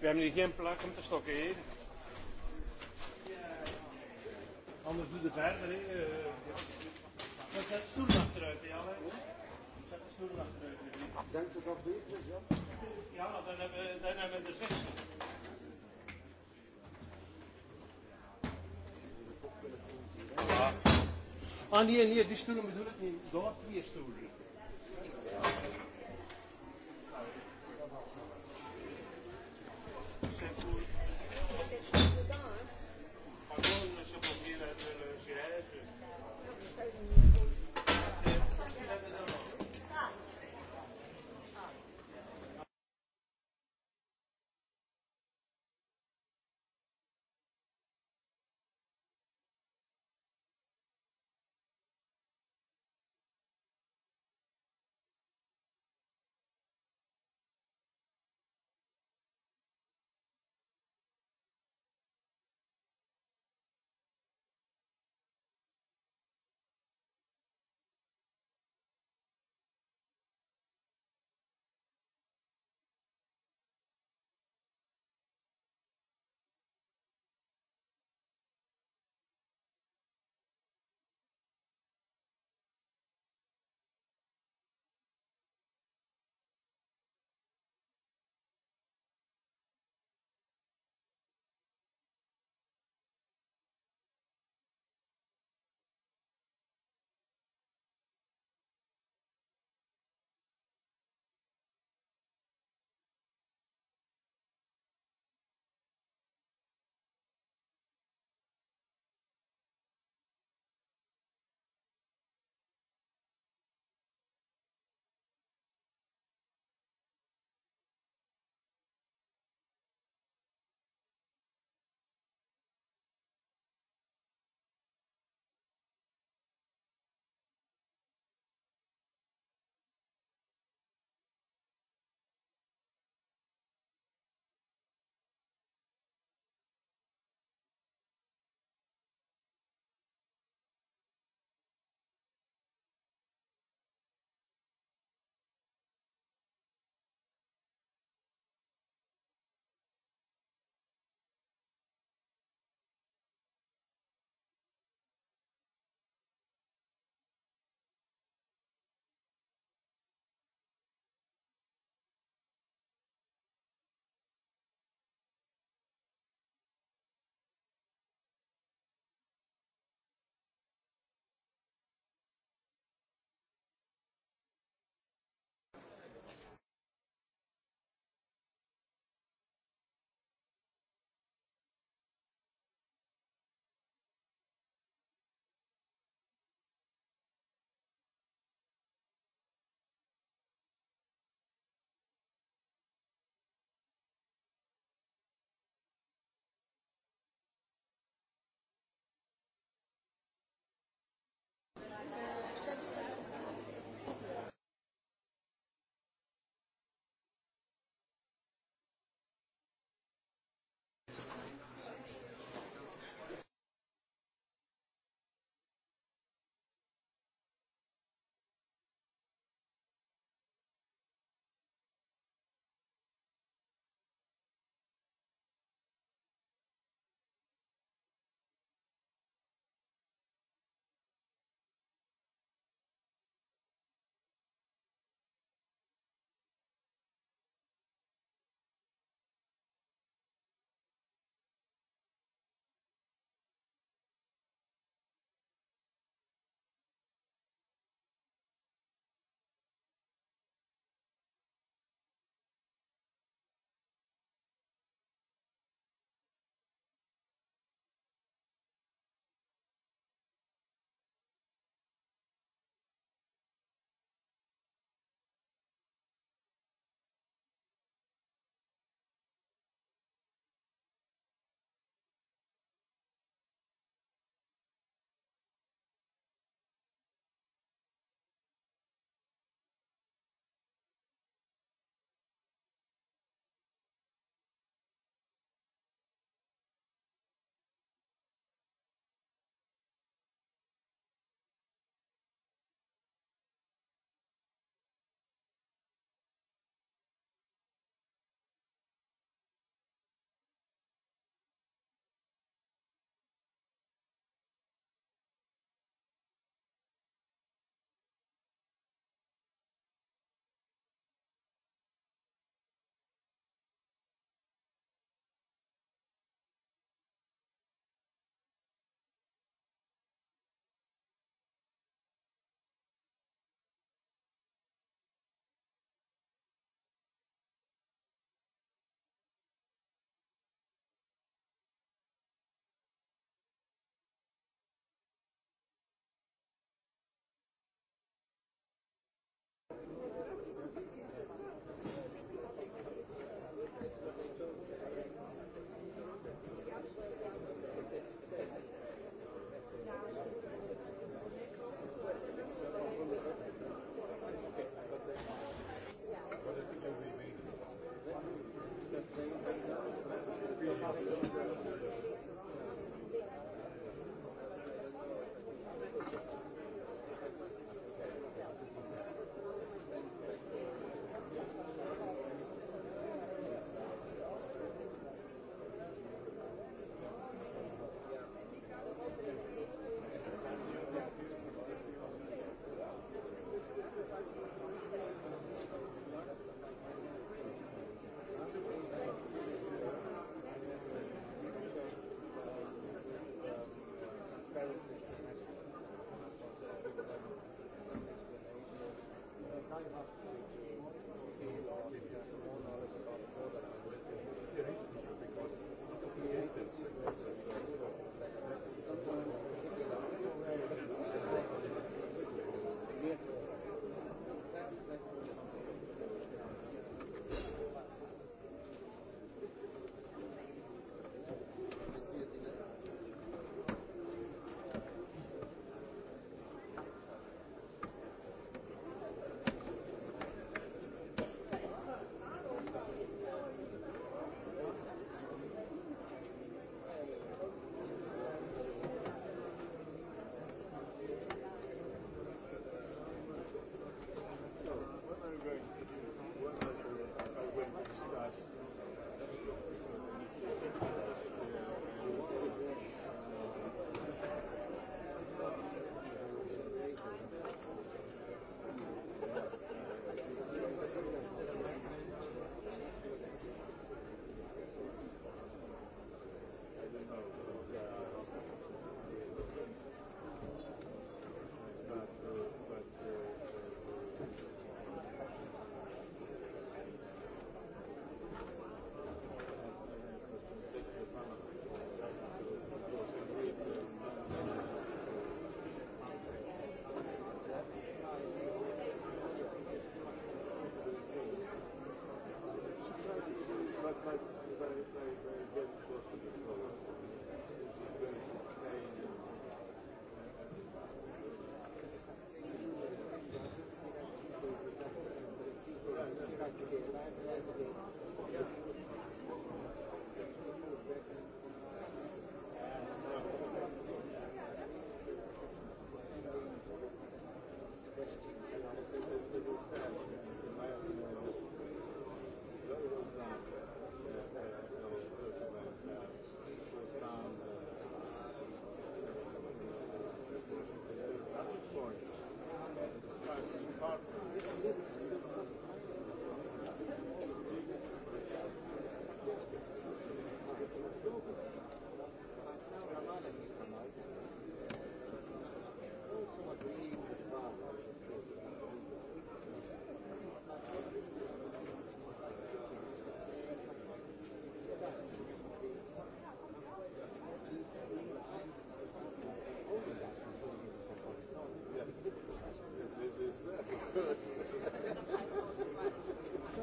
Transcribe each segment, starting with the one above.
We hebben hier geen plak om te stokken hier. Anders doe je verder. He. Eh, dan zet de stoel achteruit, Jan. Zet de stoel achteruit. denk dat dat beter is, ja. Ja, dan hebben, dan hebben we de zin. Ah, nee, nee, die stoelen bedoel ik niet. Daar twee stoelen.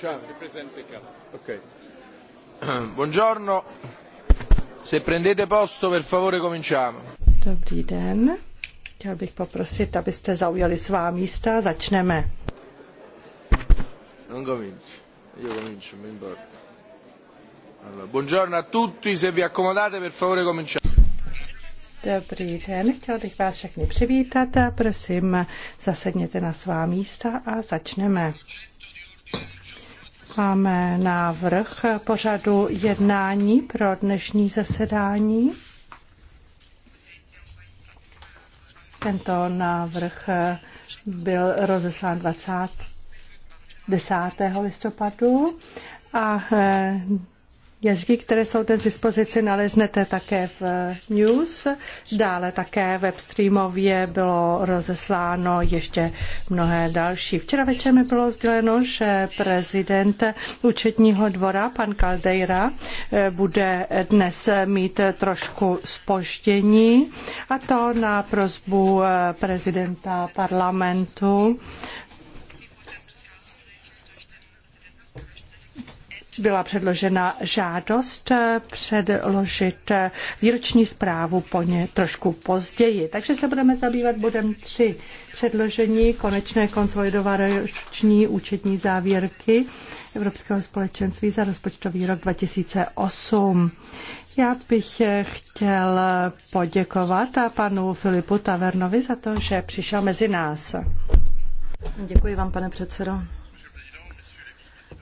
cominciamo. Buongiorno. Se prendete posto, per favore, cominciamo. Dobrý den. Chtěl bych poprosit, abyste zaujali svá místa. Začneme. Non cominci. Io comincio, mi importa. Allora, buongiorno a tutti, se vi accomodate per favore cominciamo. Dobrý den, chtěl bych vás všechny přivítat a prosím, zasedněte na svá místa a začneme. Máme návrh pořadu jednání pro dnešní zasedání. Tento návrh byl rozeslán 20. 10. listopadu a eh, Jazyky, které jsou dnes dispozici, naleznete také v eh, news. Dále také streamově bylo rozesláno ještě mnohé další. Včera večer mi bylo sděleno, že prezident účetního dvora, pan Caldeira, eh, bude dnes mít trošku spoždění a to na prozbu eh, prezidenta parlamentu byla předložena žádost eh, předložit eh, výroční zprávu po ně trošku později. Takže se budeme zabývat bodem 3. Předložení konečné konsolidované roční účetní závěrky Evropského společenství za rozpočtový rok 2008. Já bych eh, chtěl poděkovat a panu Filipu Tavernovi za to, že přišel mezi nás. Děkuji vám, pane předsedo.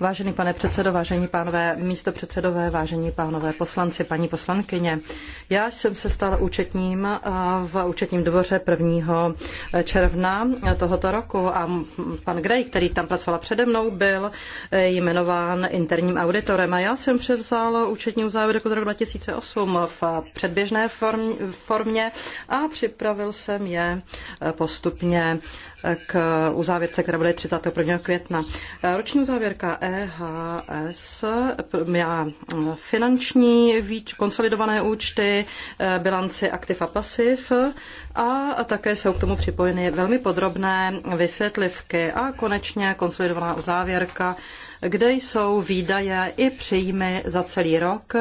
Vážený pane předsedo, vážení pánové místo předsedové, vážení pánové poslanci, paní poslankyně. Já jsem se stala účetním eh, v účetním dvoře 1. Eh, června eh, tohoto roku a pan Grey, který tam pracoval přede mnou, byl jmenován interním auditorem a já jsem převzal účetní uzávěrku jako roku 2008 v předběžné formě a připravil jsem je postupně k uzávěrce, která bude 31. května. Roční uzávěrka EHS měla finanční výč, konsolidované účty, e, bilanci aktiv a pasiv a také jsou k tomu připojeny velmi podrobné vysvětlivky a konečně konsolidovaná uzávěrka, kde jsou výdaje i příjmy za celý rok,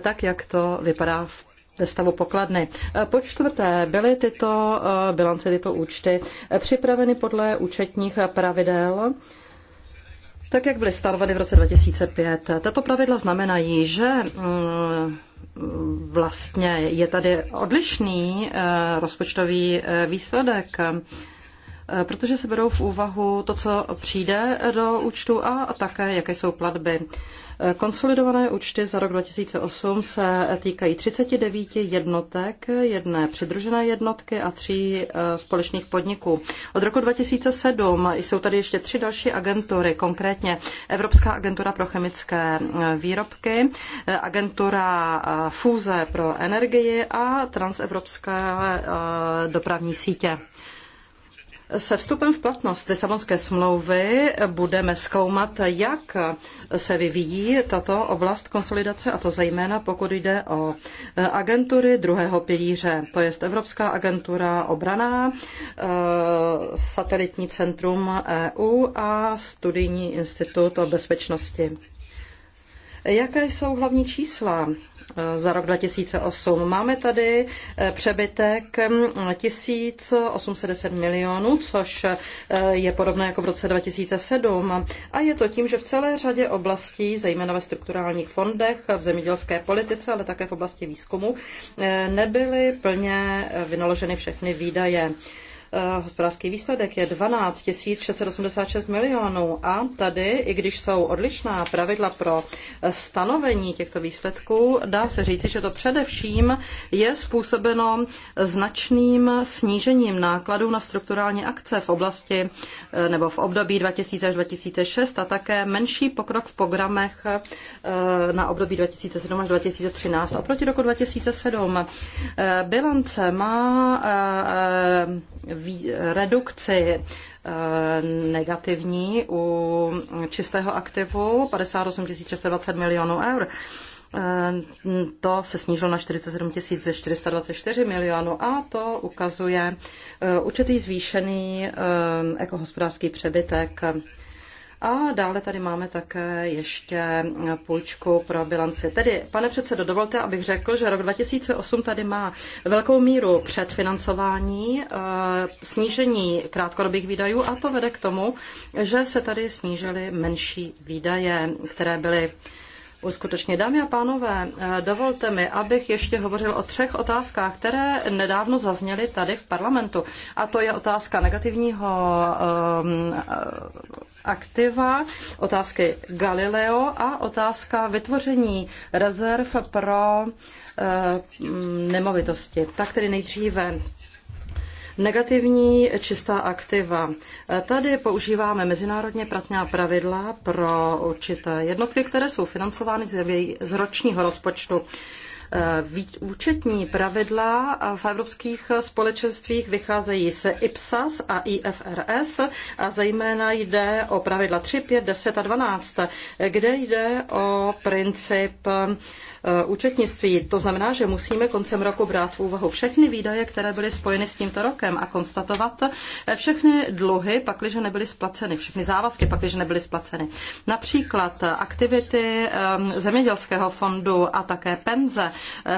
tak jak to vypadá v ve stavu pokladny. E, po čtvrté, byly tyto e, bilance, tyto účty e, připraveny podle účetních pravidel tak, jak byly stanoveny v roce 2005. Tato pravidla znamenají, že mm, vlastně je tady odlišný rozpočtový výsledek protože se berou v úvahu to, co přijde do účtu a také jaké jsou platby. Konsolidované účty za rok 2008 se týkají 39 jednotek, jedné přidružené jednotky a tří e, společných podniků. Od roku 2007 jsou tady ještě tři další agentury, konkrétně Evropská agentura pro chemické e, výrobky, e, agentura fúze pro energii a transevropské dopravní sítě. Se vstupem v platnost Lisabonské smlouvy budeme zkoumat, jak se vyvíjí tato oblast konsolidace, a to zejména pokud jde o agentury druhého pilíře, to je Evropská agentura obraná, eh, satelitní centrum EU a studijní institut o bezpečnosti. Jaké jsou hlavní čísla Eh, za rok 2008. Máme tady eh, přebytek 1810 mm, milionů, což eh, je podobné jako v roce 2007. A je to tím, že v celé řadě oblastí, zejména ve strukturálních fondech, v zemědělské politice, ale také v oblasti výzkumu, nebyly plně vynaloženy všechny výdaje. Eh, hospodářský výsledek je 12 686 milionů a tady, i když jsou odlišná pravidla pro eh, stanovení těchto výsledků, dá se říci, že to především je způsobeno značným snížením nákladů na strukturální akce v oblasti eh, nebo v období 2000 až 2006 a také menší pokrok v programech na období 2007 až 2013 oproti roku 2007. Bilance má redukci eh, negativní u čistého aktivu 58 620 milionů eur. Eh, to se snížilo na 47 424 milionů a to ukazuje eh, určitý zvýšený ekohospodářský přebytek a dále tady máme také ještě půjčku pro bilanci. Tedy, pane předsedo, dovolte, abych řekl, že rok 2008 tady má velkou míru předfinancování, eh, snížení krátkodobých výdajů a to vede k tomu, že se tady snížily menší výdaje, které byly uskutečnit. Dámy a pánové, eh, dovolte mi, abych ještě hovořil o třech otázkách, které nedávno zazněly tady v parlamentu. A to je otázka negativního ehm, eh, aktiva, otázky Galileo a otázka vytvoření rezerv pro eh, nemovitosti. Tak tedy nejdříve Negativní čistá aktiva. Tady používáme mezinárodně pratná pravidla pro určité jednotky, které jsou financovány z ročního rozpočtu. Eh, účetní pravidla eh, v evropských společenstvích vycházejí se IPSAS a IFRS a zejména jde o pravidla 3, 5, 10 a 12, kde jde o princip eh, účetnictví. To znamená, že musíme koncem roku brát v úvahu všechny výdaje, které byly spojeny s tímto rokem a konstatovat všechny dluhy, pakliže nebyly splaceny, všechny závazky, pakliže nebyly splaceny. Například aktivity zemědělského fondu a také penze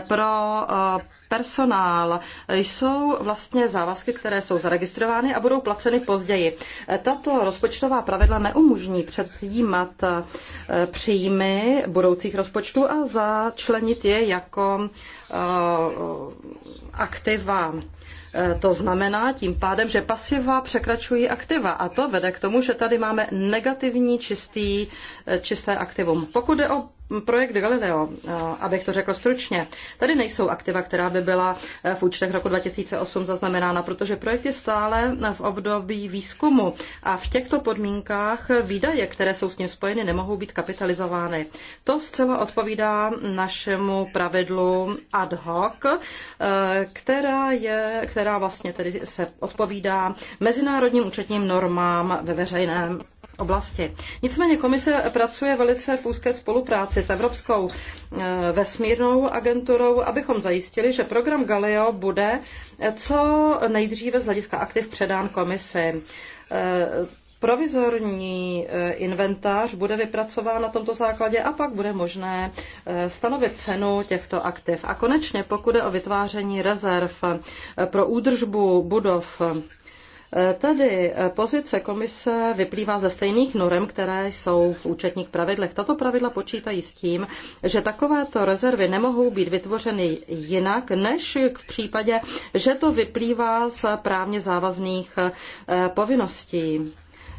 pro eh, personál jsou vlastně závazky, které jsou zaregistrovány a budou placeny později. Tato rozpočtová pravidla neumožní předjímat eh, příjmy budoucích rozpočtů a začlenit je jako eh, aktiva. To znamená tím pádem, že pasiva překračují aktiva a to vede k tomu, že tady máme negativní čistý, čisté aktivum. Pokud jde o projekt Galileo, eh, abych to řekl stručně, tady nejsou aktiva, která by byla eh, v účtech roku 2008 zaznamenána, protože projekt je stále v období výzkumu a v těchto podmínkách výdaje, které jsou s ním spojeny, nemohou být kapitalizovány. To zcela odpovídá našemu pravidlu ad hoc, eh, která, je, která vlastně tedy se odpovídá mezinárodním účetním normám ve veřejném oblasti. Nicméně komise pracuje velice v úzké spolupráci spolupráci s Evropskou eh, vesmírnou agenturou, abychom zajistili, že program Galileo bude eh, co nejdříve z hlediska aktiv předán komisi. Eh, provizorní inventář bude vypracován na tomto základě a pak bude možné stanovit cenu těchto aktiv. A konečně, pokud je o vytváření rezerv pro údržbu budov, Tady pozice komise vyplývá ze stejných norm, které jsou v účetních pravidlech. Tato pravidla počítají s tím, že takovéto rezervy nemohou být vytvořeny jinak, než v případě, že to vyplývá z právně závazných eh, povinností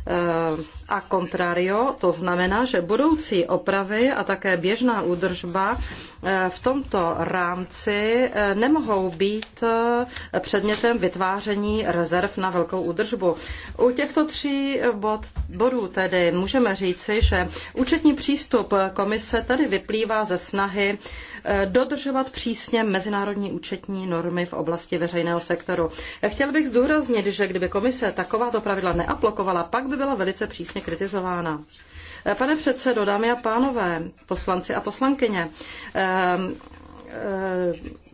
eh, a contrario, to znamená, že budoucí opravy a také běžná údržba eh, v tomto rámci eh, nemohou být eh, předmětem vytváření rezerv na velkou údržbu. U těchto tří bod, bodů tedy můžeme říci, že účetní přístup komise tady vyplývá ze snahy dodržovat přísně mezinárodní účetní normy v oblasti veřejného sektoru. Chtěl bych zdůraznit, že kdyby komise takováto pravidla neaplikovala, pak by byla velice přísně značně vlastně kritizována. Eh, pane předsedo, dámy a pánové, poslanci a poslankyně, eh, eh,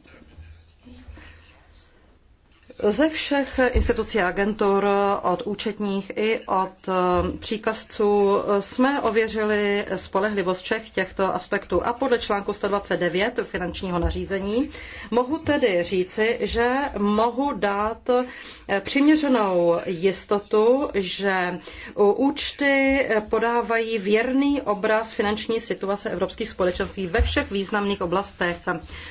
ze všech institucí agentur, od účetních i od eh, příkazců, jsme ověřili spolehlivost všech těchto aspektů. A podle článku 129 finančního nařízení mohu tedy říci, že mohu dát eh, přiměřenou jistotu, že účty eh, podávají věrný obraz finanční situace evropských společenství ve všech významných oblastech.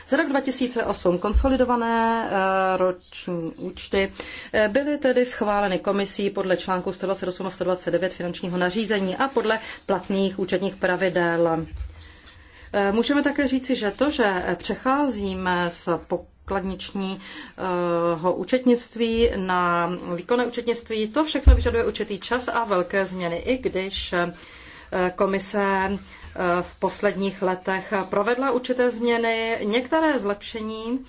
Z rok 2008 konsolidované roční účty eh, byly tedy schváleny komisí podle článku 128 a 129 finančního nařízení a podle platných účetních pravidel. Eh, můžeme také říci, že to, že přecházíme z pokladničního účetnictví na výkonné účetnictví, to všechno vyžaduje určitý čas a velké změny, i když eh, komise v posledních letech provedla určité změny, některé zlepšení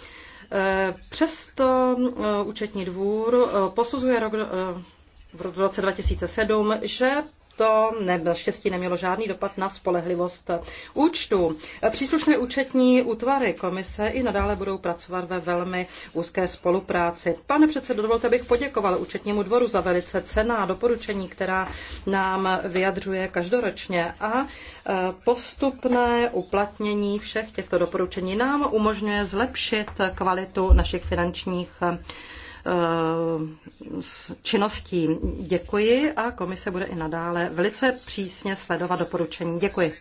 Přesto eh, účetní dvůr eh, posuzuje rok, eh, v roce 2007, že to nebyl štěstí, nemělo žádný dopad na spolehlivost účtu. Příslušné účetní útvary komise i nadále budou pracovat ve velmi úzké spolupráci. Pane předsedo, dovolte bych poděkoval účetnímu dvoru za velice cená doporučení, která nám vyjadřuje každoročně a e, postupné uplatnění všech těchto doporučení nám umožňuje zlepšit kvalitu našich finančních e, Eh, činností. Děkuji a komise bude i nadále velice přísně sledovat doporučení. Děkuji.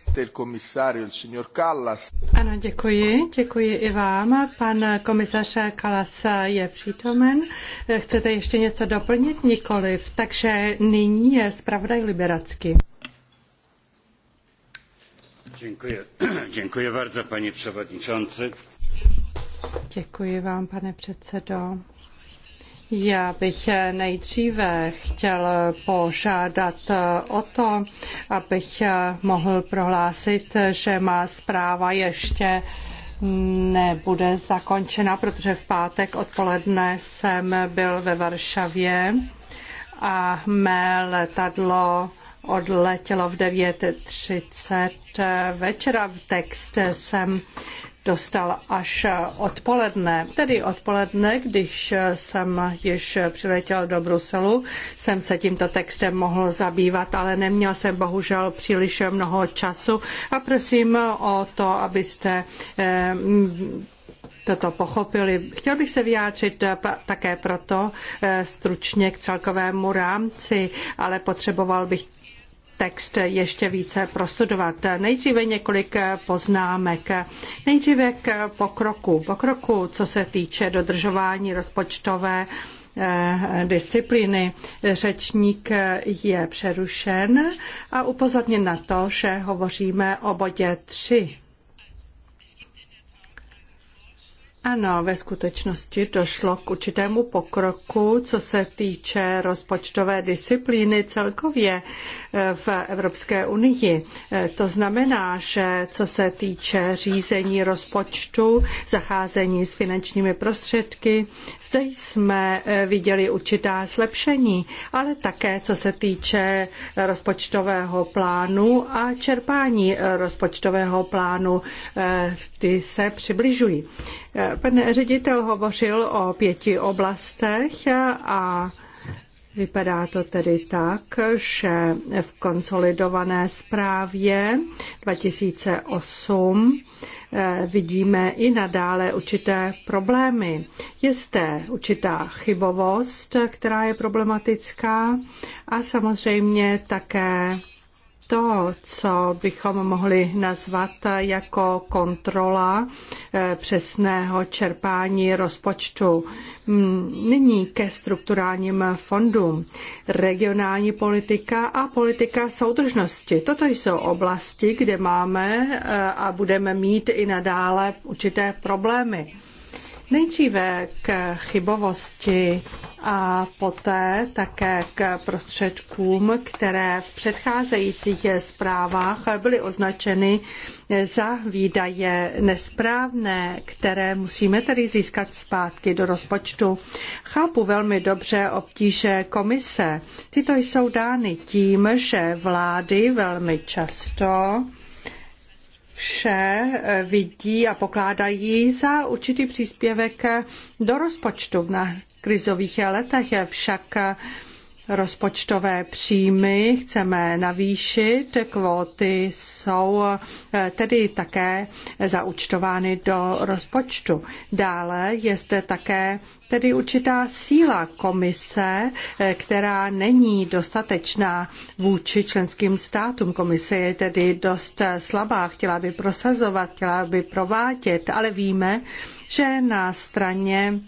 Ano, děkuji. Děkuji i vám. Pan komisař Kalas je přítomen. Chcete ještě něco doplnit? Nikoliv. Takže nyní je zpravodaj Liberacky. Děkuji. Děkuji bardzo, panie przewodniczący. Děkuji vám, pane předsedo. Já bych nejdříve chtěl požádat o to, abych mohl prohlásit, že má zpráva ještě nebude zakončena, protože v pátek odpoledne jsem byl ve Varšavě a mé letadlo odletělo v 9.30 večera. V text jsem dostal až odpoledne. Tedy odpoledne, když jsem již přiletěl do Bruselu, jsem se tímto textem mohl zabývat, ale neměl jsem bohužel příliš mnoho času a prosím o to, abyste eh, toto pochopili. Chtěl bych se vyjádřit také proto eh, stručně k celkovému rámci, ale potřeboval bych text ještě více prostudovat. Nejdříve několik poznámek. Nejdříve k pokroku. Pokroku, co se týče dodržování rozpočtové eh, disciplíny. Řečník je přerušen a upozorněn na to, že hovoříme o bodě 3. Ano, ve skutečnosti došlo k určitému pokroku, co se týče rozpočtové disciplíny celkově eh, v Evropské unii. Eh, to znamená, že co se týče řízení rozpočtu, zacházení s finančními prostředky, zde jsme eh, viděli určitá zlepšení, ale také co se týče rozpočtového plánu a čerpání rozpočtového plánu, ty se přibližují. Pan ředitel hovořil o pěti oblastech a Vypadá to tedy tak, že v konsolidované zprávě 2008 eh, vidíme i nadále určité problémy. Je zde určitá chybovost, která je problematická a samozřejmě také to, co bychom mohli nazvat jako kontrola eh, přesného čerpání rozpočtu. Mm, nyní ke strukturálním fondům. Regionální politika a politika soudržnosti. Toto jsou oblasti, kde máme eh, a budeme mít i nadále určité problémy. Nejdříve k chybovosti a poté také k prostředkům, které v předcházejících zprávách byly označeny za výdaje nesprávné, které musíme tedy získat zpátky do rozpočtu. Chápu velmi dobře obtíže komise. Tyto jsou dány tím, že vlády velmi často vše eh, vidí a pokládají za určitý příspěvek do rozpočtu na krizových letech. Však eh, rozpočtové příjmy chceme navýšit, kvóty jsou eh, tedy také zaúčtovány do rozpočtu. Dále je zde také tedy určitá síla komise, eh, která není dostatečná vůči členským státům. Komise je tedy dost eh, slabá, chtěla by prosazovat, chtěla by provádět, ale víme, že na straně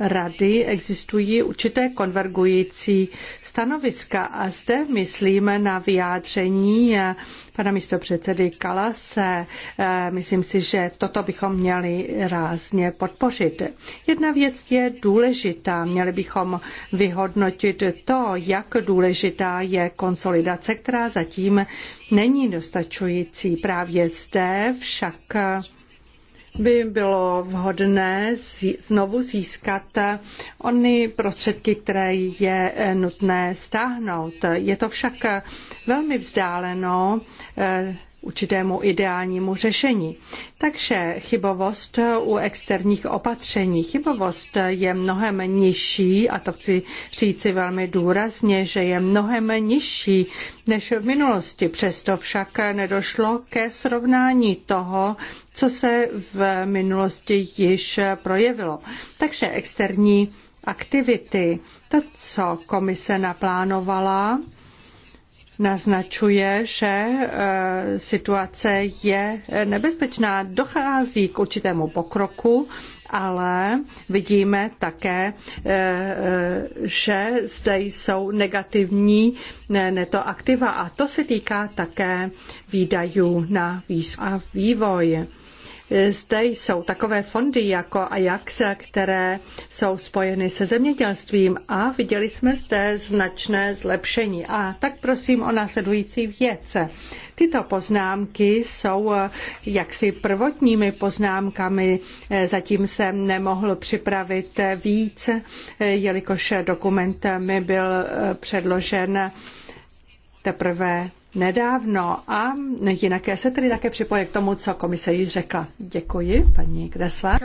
rady existují určité konvergující stanoviska a zde myslíme na vyjádření eh, pana místopředsedy Kalase. Eh, myslím si, že toto bychom měli rázně podpořit. Jedna věc je důležitá. Měli bychom vyhodnotit to, jak důležitá je konsolidace, která zatím není dostačující. Právě zde však eh, by bylo vhodné znovu získat ony prostředky, které je eh, nutné stáhnout. Je to však eh, velmi vzdáleno eh, určitému ideálnímu řešení. Takže chybovost u externích opatření. Chybovost je mnohem nižší, a to chci říci velmi důrazně, že je mnohem nižší než v minulosti. Přesto však nedošlo ke srovnání toho, co se v minulosti již projevilo. Takže externí aktivity, to, co komise naplánovala, naznačuje, že e, situace je nebezpečná. Dochází k určitému pokroku, ale vidíme také, e, e, že zde jsou negativní netoaktiva a to se týká také výdajů na výzkum a vývoj. Zde jsou takové fondy jako Ajax, které jsou spojeny se zemědělstvím a viděli jsme zde značné zlepšení. A tak prosím o následující věc. Tyto poznámky jsou eh, jaksi prvotními poznámkami. Eh, zatím jsem nemohl připravit víc, eh, jelikož dokument mi byl předložen teprve nedávno a jinak já se tedy také připoje k tomu, co komise již řekla. Děkuji, paní Kresla.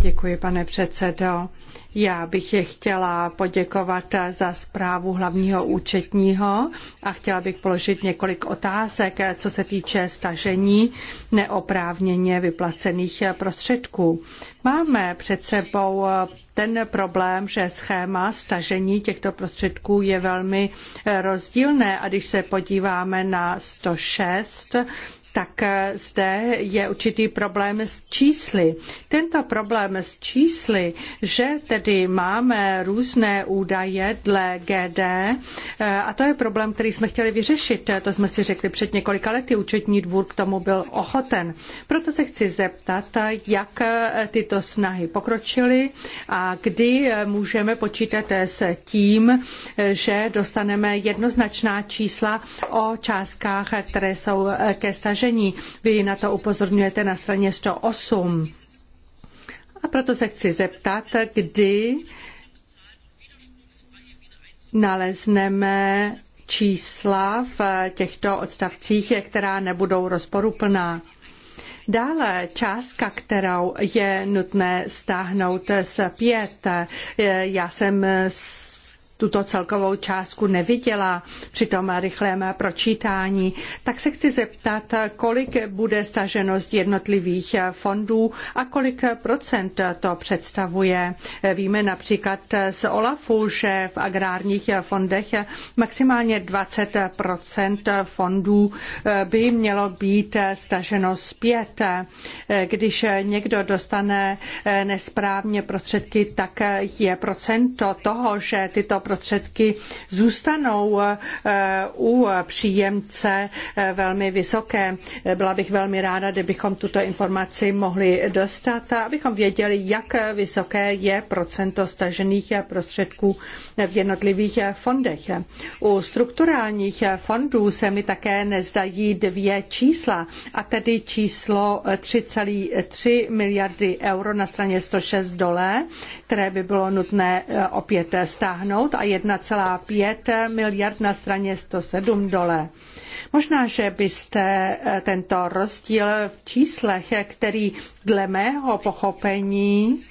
Děkuji, pane předsedo. Já bych je chtěla poděkovat za zprávu hlavního účetního a chtěla bych položit několik otázek, co se týče stažení neoprávněně vyplacených prostředků. Máme před sebou eh, ten problém, že schéma stažení těchto prostředků je velmi eh, rozdílné a když se podíváme na 106, tak eh, zde je určitý problém s čísly. Tento problém s čísly, že tedy máme různé údaje dle GD, eh, a to je problém, který jsme chtěli vyřešit. To jsme si řekli před několika lety, účetní dvůr k tomu byl ochoten. Proto se chci zeptat, jak eh, tyto snahy pokročily a kdy můžeme počítat s tím, že dostaneme jednoznačná čísla o částkách, které jsou ke stažení složení. Vy na to upozorňujete na straně 108. A proto se chci zeptat, kdy nalezneme čísla v těchto odstavcích, která nebudou rozporuplná. Dále částka, kterou je nutné stáhnout z pět. Já jsem tuto celkovou částku neviděla při tom rychlém pročítání, tak se chci zeptat, kolik bude staženost jednotlivých fondů a kolik procent to představuje. Víme například z OLAFu, že v agrárních fondech maximálně 20 fondů by mělo být staženo zpět. Když někdo dostane nesprávně prostředky, tak je procento toho, že tyto prostředky zůstanou eh, u příjemce eh, velmi vysoké. Byla bych velmi ráda, kdybychom tuto informaci mohli dostat, abychom věděli, jak vysoké je procento stažených prostředků v jednotlivých fondech. U strukturálních fondů se mi také nezdají dvě čísla, a tedy číslo 3,3 miliardy euro na straně 106 dole, které by bylo nutné opět stáhnout a 1,5 miliard na straně 107 dole. Možná, že byste eh, tento rozdíl v číslech, eh, který dle mého pochopení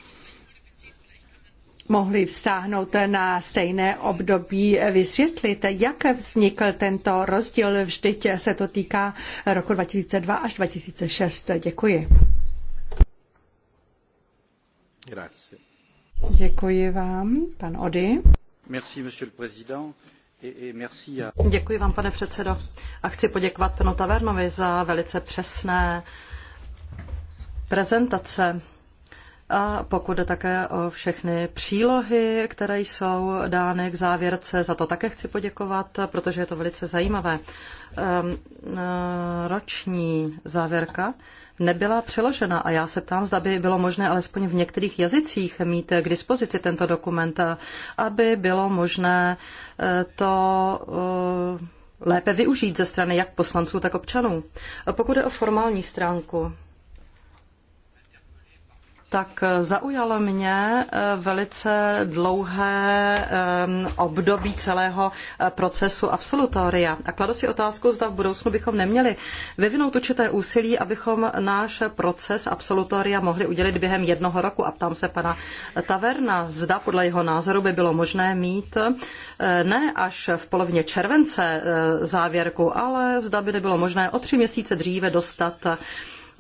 mohli vztáhnout na stejné období, eh, vysvětlit, jak vznikl tento rozdíl. Vždyť se to týká roku 2002 až 2006. Děkuji. Grazie. Děkuji vám, pan Ody. Děkuji vám, pane předsedo. A chci poděkovat panu Tavernovi za velice přesné prezentace. A pokud jde také o všechny přílohy, které jsou dány k závěrce, za to také chci poděkovat, protože je to velice zajímavé. Ehm, e, roční závěrka nebyla přeložena a já se ptám, zda by bylo možné alespoň v některých jazycích mít k dispozici tento dokument, aby bylo možné eh, to eh, lépe využít ze strany jak poslanců, tak občanů. Pokud je o formální stránku, tak zaujalo mě eh, velice dlouhé eh, období celého eh, procesu absolutoria. A kladu si otázku, zda v budoucnu bychom neměli vyvinout určité úsilí, abychom náš proces absolutoria mohli udělit během jednoho roku. A ptám se pana Taverna, zda podle jeho názoru by bylo možné mít ne až v polovině července závěrku, ale zda by nebylo možné o tři měsíce dříve dostat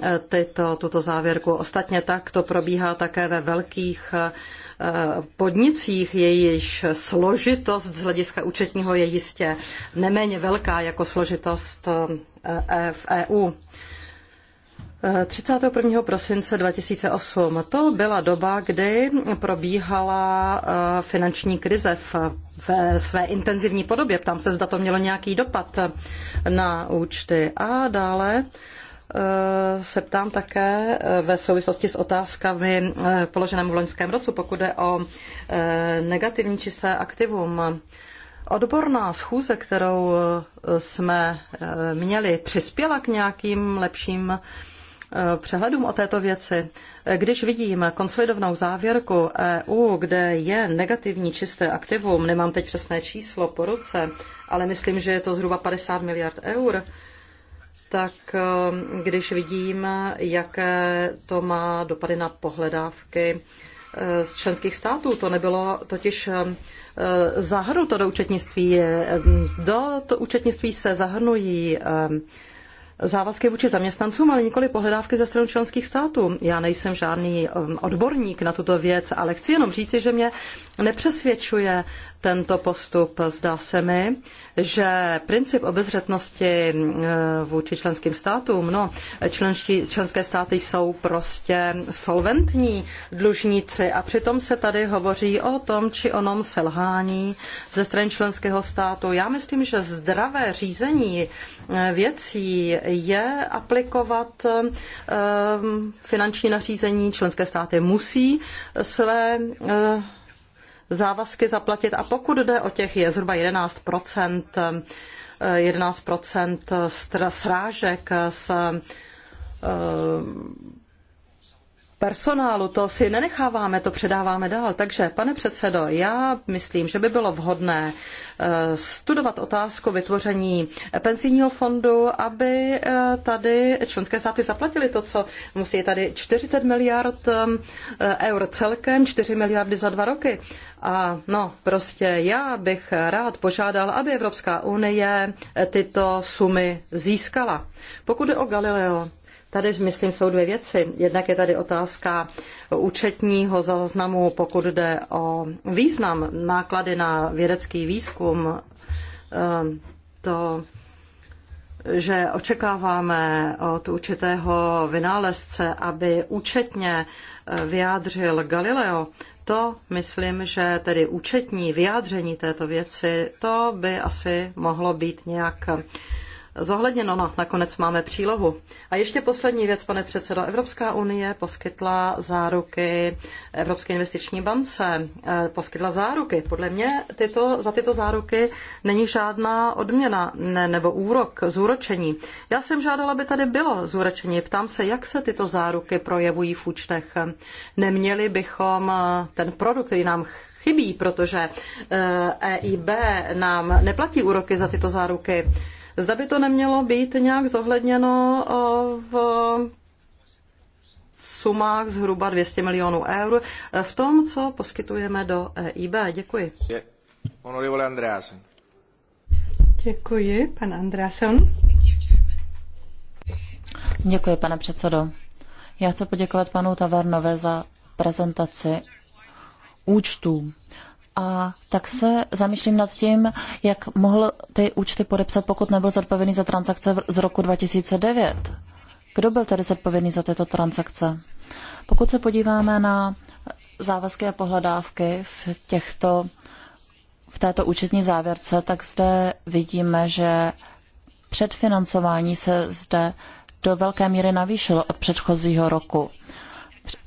Eh, tyto, tuto závěrku. Ostatně tak to probíhá také ve velkých eh, podnicích, jejíž složitost z hlediska účetního je jistě neméně velká jako složitost eh, v EU. 31. prosince 2008 to byla doba, kdy probíhala finanční krize v, své intenzivní podobě. Tam se zda to mělo nějaký dopad na účty. A dále Eh, se ptám také eh, ve souvislosti s otázkami eh, položenému v loňském roce, pokud jde o negativní čisté aktivum. Odborná schůze, kterou jsme měli, přispěla k nějakým lepším přehledům o této věci. Když vidím konsolidovnou závěrku EU, kde je negativní čisté aktivum, nemám teď přesné číslo po ruce, ale myslím, že je to zhruba 50 miliard eur, tak um, když vidím, jaké to má dopady na pohledávky uh, z členských států, to nebylo totiž um, uh, zahrnuto do účetnictví. Um, do to účetnictví se zahrnují závazky vůči zaměstnancům, ale nikoli pohledávky ze strany členských států. Já nejsem žádný odborník na tuto věc, ale chci jenom říci, že mě nepřesvědčuje tento postup. Zdá se mi, že princip obezřetnosti eh, vůči členským státům, no, členští, členské státy jsou prostě solventní dlužníci a přitom se tady hovoří o tom či onom selhání ze strany členského státu. Já myslím, že zdravé řízení eh, věcí je aplikovat eh, finanční nařízení. Členské státy musí své závazky zaplatit. A pokud jde o těch, je zhruba 11 11 eh, srážek s eh, personálu, to si nenecháváme, to předáváme dál. Takže, pane předsedo, já myslím, že by bylo vhodné eh, studovat otázku vytvoření penzijního fondu, aby eh, tady členské státy zaplatili to, co musí tady 40 miliard eh, eur celkem, 4 miliardy za dva roky. A no, prostě já bych rád požádal, aby Evropská unie tyto sumy získala. Pokud je o Galileo, Tady, myslím, jsou dvě věci. Jednak je tady otázka účetního záznamu, pokud jde o význam náklady na vědecký výzkum. Ehm, to že očekáváme od určitého vynálezce, aby účetně eh, vyjádřil Galileo, to myslím, že tedy účetní vyjádření této věci, to by asi mohlo být nějak zohledněno. No, nakonec máme přílohu. A ještě poslední věc, pane předsedo. Evropská unie poskytla záruky Evropské investiční bance. Eh, poskytla záruky. Podle mě tyto, za tyto záruky není žádná odměna ne, nebo úrok, zúročení. Já jsem žádala, aby tady bylo zúročení. Ptám se, jak se tyto záruky projevují v účtech. Neměli bychom eh, ten produkt, který nám chybí, protože EIB eh, e nám neplatí úroky za tyto záruky. Zda by to nemělo být nějak zohledněno eh, v sumách zhruba 200 milionů eur eh, v tom, co poskytujeme do EIB. Děkuji. Honorable Andreasen. Děkuji, pan Andreasen. Děkuji, pane předsedo. Já chci poděkovat panu Tavarnové za prezentaci účtů a tak se zamýšlím nad tím, jak mohl ty účty podepsat, pokud nebyl zodpovědný za transakce z roku 2009. Kdo byl tedy zodpovědný za tyto transakce? Pokud se podíváme na závazky a pohledávky v těchto v této účetní závěrce, tak zde vidíme, že předfinancování se zde do velké míry navýšilo od předchozího roku.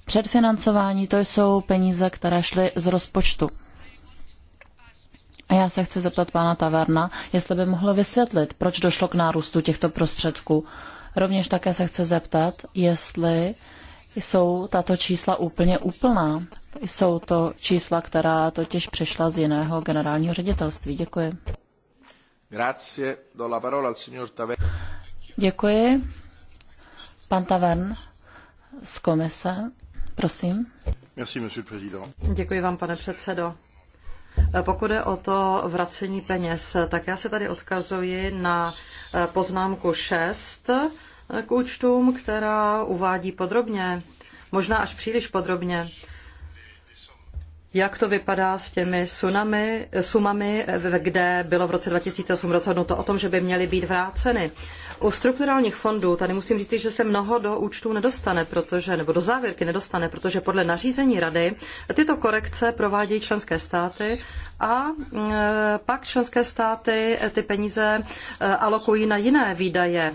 Předfinancování to jsou peníze, které šly z rozpočtu. A já se chci zeptat pana Taverna, jestli by mohl vysvětlit, proč došlo k nárůstu těchto prostředků. Rovněž také se chce zeptat, jestli jsou tato čísla úplně úplná. Jsou to čísla, která totiž přišla z jiného generálního ředitelství. Děkuji. Grazie. Do la parola al signor Děkuji. Pan Tavern z komise, prosím. Merci, monsieur le président. Děkuji vám, pane předsedo. Eh, pokud je o to vracení peněz, tak já se tady odkazuji na eh, poznámku 6 eh, k účtům, která uvádí podrobně, možná až příliš podrobně, jak to vypadá s těmi sunami, sumami, kde bylo v roce 2008 rozhodnuto o tom, že by měly být vráceny. U strukturálních fondů tady musím říct, že se mnoho do účtů nedostane, protože, nebo do závěrky nedostane, protože podle nařízení rady tyto korekce provádějí členské státy a e, pak členské státy e, ty peníze e, alokují na jiné výdaje.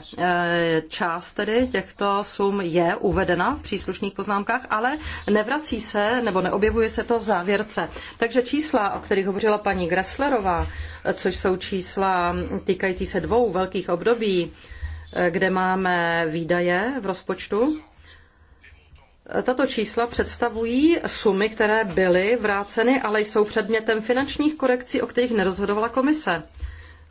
Část tedy těchto sum je uvedena v příslušných poznámkách, ale nevrací se nebo neobjevuje se to v závěrce. Takže čísla, o kterých hovořila paní Gresslerová, což jsou čísla týkající se dvou velkých období, kde máme výdaje v rozpočtu. Tato čísla představují sumy, které byly vráceny, ale jsou předmětem finančních korekcí, o kterých nerozhodovala komise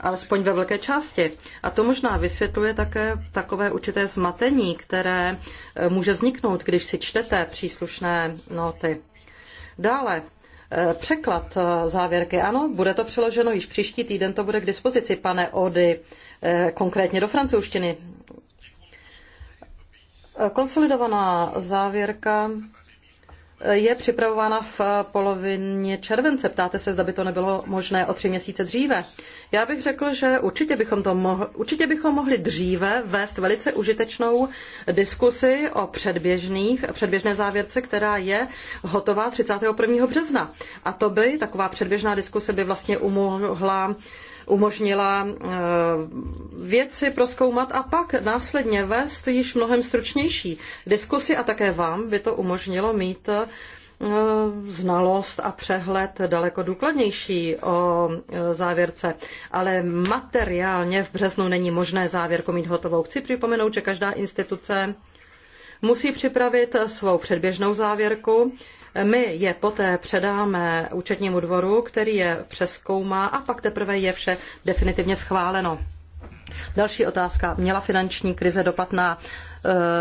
alespoň ve velké části. A to možná vysvětluje také takové určité zmatení, které eh, může vzniknout, když si čtete příslušné noty. Dále, eh, překlad eh, závěrky. Ano, bude to přeloženo již příští týden, to bude k dispozici, pane Ody. Eh, konkrétně do francouzštiny. Eh, konsolidovaná závěrka eh, je připravována v polovině července. Ptáte se, zda by to nebylo možné o tři měsíce dříve. Já bych řekl, že určitě bychom, to mohli, určitě bychom mohli dříve vést velice užitečnou diskusi o předběžných, předběžné závěrce, která je hotová 31. března. A to by, taková předběžná diskuse by vlastně umohla umožnila eh, věci proskoumat a pak následně vést již mnohem stručnější diskusy a také vám by to umožnilo mít eh, znalost a přehled daleko důkladnější o eh, závěrce, ale materiálně v březnu není možné závěrku mít hotovou. Chci připomenout, že každá instituce musí připravit svou předběžnou závěrku, my je poté předáme účetnímu dvoru, který je přeskoumá a pak teprve je vše definitivně schváleno. Další otázka. Měla finanční krize dopad na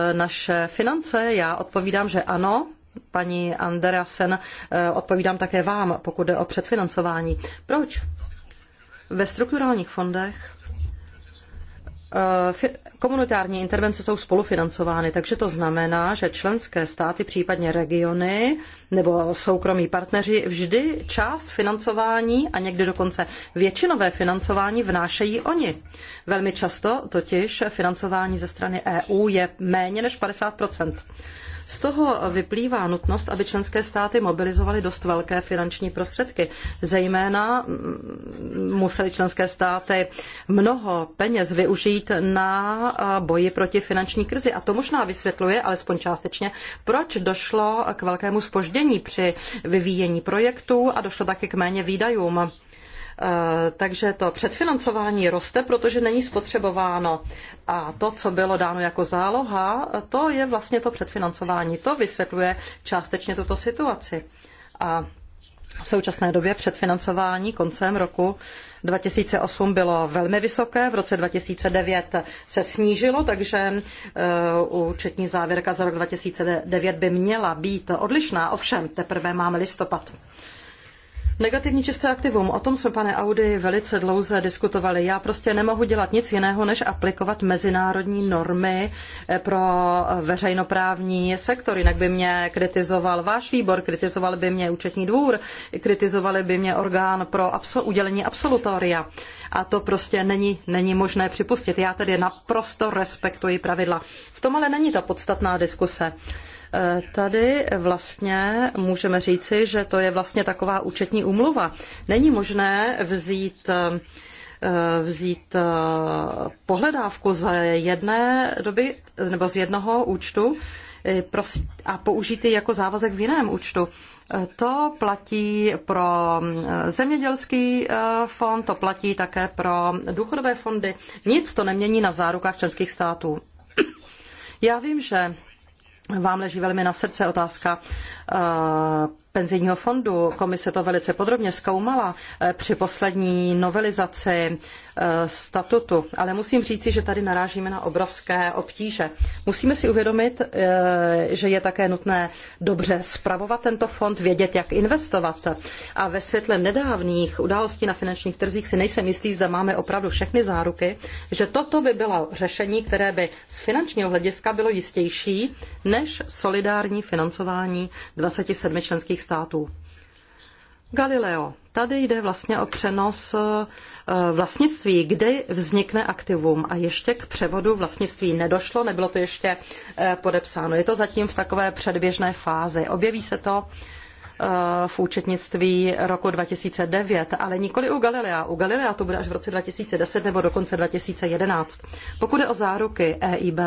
e, naše finance? Já odpovídám, že ano. Paní Andreasen, e, odpovídám také vám, pokud jde o předfinancování. Proč? Ve strukturálních fondech Eh, komunitární intervence jsou spolufinancovány, takže to znamená, že členské státy, případně regiony nebo soukromí partneři vždy část financování a někdy dokonce většinové financování vnášejí oni. Velmi často totiž financování ze strany EU je méně než 50 z toho vyplývá nutnost, aby členské státy mobilizovaly dost velké finanční prostředky. Zejména mm, museli členské státy mnoho peněz využít na boji proti finanční krizi. A to možná vysvětluje, alespoň částečně, proč došlo k velkému spoždění při vyvíjení projektů a došlo také k méně výdajům. Eh, takže to předfinancování roste, protože není spotřebováno. A to, co bylo dáno jako záloha, to je vlastně to předfinancování. To vysvětluje částečně tuto situaci. A v současné době předfinancování koncem roku 2008 bylo velmi vysoké, v roce 2009 se snížilo, takže eh, účetní závěrka za rok 2009 by měla být odlišná, ovšem teprve máme listopad. Negativní čisté aktivum, o tom jsme, pane Audi, velice dlouze diskutovali. Já prostě nemohu dělat nic jiného, než aplikovat mezinárodní normy eh, pro eh, veřejnoprávní sektor. Jinak by mě kritizoval váš výbor, kritizoval by mě účetní dvůr, kritizovali by mě orgán pro absol- udělení absolutoria. A to prostě není, není možné připustit. Já tedy naprosto respektuji pravidla. V tom ale není ta podstatná diskuse. Eh, tady vlastně můžeme říci, že to je vlastně taková účetní umluva. Není možné vzít eh, vzít eh, pohledávku z jedné doby nebo z jednoho účtu a použít ji jako závazek v jiném účtu. To platí pro mm, zemědělský fond, to platí také pro důchodové fondy. Nic to nemění na zárukách členských států. Já vím, že vám leží velmi na srdce otázka eh, penzijního fondu. Komise to velice podrobně zkoumala eh, při poslední novelizaci eh, statutu, ale musím říci, že tady narážíme na obrovské obtíže. Musíme si uvědomit, eh, že je také nutné dobře spravovat tento fond, vědět, jak investovat. A ve světle nedávných událostí na finančních trzích si nejsem jistý, zda máme opravdu všechny záruky, že toto by bylo řešení, které by z finančního hlediska bylo jistější než solidární financování 27 členských států států. Galileo. Tady jde vlastně o přenos eh, vlastnictví, kdy vznikne aktivum a ještě k převodu vlastnictví nedošlo, nebylo to ještě eh, podepsáno. Je to zatím v takové předběžné fázi. Objeví se to eh, v účetnictví roku 2009, ale nikoli u Galilea. U Galilea to bude až v roce 2010 nebo dokonce 2011. Pokud je o záruky EIB,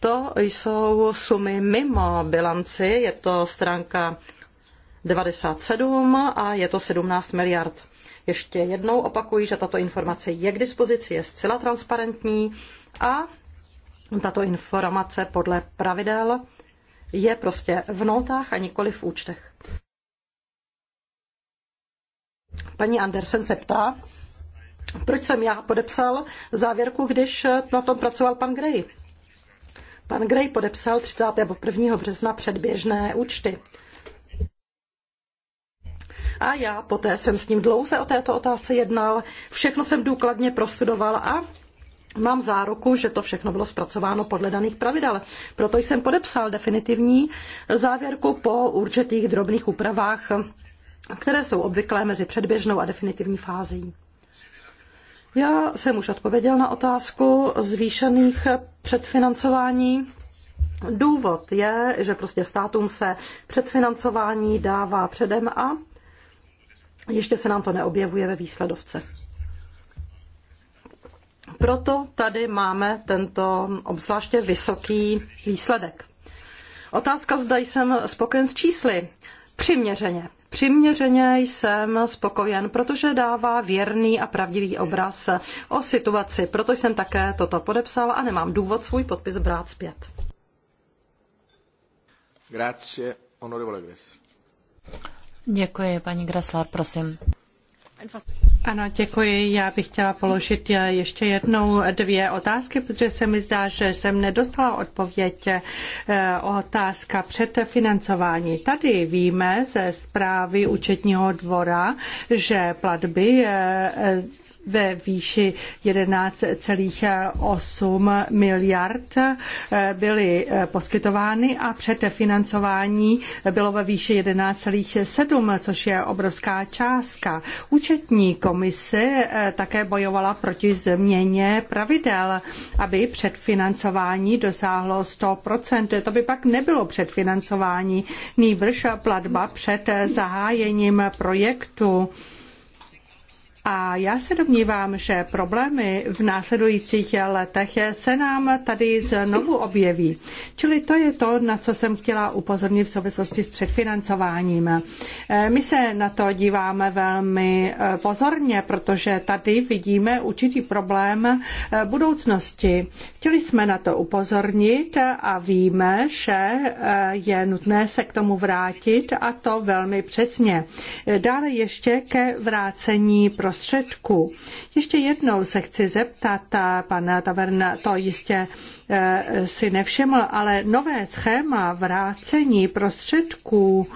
to jsou sumy mimo bilanci, je to stránka 97 a je to 17 miliard. Ještě jednou opakuji, že tato informace je k dispozici, je zcela transparentní a tato informace podle pravidel je prostě v notách a nikoli v účtech. Paní Andersen se ptá, proč jsem já podepsal závěrku, když na tom pracoval pan Gray. Pan Gray podepsal 31. března předběžné účty a já poté jsem s ním dlouze o této otázce jednal, všechno jsem důkladně prostudoval a Mám záruku, že to všechno bylo zpracováno podle daných pravidel. Proto jsem podepsal definitivní závěrku po určitých drobných úpravách, které jsou obvyklé mezi předběžnou a definitivní fází. Já jsem už odpověděl na otázku zvýšených předfinancování. Důvod je, že prostě státům se předfinancování dává předem a ještě se nám to neobjevuje ve výsledovce. Proto tady máme tento obzvláště vysoký výsledek. Otázka, zda jsem spokojen s čísly. Přiměřeně. Přiměřeně jsem spokojen, protože dává věrný a pravdivý obraz o situaci. Proto jsem také toto podepsal a nemám důvod svůj podpis brát zpět. Grazie, onorevole Gres. Děkuji, paní Graslar, prosím. Ano, děkuji. Já bych chtěla položit eh, ještě jednou dvě otázky, protože se mi zdá, že jsem nedostala odpověď. Eh, otázka předfinancování. Tady víme ze zprávy účetního dvora, že platby eh, ve výši 11,8 miliard eh, byly eh, poskytovány a předfinancování bylo ve výši 11,7, což je obrovská částka. Účetní komise eh, také bojovala proti změně pravidel, aby předfinancování dosáhlo 100%. To by pak nebylo předfinancování, nýbrž platba před zahájením projektu. A já se domnívám, že problémy v následujících letech se nám tady znovu objeví. Čili to je to, na co jsem chtěla upozornit v souvislosti s předfinancováním. Eh, my se na to díváme velmi eh, pozorně, protože tady vidíme určitý problém eh, budoucnosti. Chtěli jsme na to upozornit a víme, že je nutné se k tomu vrátit a to velmi přesně. Dále ještě ke vrácení prostředí prostředků. Ještě jednou se chci zeptat, pan Tavern to jistě eh, si nevšiml, ale nové schéma vrácení prostředků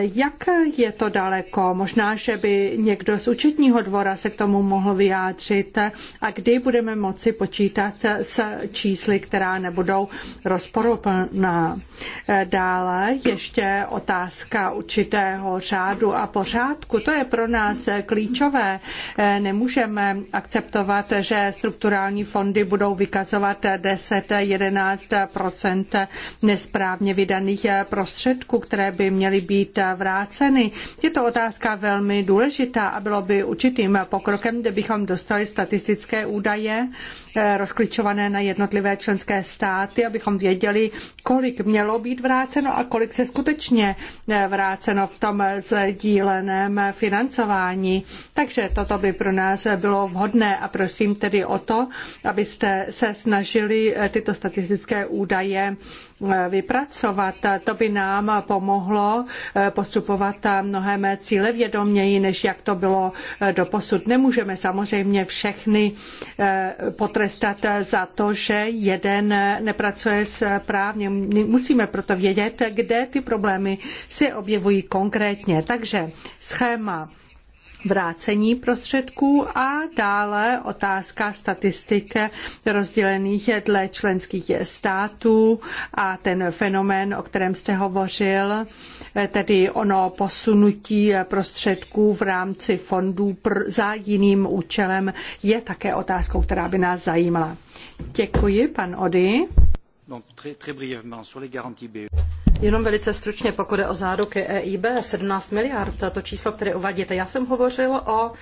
jak je to daleko? Možná, že by někdo z účetního dvora se k tomu mohl vyjádřit a kdy budeme moci počítat s čísly, která nebudou rozporuplná. Dále ještě otázka určitého řádu a pořádku. To je pro nás klíčové. Nemůžeme akceptovat, že strukturální fondy budou vykazovat 10-11 nesprávně vydaných prostředků, které by měly být být vráceny. Je to otázka velmi důležitá a bylo by určitým pokrokem, kdybychom dostali statistické údaje eh, rozklíčované na jednotlivé členské státy, abychom věděli, kolik mělo být vráceno a kolik se skutečně eh, vráceno v tom sdíleném financování. Takže toto by pro nás bylo vhodné a prosím tedy o to, abyste se snažili eh, tyto statistické údaje vypracovat. To by nám pomohlo eh, postupovat mnohem cílevědoměji, než jak to bylo eh, doposud. Nemůžeme samozřejmě všechny eh, potrestat za to, že jeden nepracuje správně. Musíme proto vědět, kde ty problémy se objevují konkrétně. Takže schéma vrácení prostředků a dále otázka statistik rozdělených dle členských států a ten fenomén, o kterém jste hovořil, tedy ono posunutí prostředků v rámci fondů za jiným účelem, je také otázkou, která by nás zajímala. Děkuji, pan Ody. Jenom velice stručně, pokud je o záruky EIB, 17 miliard, to číslo, které uvadíte. Já jsem hovořil o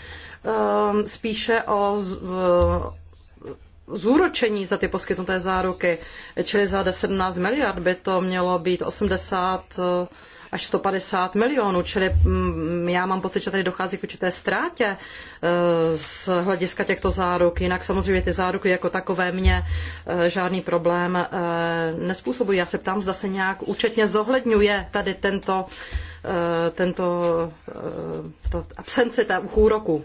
ehm, spíše o zúročení za ty poskytnuté záruky, čili za 17 miliard by to mělo být 80 až 150 milionů, čili mm, já mám pocit, že tady dochází k určité ztrátě e, z hlediska těchto záruk. Jinak samozřejmě ty záruky jako takové mě e, žádný problém e, nespůsobují. Já se ptám, zda se nějak účetně zohledňuje tady tento, tento to absenci té úroku.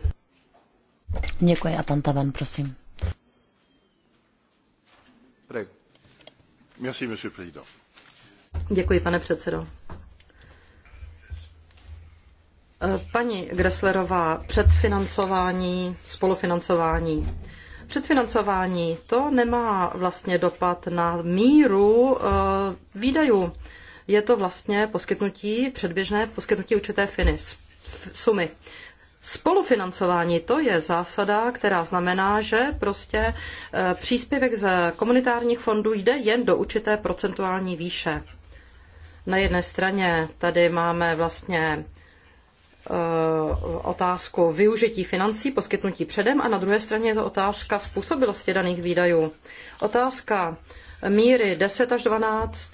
Děkuji a pan Tavan, prosím. Děkuji, pane předsedo. Paní Greslerová, předfinancování, spolufinancování. Předfinancování to nemá vlastně dopad na míru eh, výdajů. Je to vlastně poskytnutí, předběžné poskytnutí určité finy, sumy. Spolufinancování to je zásada, která znamená, že prostě eh, příspěvek z komunitárních fondů jde jen do určité procentuální výše. Na jedné straně tady máme vlastně Eh, otázku využití financí, poskytnutí předem a na druhé straně je to otázka způsobilosti daných výdajů. Otázka míry 10 až 12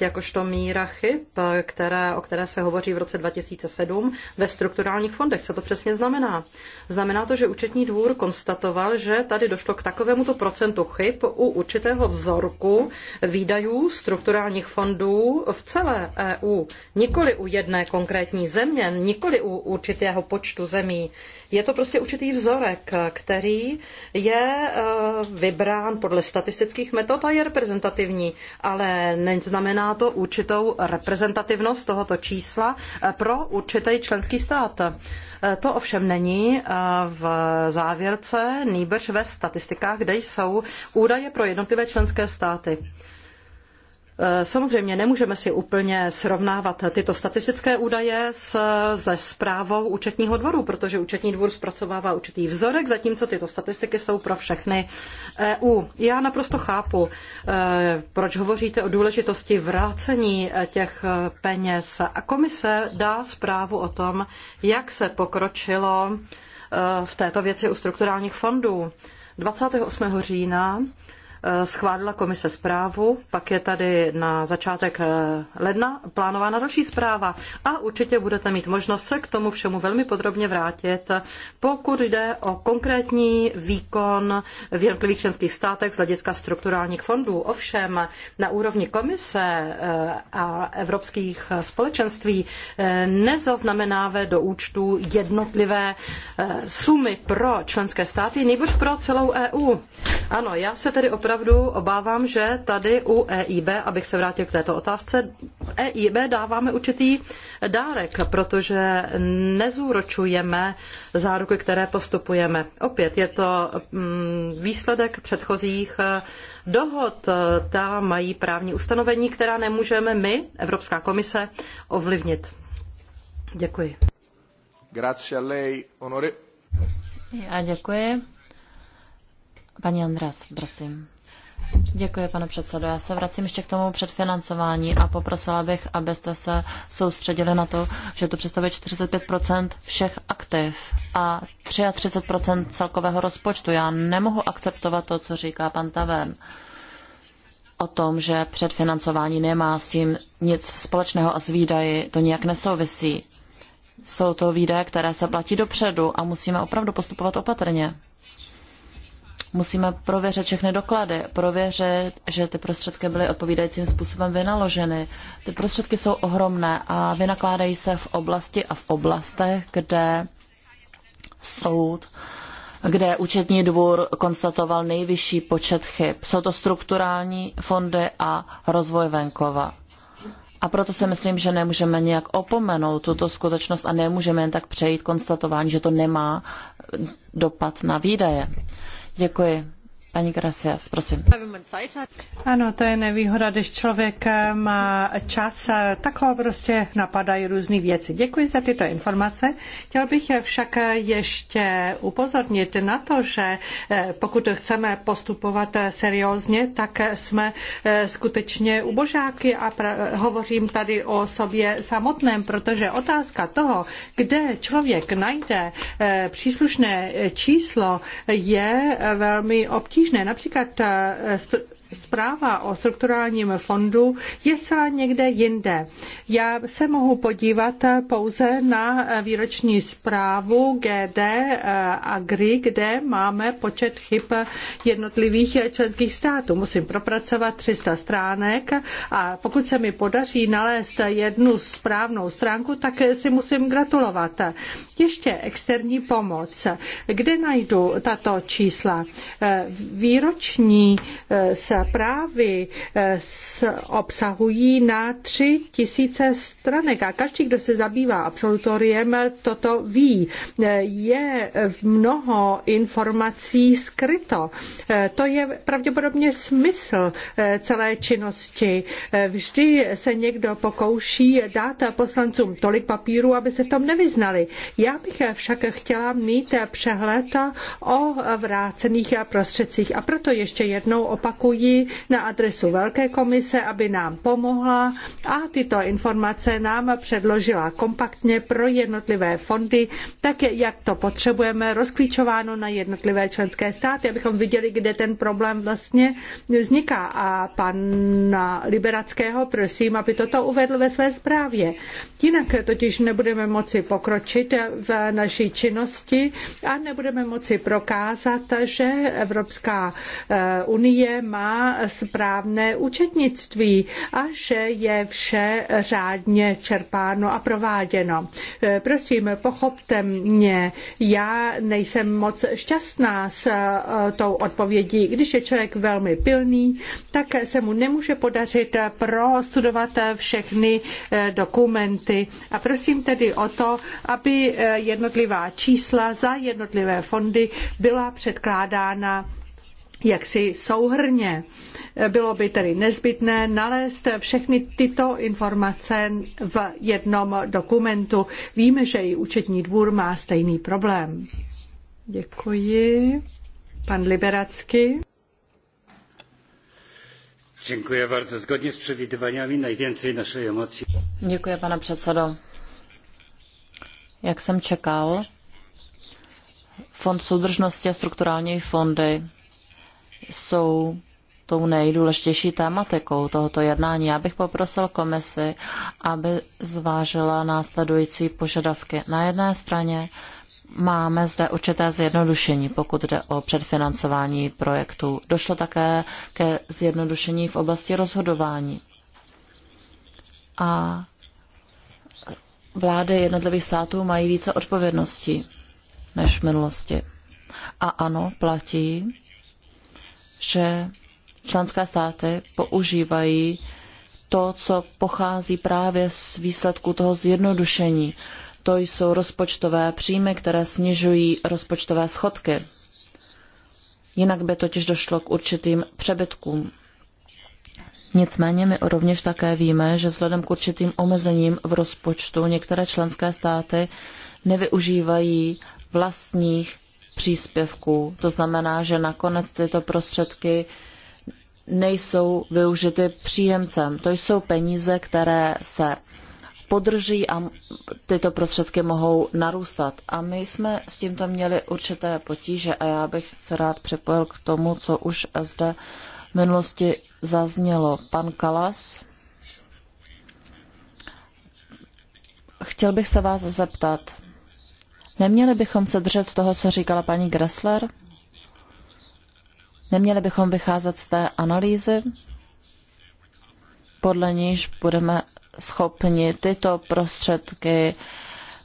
jakožto míra chyb, které, o které se hovoří v roce 2007 ve strukturálních fondech. Co to přesně znamená? Znamená to, že účetní dvůr konstatoval, že tady došlo k takovémuto procentu chyb u určitého vzorku výdajů strukturálních fondů v celé EU. Nikoli u jedné konkrétní země, nikoli u určitého počtu zemí je to prostě určitý vzorek, který je eh, vybrán podle statistických metod a je reprezentativní, ale neznamená to určitou reprezentativnost tohoto čísla eh, pro určitý členský stát. Eh, to ovšem není v závěrce, nýbrž ve statistikách, kde jsou údaje pro jednotlivé členské státy. Eh, samozřejmě nemůžeme si úplně srovnávat tyto statistické údaje s, se zprávou účetního dvoru, protože účetní dvůr zpracovává určitý vzorek, zatímco tyto statistiky jsou pro všechny EU. Já naprosto chápu, eh, proč hovoříte o důležitosti vrácení eh, těch peněz. A komise dá zprávu o tom, jak se pokročilo v této věci u strukturálních fondů. 28. října Eh, schválila komise zprávu, pak je tady na začátek eh, ledna plánována další zpráva a určitě budete mít možnost se k tomu všemu velmi podrobně vrátit, pokud jde o konkrétní výkon v jednotlivých členských státech z hlediska strukturálních fondů. Ovšem na úrovni komise eh, a evropských společenství nezaznamenáme do účtu jednotlivé sumy pro členské státy, nejbrž pro celou EU. Ano, já se tedy opravdu opravdu obávám, že tady u EIB, abych se vrátil k této otázce, EIB dáváme určitý dárek, protože nezúročujeme záruky, které postupujeme. Opět je to mm, výsledek předchozích eh, dohod. Ta mají právní ustanovení, která nemůžeme my, Evropská komise, ovlivnit. Děkuji. Grazie a lei, Já děkuji. András, prosím. Děkuji, pane předsedo. Já se vracím ještě k tomu předfinancování a poprosila bych, abyste se soustředili na to, že to představuje 45 všech aktiv a 33 celkového rozpočtu. Já nemohu akceptovat to, co říká pan Tavern o tom, že předfinancování nemá s tím nic společného a s výdaji to nijak nesouvisí. Jsou to výdaje, které se platí dopředu a musíme opravdu postupovat opatrně. Musíme prověřit všechny doklady, prověřit, že ty prostředky byly odpovídajícím způsobem vynaloženy. Ty prostředky jsou ohromné a vynakládají se v oblasti a v oblastech, kde soud kde účetní dvůr konstatoval nejvyšší počet chyb. Jsou to strukturální fondy a rozvoj venkova. A proto si myslím, že nemůžeme nějak opomenout tuto skutečnost a nemůžeme jen tak přejít konstatování, že to nemá dopad na výdaje. Děkuji. Paní Gracias, prosím. Ano, to je nevýhoda, když člověk eh, má čas, tak ho prostě napadají různé věci. Děkuji za tyto informace. Chtěl bych však ještě upozornit na to, že eh, pokud chceme postupovat eh, seriózně, tak jsme skutečně ubožáky a hovořím tady o sobě samotném, protože otázka toho, kde člověk najde příslušné číslo, je velmi obtížná obtížné. Například eh, Zpráva o strukturálním fondu je celá někde jinde. Já se mohu podívat pouze na výroční zprávu GD eh, Agri, kde máme počet chyb jednotlivých členských států. Musím propracovat 300 stránek a pokud se mi podaří nalézt jednu správnou stránku, tak si musím gratulovat. Ještě externí pomoc. Kde najdu tato čísla? Eh, výroční eh, se Zprávy eh, obsahují na tři tisíce stranek a každý, kdo se zabývá absolutoriem, toto ví. Eh, je mnoho informací skryto. Eh, to je pravděpodobně smysl celé činnosti. Vždy se někdo pokouší dát poslancům tolik papíru, aby se v tom nevyznali. Já bych však chtěla mít přehled o vrácených prostředcích a proto ještě jednou opakuji, na adresu Velké komise, aby nám pomohla a tyto informace nám předložila kompaktně pro jednotlivé fondy, tak jak to potřebujeme, rozklíčováno na jednotlivé členské státy, abychom viděli, kde ten problém vlastně vzniká. A pana Liberackého prosím, aby toto uvedl ve své zprávě. Jinak totiž nebudeme moci pokročit v naší činnosti a nebudeme moci prokázat, že Evropská eh, unie má správné účetnictví a že je vše řádně čerpáno a prováděno. Eh, prosím, pochopte mě, já nejsem moc šťastná s eh, tou odpovědí. Když je člověk velmi pilný, tak se mu nemůže podařit prostudovat všechny eh, dokumenty. A prosím tedy o to, aby jednotlivá čísla za jednotlivé fondy byla předkládána jaksi souhrně. Eh, bylo by tedy nezbytné nalézt všechny tyto informace v jednom dokumentu. Víme, že i účetní dvůr má stejný problém. Děkuji. Pan Liberacky. Děkuji, bardzo. Zgodně s przewidywaniami najwięcej naše emocji. Děkuji, pane předsedo. Jak jsem čekal, Fond soudržnosti a strukturální fondy jsou tou nejdůležitější tématikou tohoto jednání. Já bych poprosil komisi, aby zvážila následující požadavky. Na jedné straně máme zde určité zjednodušení, pokud jde o předfinancování projektů. Došlo také ke zjednodušení v oblasti rozhodování. A vlády jednotlivých států mají více odpovědností než v minulosti. A ano, platí, že členské státy používají to, co pochází právě z výsledku toho zjednodušení. To jsou rozpočtové příjmy, které snižují rozpočtové schodky. Jinak by totiž došlo k určitým přebytkům. Nicméně my rovněž také víme, že vzhledem k určitým omezením v rozpočtu některé členské státy nevyužívají vlastních příspěvků. To znamená, že nakonec tyto prostředky nejsou využity příjemcem. To jsou peníze, které se podrží a tyto prostředky mohou narůstat. A my jsme s tímto měli určité potíže a já bych se rád připojil k tomu, co už zde v minulosti zaznělo. Pan Kalas, chtěl bych se vás zeptat, Neměli bychom se držet toho, co říkala paní Gressler? Neměli bychom vycházet z té analýzy, podle níž budeme schopni tyto prostředky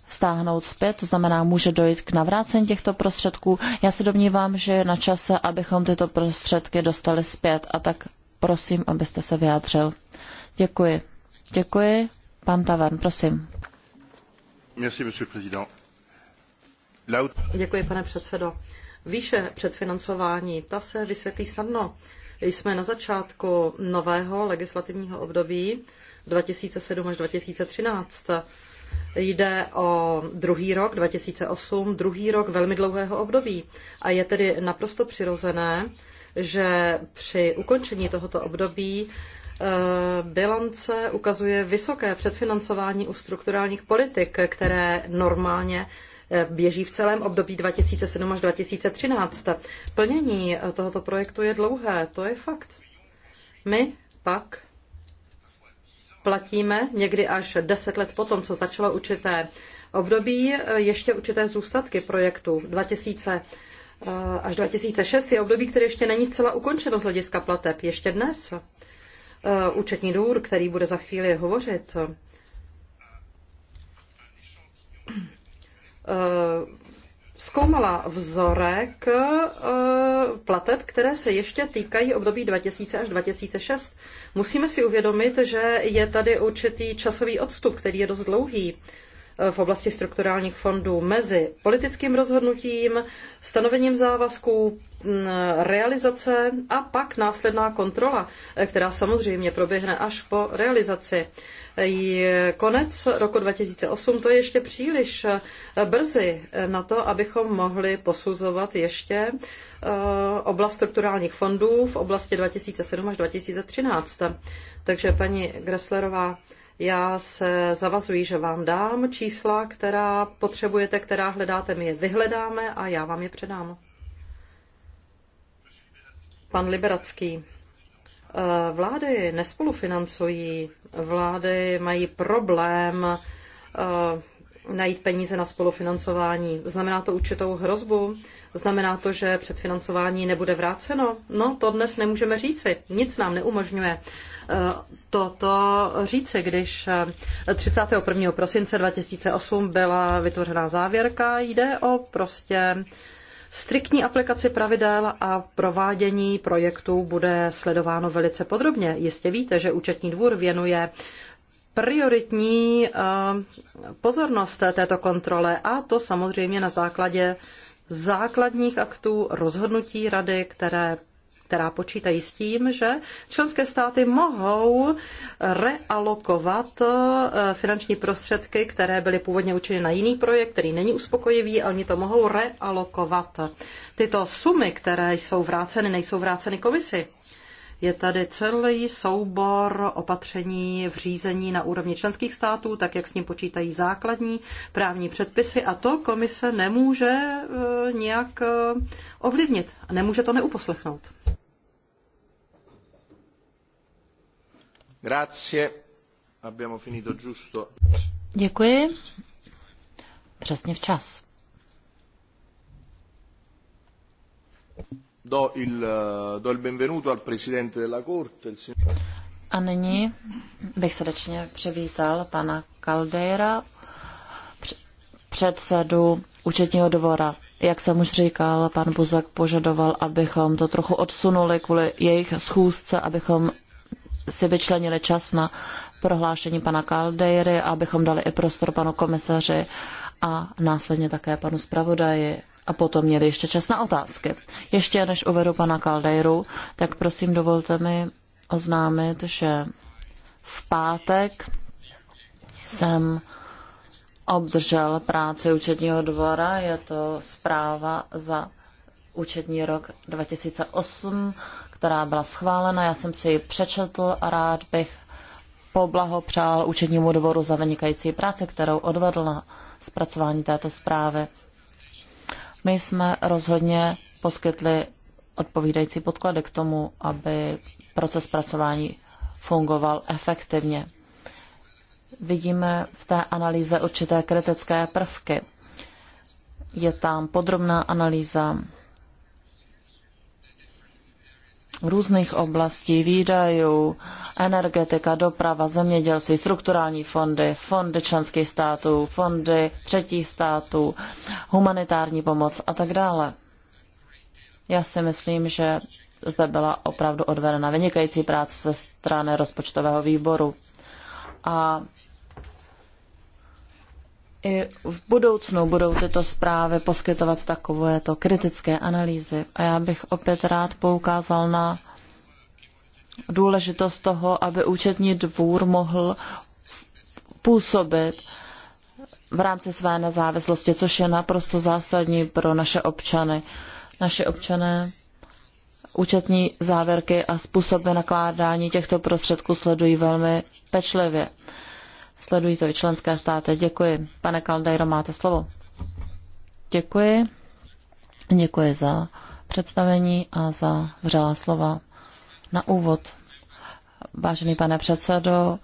stáhnout zpět, to znamená, může dojít k navrácení těchto prostředků. Já se domnívám, že je na čase, abychom tyto prostředky dostali zpět a tak prosím, abyste se vyjádřil. Děkuji. Děkuji. Pan Tavan, prosím. Merci, monsieur le président. Děkuji, pane předsedo. Výše předfinancování, ta se vysvětlí snadno. Jsme na začátku nového legislativního období 2007 až 2013. Jde o druhý rok 2008, druhý rok velmi dlouhého období a je tedy naprosto přirozené, že při ukončení tohoto období eh, bilance ukazuje vysoké předfinancování u strukturálních politik, které normálně běží v celém období 2007 až 2013. Plnění tohoto projektu je dlouhé, to je fakt. My pak platíme někdy až 10 let potom, co začalo určité období, ještě určité zůstatky projektu 2000 eh, až 2006 je období, které ještě není zcela ukončeno z hlediska plateb. Ještě dnes eh, účetní důr, který bude za chvíli hovořit, Eh, zkoumala vzorek eh, plateb, které se ještě týkají období 2000 až 2006. Musíme si uvědomit, že je tady určitý časový odstup, který je dost dlouhý eh, v oblasti strukturálních fondů mezi politickým rozhodnutím, stanovením závazků, mm, realizace a pak následná kontrola, která samozřejmě proběhne až po realizaci konec roku 2008, to je ještě příliš eh, brzy na to, abychom mohli posuzovat ještě eh, oblast strukturálních fondů v oblasti 2007 až 2013. Takže paní Gresslerová, já se zavazuji, že vám dám čísla, která potřebujete, která hledáte, my je vyhledáme a já vám je předám. Pan Liberacký. Eh, vlády nespolufinancují, vlády mají problém eh, najít peníze na spolufinancování. Znamená to určitou hrozbu? Znamená to, že předfinancování nebude vráceno? No, to dnes nemůžeme říci. Nic nám neumožňuje eh, toto říci, když 31. prosince 2008 byla vytvořena závěrka. Jde o prostě Striktní aplikaci pravidel a provádění projektů bude sledováno velice podrobně. Jistě víte, že účetní dvůr věnuje prioritní eh, pozornost této kontrole a to samozřejmě na základě základních aktů rozhodnutí rady, které která počítají s tím, že členské státy mohou realokovat eh, finanční prostředky, které byly původně učiny na jiný projekt, který není uspokojivý, a oni to mohou realokovat. Tyto sumy, které jsou vráceny, nejsou vráceny komisi. Je tady celý soubor opatření v řízení na úrovni členských států, tak jak s ním počítají základní právní předpisy a to komise nemůže eh, nějak eh, ovlivnit. Nemůže to neuposlechnout. Přesně včas. A nyní bych srdečně přivítal pana Caldeira, předsedu účetního dvora. Jak jsem už říkal, pan Buzek požadoval, abychom to trochu odsunuli kvůli jejich schůzce, abychom si vyčlenili čas na prohlášení pana Kaldejry, abychom dali i prostor panu komisaři a následně také panu zpravodaji a potom měli ještě čas na otázky. Ještě než uvedu pana Kaldejru, tak prosím dovolte mi oznámit, že v pátek jsem obdržel práci účetního dvora, je to zpráva za účetní rok 2008 která byla schválena. Já jsem si ji přečetl a rád bych poblahopřál účetnímu dvoru za vynikající práci, kterou odvedl na zpracování této zprávy. My jsme rozhodně poskytli odpovídající podklady k tomu, aby proces zpracování fungoval efektivně. Vidíme v té analýze určité kritické prvky. Je tam podrobná analýza různých oblastí výdajů, energetika, doprava, zemědělství, strukturální fondy, fondy členských států, fondy třetích států, humanitární pomoc a tak dále. Já si myslím, že zde byla opravdu odvedena vynikající práce ze strany rozpočtového výboru. A i v budoucnu budou tyto zprávy poskytovat takovéto kritické analýzy. A já bych opět rád poukázal na důležitost toho, aby účetní dvůr mohl působit v rámci své nezávislosti, což je naprosto zásadní pro naše občany. Naše občané účetní závěrky a způsoby nakládání těchto prostředků sledují velmi pečlivě. Sledují to i členské státy. Děkuji. Pane Kaldejro, máte slovo. Děkuji. Děkuji za představení a za vřelá slova na úvod. Vážený pane předsedo,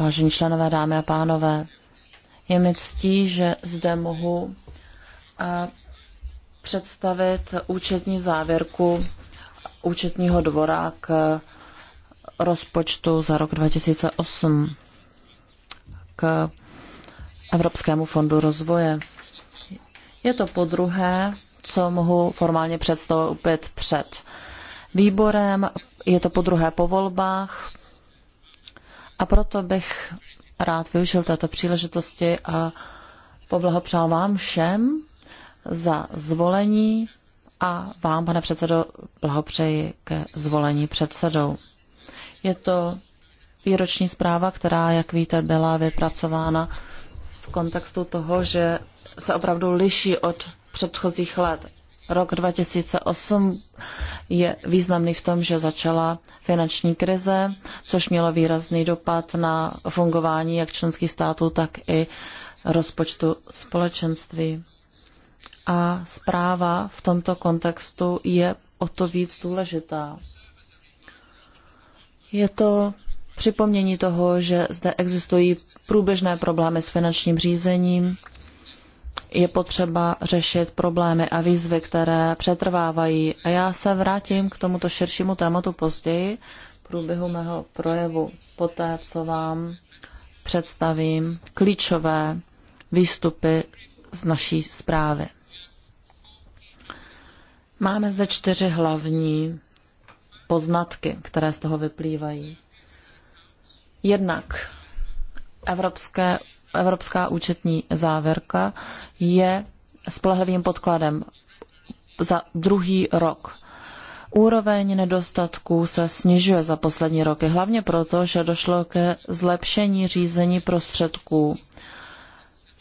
vážení členové, dámy a pánové, je mi ctí, že zde mohu představit účetní závěrku účetního dvora k rozpočtu za rok 2008 k Evropskému fondu rozvoje. Je to po druhé, co mohu formálně předstoupit před výborem. Je to po druhé po volbách. A proto bych rád využil této příležitosti a poblahopřál vám všem za zvolení a vám, pane předsedo, blahopřeji ke zvolení předsedou. Je to výroční zpráva, která, jak víte, byla vypracována v kontextu toho, že se opravdu liší od předchozích let. Rok 2008 je významný v tom, že začala finanční krize, což mělo výrazný dopad na fungování jak členských států, tak i rozpočtu společenství. A zpráva v tomto kontextu je o to víc důležitá. Je to připomnění toho, že zde existují průběžné problémy s finančním řízením, je potřeba řešit problémy a výzvy, které přetrvávají. A já se vrátím k tomuto širšímu tématu později v průběhu mého projevu, poté co vám představím klíčové výstupy z naší zprávy. Máme zde čtyři hlavní poznatky, které z toho vyplývají. Jednak Evropské, Evropská účetní závěrka je spolehlivým podkladem za druhý rok. Úroveň nedostatků se snižuje za poslední roky, hlavně proto, že došlo ke zlepšení řízení prostředků.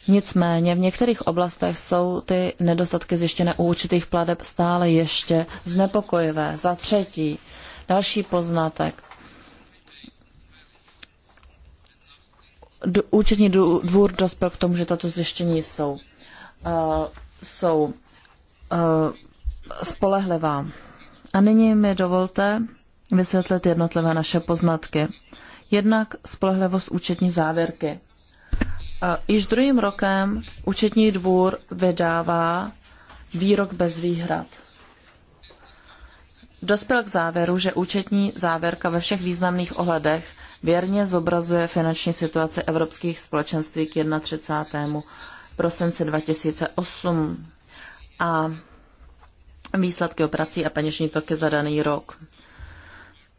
Nicméně v některých oblastech jsou ty nedostatky zjištěné u určitých pladeb stále ještě znepokojivé. Za třetí, další poznatek. účetní dvůr dospěl k tomu, že tato zjištění jsou, uh, jsou uh, spolehlivá. A nyní mi dovolte vysvětlit jednotlivé naše poznatky. Jednak spolehlivost účetní závěrky. Eh, již druhým rokem účetní dvůr vydává výrok bez výhrad dospěl k závěru, že účetní závěrka ve všech významných ohledech věrně zobrazuje finanční situaci evropských společenství k 31. prosinci 2008 a výsledky operací a peněžní toky za daný rok.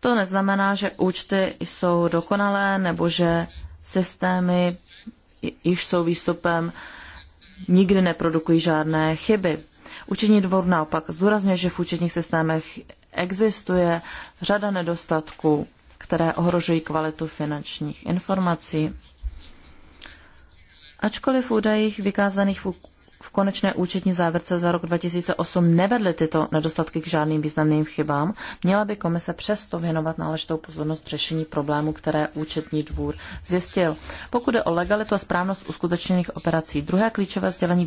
To neznamená, že účty jsou dokonalé nebo že systémy, již jsou výstupem, nikdy neprodukují žádné chyby. Účetní dvor naopak zdůrazňuje, že v účetních systémech existuje řada nedostatků, které ohrožují kvalitu finančních informací. Ačkoliv v údajích vykázaných v v konečné účetní závěrce za rok 2008 nevedly tyto nedostatky k žádným významným chybám, měla by komise přesto věnovat náležitou pozornost řešení problémů, které účetní dvůr zjistil. Pokud je o legalitu a správnost uskutečněných operací, druhé klíčové sdělení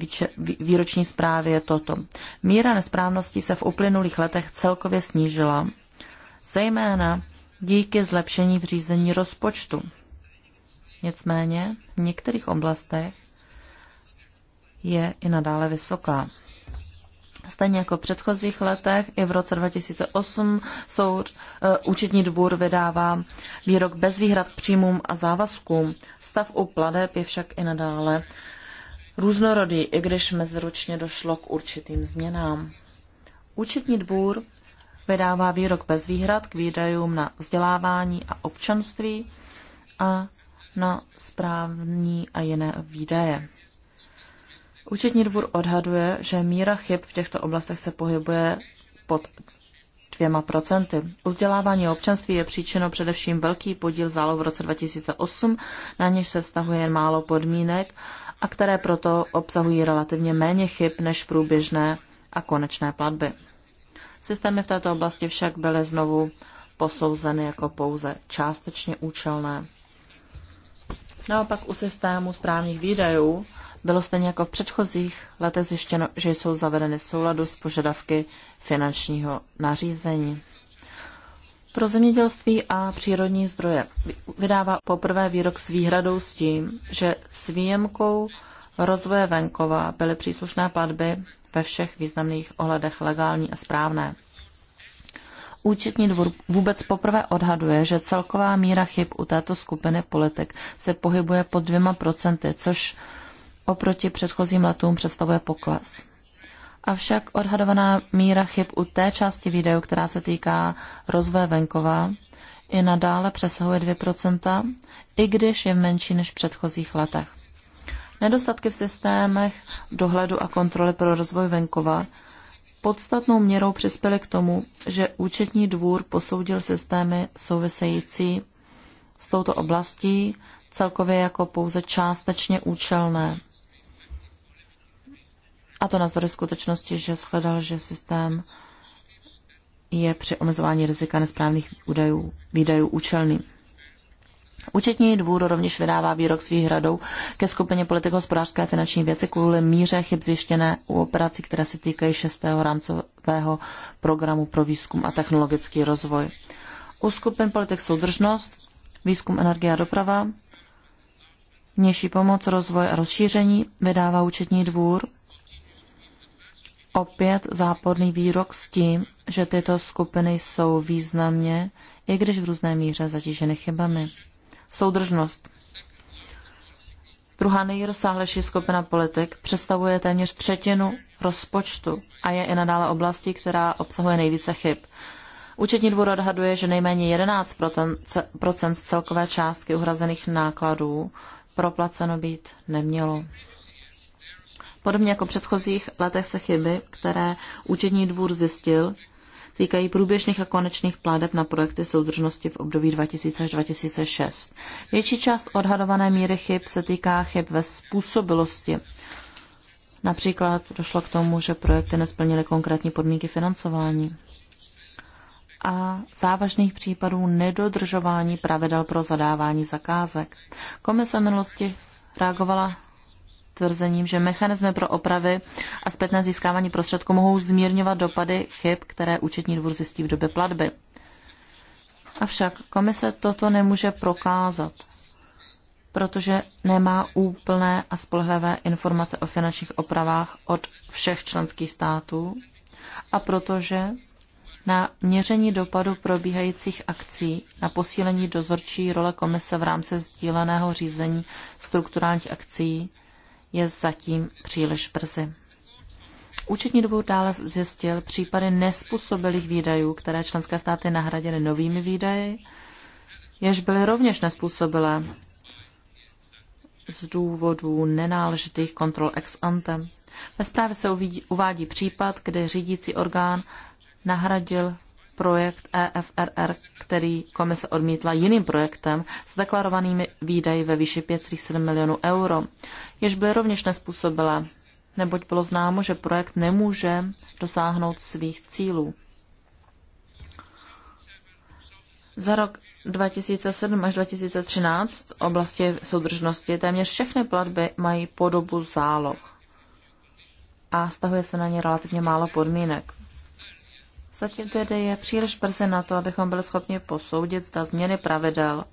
výroční zprávy je toto. Míra nesprávností se v uplynulých letech celkově snížila, zejména díky zlepšení v řízení rozpočtu. Nicméně v některých oblastech je i nadále vysoká. Stejně jako v předchozích letech, i v roce 2008 soud eh, účetní dvůr vydává výrok bez výhrad k příjmům a závazkům. Stav u pladeb je však i nadále různorodý, i když meziročně došlo k určitým změnám. Účetní dvůr vydává výrok bez výhrad k výdajům na vzdělávání a občanství a na správní a jiné výdaje. Účetní dvůr odhaduje, že míra chyb v těchto oblastech se pohybuje pod dvěma procenty. U vzdělávání občanství je příčinou především velký podíl záloh v roce 2008, na něž se vztahuje jen málo podmínek a které proto obsahují relativně méně chyb než průběžné a konečné platby. Systémy v této oblasti však byly znovu posouzeny jako pouze částečně účelné. Naopak u systému správních výdajů bylo stejně jako v předchozích letech zjištěno, že jsou zavedeny v souladu s požadavky finančního nařízení. Pro zemědělství a přírodní zdroje vydává poprvé výrok s výhradou s tím, že s výjemkou rozvoje venkova byly příslušné platby ve všech významných ohledech legální a správné. Účetní dvůr vůbec poprvé odhaduje, že celková míra chyb u této skupiny politik se pohybuje pod dvěma procenty, což oproti předchozím letům představuje pokles. Avšak odhadovaná míra chyb u té části videu, která se týká rozvoje venkova, i nadále přesahuje 2%, i když je menší než v předchozích letech. Nedostatky v systémech dohledu a kontroly pro rozvoj venkova podstatnou měrou přispěly k tomu, že účetní dvůr posoudil systémy související s touto oblastí celkově jako pouze částečně účelné. A to nazvali skutečnosti, že shledal, že systém je při omezování rizika nesprávných údajů, výdajů účelný. Účetní dvůr rovněž vydává výrok s výhradou ke skupině politik hospodářské a finanční věci kvůli míře chyb zjištěné u operací, které se týkají šestého rámcového programu pro výzkum a technologický rozvoj. U skupin politik soudržnost, výzkum, energie a doprava, vnější pomoc, rozvoj a rozšíření vydává účetní dvůr opět záporný výrok s tím, že tyto skupiny jsou významně, i když v různé míře, zatíženy chybami. Soudržnost. Druhá nejrozsáhlejší skupina politik představuje téměř třetinu rozpočtu a je i nadále oblasti, která obsahuje nejvíce chyb. Účetní dvůr odhaduje, že nejméně 11 z celkové částky uhrazených nákladů proplaceno být nemělo. Podobně jako v předchozích letech se chyby, které účetní dvůr zjistil, týkají průběžných a konečných pládeb na projekty soudržnosti v období 2000 až 2006. Větší část odhadované míry chyb se týká chyb ve způsobilosti. Například došlo k tomu, že projekty nesplnily konkrétní podmínky financování a závažných případů nedodržování pravidel pro zadávání zakázek. Komise minulosti reagovala tvrzením, že mechanismy pro opravy a zpětné získávání prostředků mohou zmírňovat dopady chyb, které účetní dvůr zjistí v době platby. Avšak komise toto nemůže prokázat, protože nemá úplné a spolehlivé informace o finančních opravách od všech členských států a protože na měření dopadu probíhajících akcí na posílení dozorčí role komise v rámci sdíleného řízení strukturálních akcí je zatím příliš brzy. Účetní dvůr dále zjistil případy nespůsobilých výdajů, které členské státy nahradily novými výdaji, jež byly rovněž nespůsobilé z důvodu nenáležitých kontrol ex ante. Ve zprávě se uvádí případ, kdy řídící orgán nahradil projekt EFRR, který komise odmítla jiným projektem s deklarovanými výdaji ve výši 5,7 milionů euro jež byly rovněž nespůsobilé, neboť bylo známo, že projekt nemůže dosáhnout svých cílů. Za rok 2007 až 2013 v oblasti soudržnosti téměř všechny platby mají podobu záloh a stahuje se na ně relativně málo podmínek. Zatím tedy je příliš brzy na to, abychom byli schopni posoudit, zda změny pravidel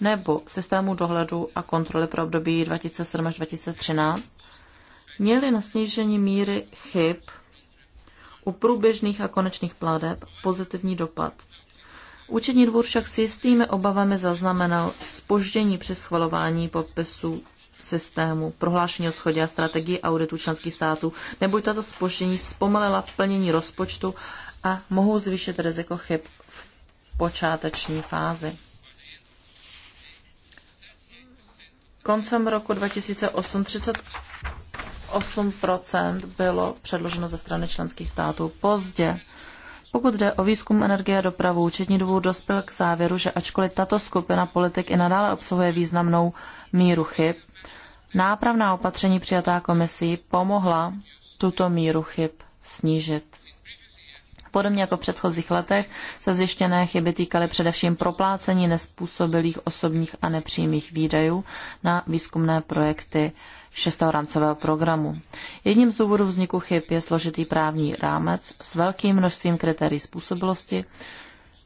nebo systému dohledu a kontroly pro období 2007 až 2013 měly na snížení míry chyb u průběžných a konečných pládeb pozitivní dopad. Účetní dvůr však s jistými obavami zaznamenal spoždění při schvalování podpisů systému, prohlášení o schodě a strategii auditu členských států, neboť tato spoždění zpomalila plnění rozpočtu a mohou zvýšit riziko chyb v počáteční fázi. Koncem roku 2008 38 bylo předloženo ze strany členských států pozdě. Pokud jde o výzkum energie a dopravu, účetní dvůr dospěl k závěru, že ačkoliv tato skupina politik i nadále obsahuje významnou míru chyb, nápravná opatření přijatá komisí pomohla tuto míru chyb snížit. Podobně jako v předchozích letech se zjištěné chyby týkaly především proplácení nespůsobilých osobních a nepřímých výdajů na výzkumné projekty šestého rámcového programu. Jedním z důvodů vzniku chyb je složitý právní rámec s velkým množstvím kritérií způsobilosti,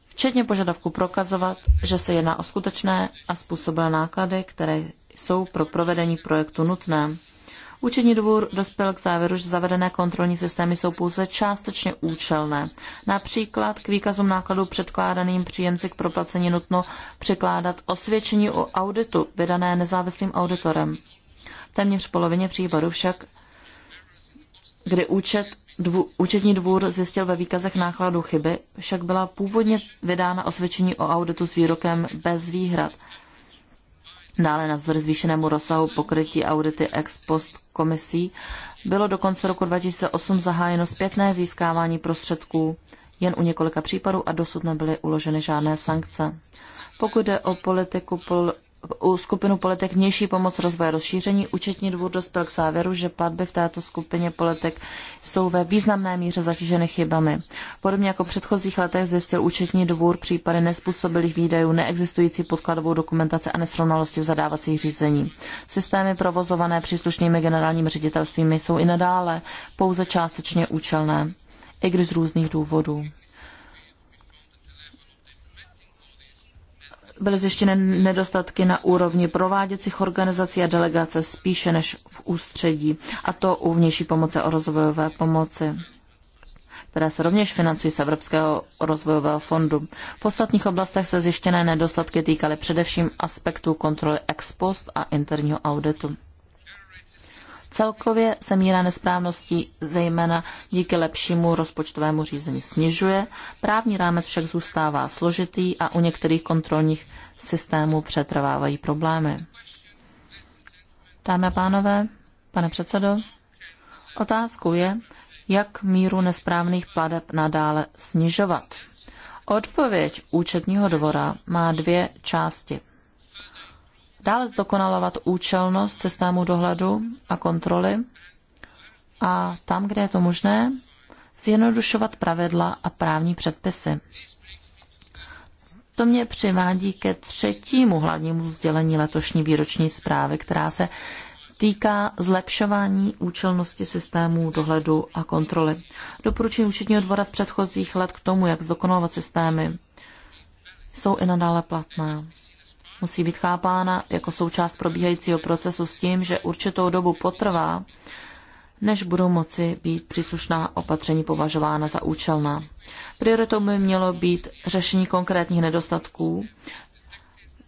včetně požadavku prokazovat, že se jedná o skutečné a způsobilé náklady, které jsou pro provedení projektu nutné. Účetní dvůr dospěl k závěru, že zavedené kontrolní systémy jsou pouze částečně účelné. Například k výkazům nákladů předkládaným příjemci k proplacení nutno překládat osvědčení o auditu vydané nezávislým auditorem. Téměř v polovině případů však, kdy účet Dvů, účetní dvůr zjistil ve výkazech nákladů chyby, však byla původně vydána osvědčení o auditu s výrokem bez výhrad. Dále navzdory zvýšenému rozsahu pokrytí audity ex post komisí bylo do konce roku 2008 zahájeno zpětné získávání prostředků jen u několika případů a dosud nebyly uloženy žádné sankce. Pokud jde o politiku pol- u skupinu politik vnější pomoc rozvoje rozšíření účetní dvůr dospěl k závěru, že platby v této skupině politik jsou ve významné míře zatíženy chybami. Podobně jako v předchozích letech zjistil účetní dvůr případy nespůsobilých výdajů, neexistující podkladovou dokumentace a nesrovnalosti v zadávacích řízení. Systémy provozované příslušnými generálními ředitelstvími jsou i nadále pouze částečně účelné, i když z různých důvodů. byly zjištěny nedostatky na úrovni prováděcích organizací a delegace spíše než v ústředí, a to u vnější pomoci a rozvojové pomoci které se rovněž financují z Evropského rozvojového fondu. V ostatních oblastech se zjištěné nedostatky týkaly především aspektů kontroly ex post a interního auditu. Celkově se míra nesprávností zejména díky lepšímu rozpočtovému řízení snižuje, právní rámec však zůstává složitý a u některých kontrolních systémů přetrvávají problémy. Dámy a pánové, pane předsedo, otázkou je, jak míru nesprávných pladeb nadále snižovat. Odpověď účetního dvora má dvě části dále zdokonalovat účelnost systému dohledu a kontroly a tam, kde je to možné, zjednodušovat pravidla a právní předpisy. To mě přivádí ke třetímu hlavnímu sdělení letošní výroční zprávy, která se týká zlepšování účelnosti systémů dohledu a kontroly. Doporučení účetního dvora z předchozích let k tomu, jak zdokonalovat systémy, jsou i nadále platná musí být chápána jako součást probíhajícího procesu s tím, že určitou dobu potrvá, než budou moci být příslušná opatření považována za účelná. Prioritou by mělo být řešení konkrétních nedostatků,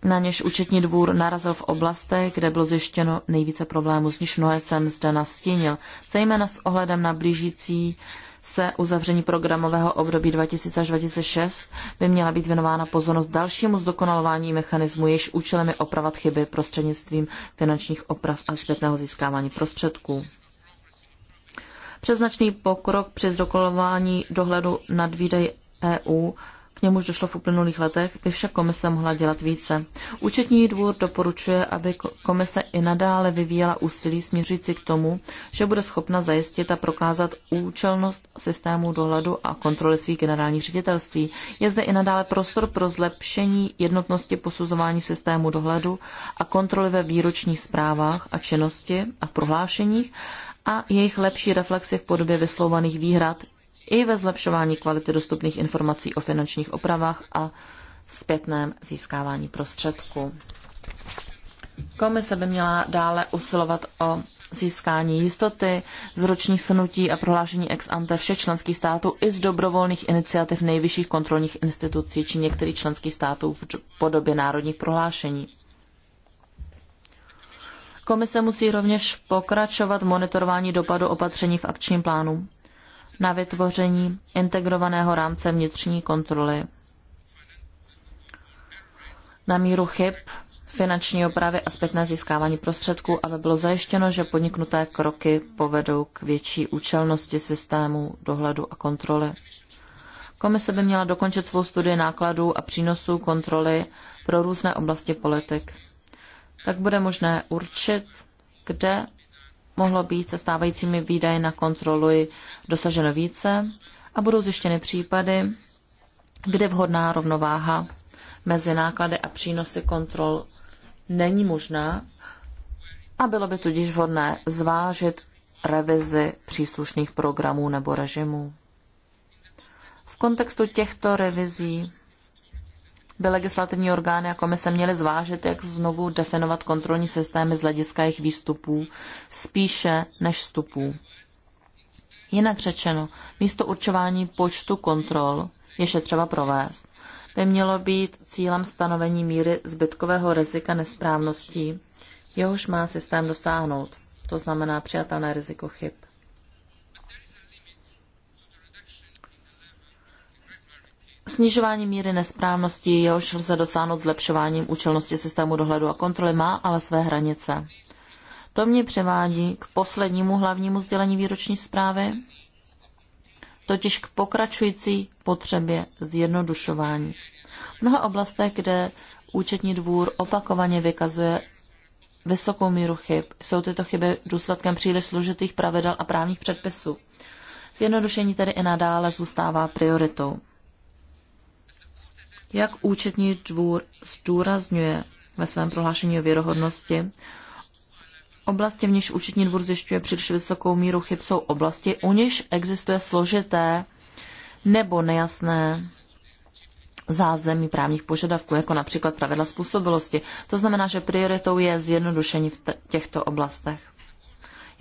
na něž účetní dvůr narazil v oblastech, kde bylo zjištěno nejvíce problémů, z nich mnohé jsem zde nastínil, zejména s ohledem na blížící se uzavření programového období 2000 až 2006 by měla být věnována pozornost dalšímu zdokonalování mechanismu, jež účelem je opravat chyby prostřednictvím finančních oprav a zpětného získávání prostředků. Přeznačný pokrok při zdokonalování dohledu nad výdaji EU němuž došlo v uplynulých letech, by však komise mohla dělat více. Účetní dvůr doporučuje, aby komise i nadále vyvíjela úsilí směřící k tomu, že bude schopna zajistit a prokázat účelnost systému dohledu a kontroly svých generálních ředitelství. Je zde i nadále prostor pro zlepšení jednotnosti posuzování systému dohledu a kontroly ve výročních zprávách a činnosti a v prohlášeních a jejich lepší reflexy v podobě vyslovaných výhrad i ve zlepšování kvality dostupných informací o finančních opravách a zpětném získávání prostředků. Komise by měla dále usilovat o získání jistoty z ročních snutí a prohlášení ex ante všech členských států i z dobrovolných iniciativ nejvyšších kontrolních institucí či některých členských států v podobě národních prohlášení. Komise musí rovněž pokračovat monitorování dopadu opatření v akčním plánu na vytvoření integrovaného rámce vnitřní kontroly na míru chyb finanční opravy a zpětné získávání prostředků, aby bylo zajištěno, že podniknuté kroky povedou k větší účelnosti systému dohledu a kontroly. Komise by měla dokončit svou studii nákladů a přínosů kontroly pro různé oblasti politik. Tak bude možné určit, kde mohlo být se stávajícími výdaji na kontrolu dosaženo více a budou zjištěny případy, kde vhodná rovnováha mezi náklady a přínosy kontrol není možná a bylo by tudíž vhodné zvážit revizi příslušných programů nebo režimů. V kontextu těchto revizí by legislativní orgány a komise měly zvážit, jak znovu definovat kontrolní systémy z hlediska jejich výstupů spíše než vstupů. Jinak řečeno, místo určování počtu kontrol, jež je třeba provést, by mělo být cílem stanovení míry zbytkového rizika nesprávností, jehož má systém dosáhnout, to znamená přijatelné riziko chyb. Snižování míry nesprávnosti, jehož lze dosáhnout zlepšováním účelnosti systému dohledu a kontroly, má ale své hranice. To mě převádí k poslednímu hlavnímu sdělení výroční zprávy, totiž k pokračující potřebě zjednodušování. V mnoha oblastech, kde účetní dvůr opakovaně vykazuje vysokou míru chyb, jsou tyto chyby důsledkem příliš složitých pravidel a právních předpisů. Zjednodušení tedy i nadále zůstává prioritou. Jak účetní dvůr zdůrazňuje ve svém prohlášení o věrohodnosti, oblasti, v níž účetní dvůr zjišťuje příliš vysokou míru chyb, jsou oblasti, u níž existuje složité nebo nejasné zázemí právních požadavků, jako například pravidla způsobilosti. To znamená, že prioritou je zjednodušení v těchto oblastech.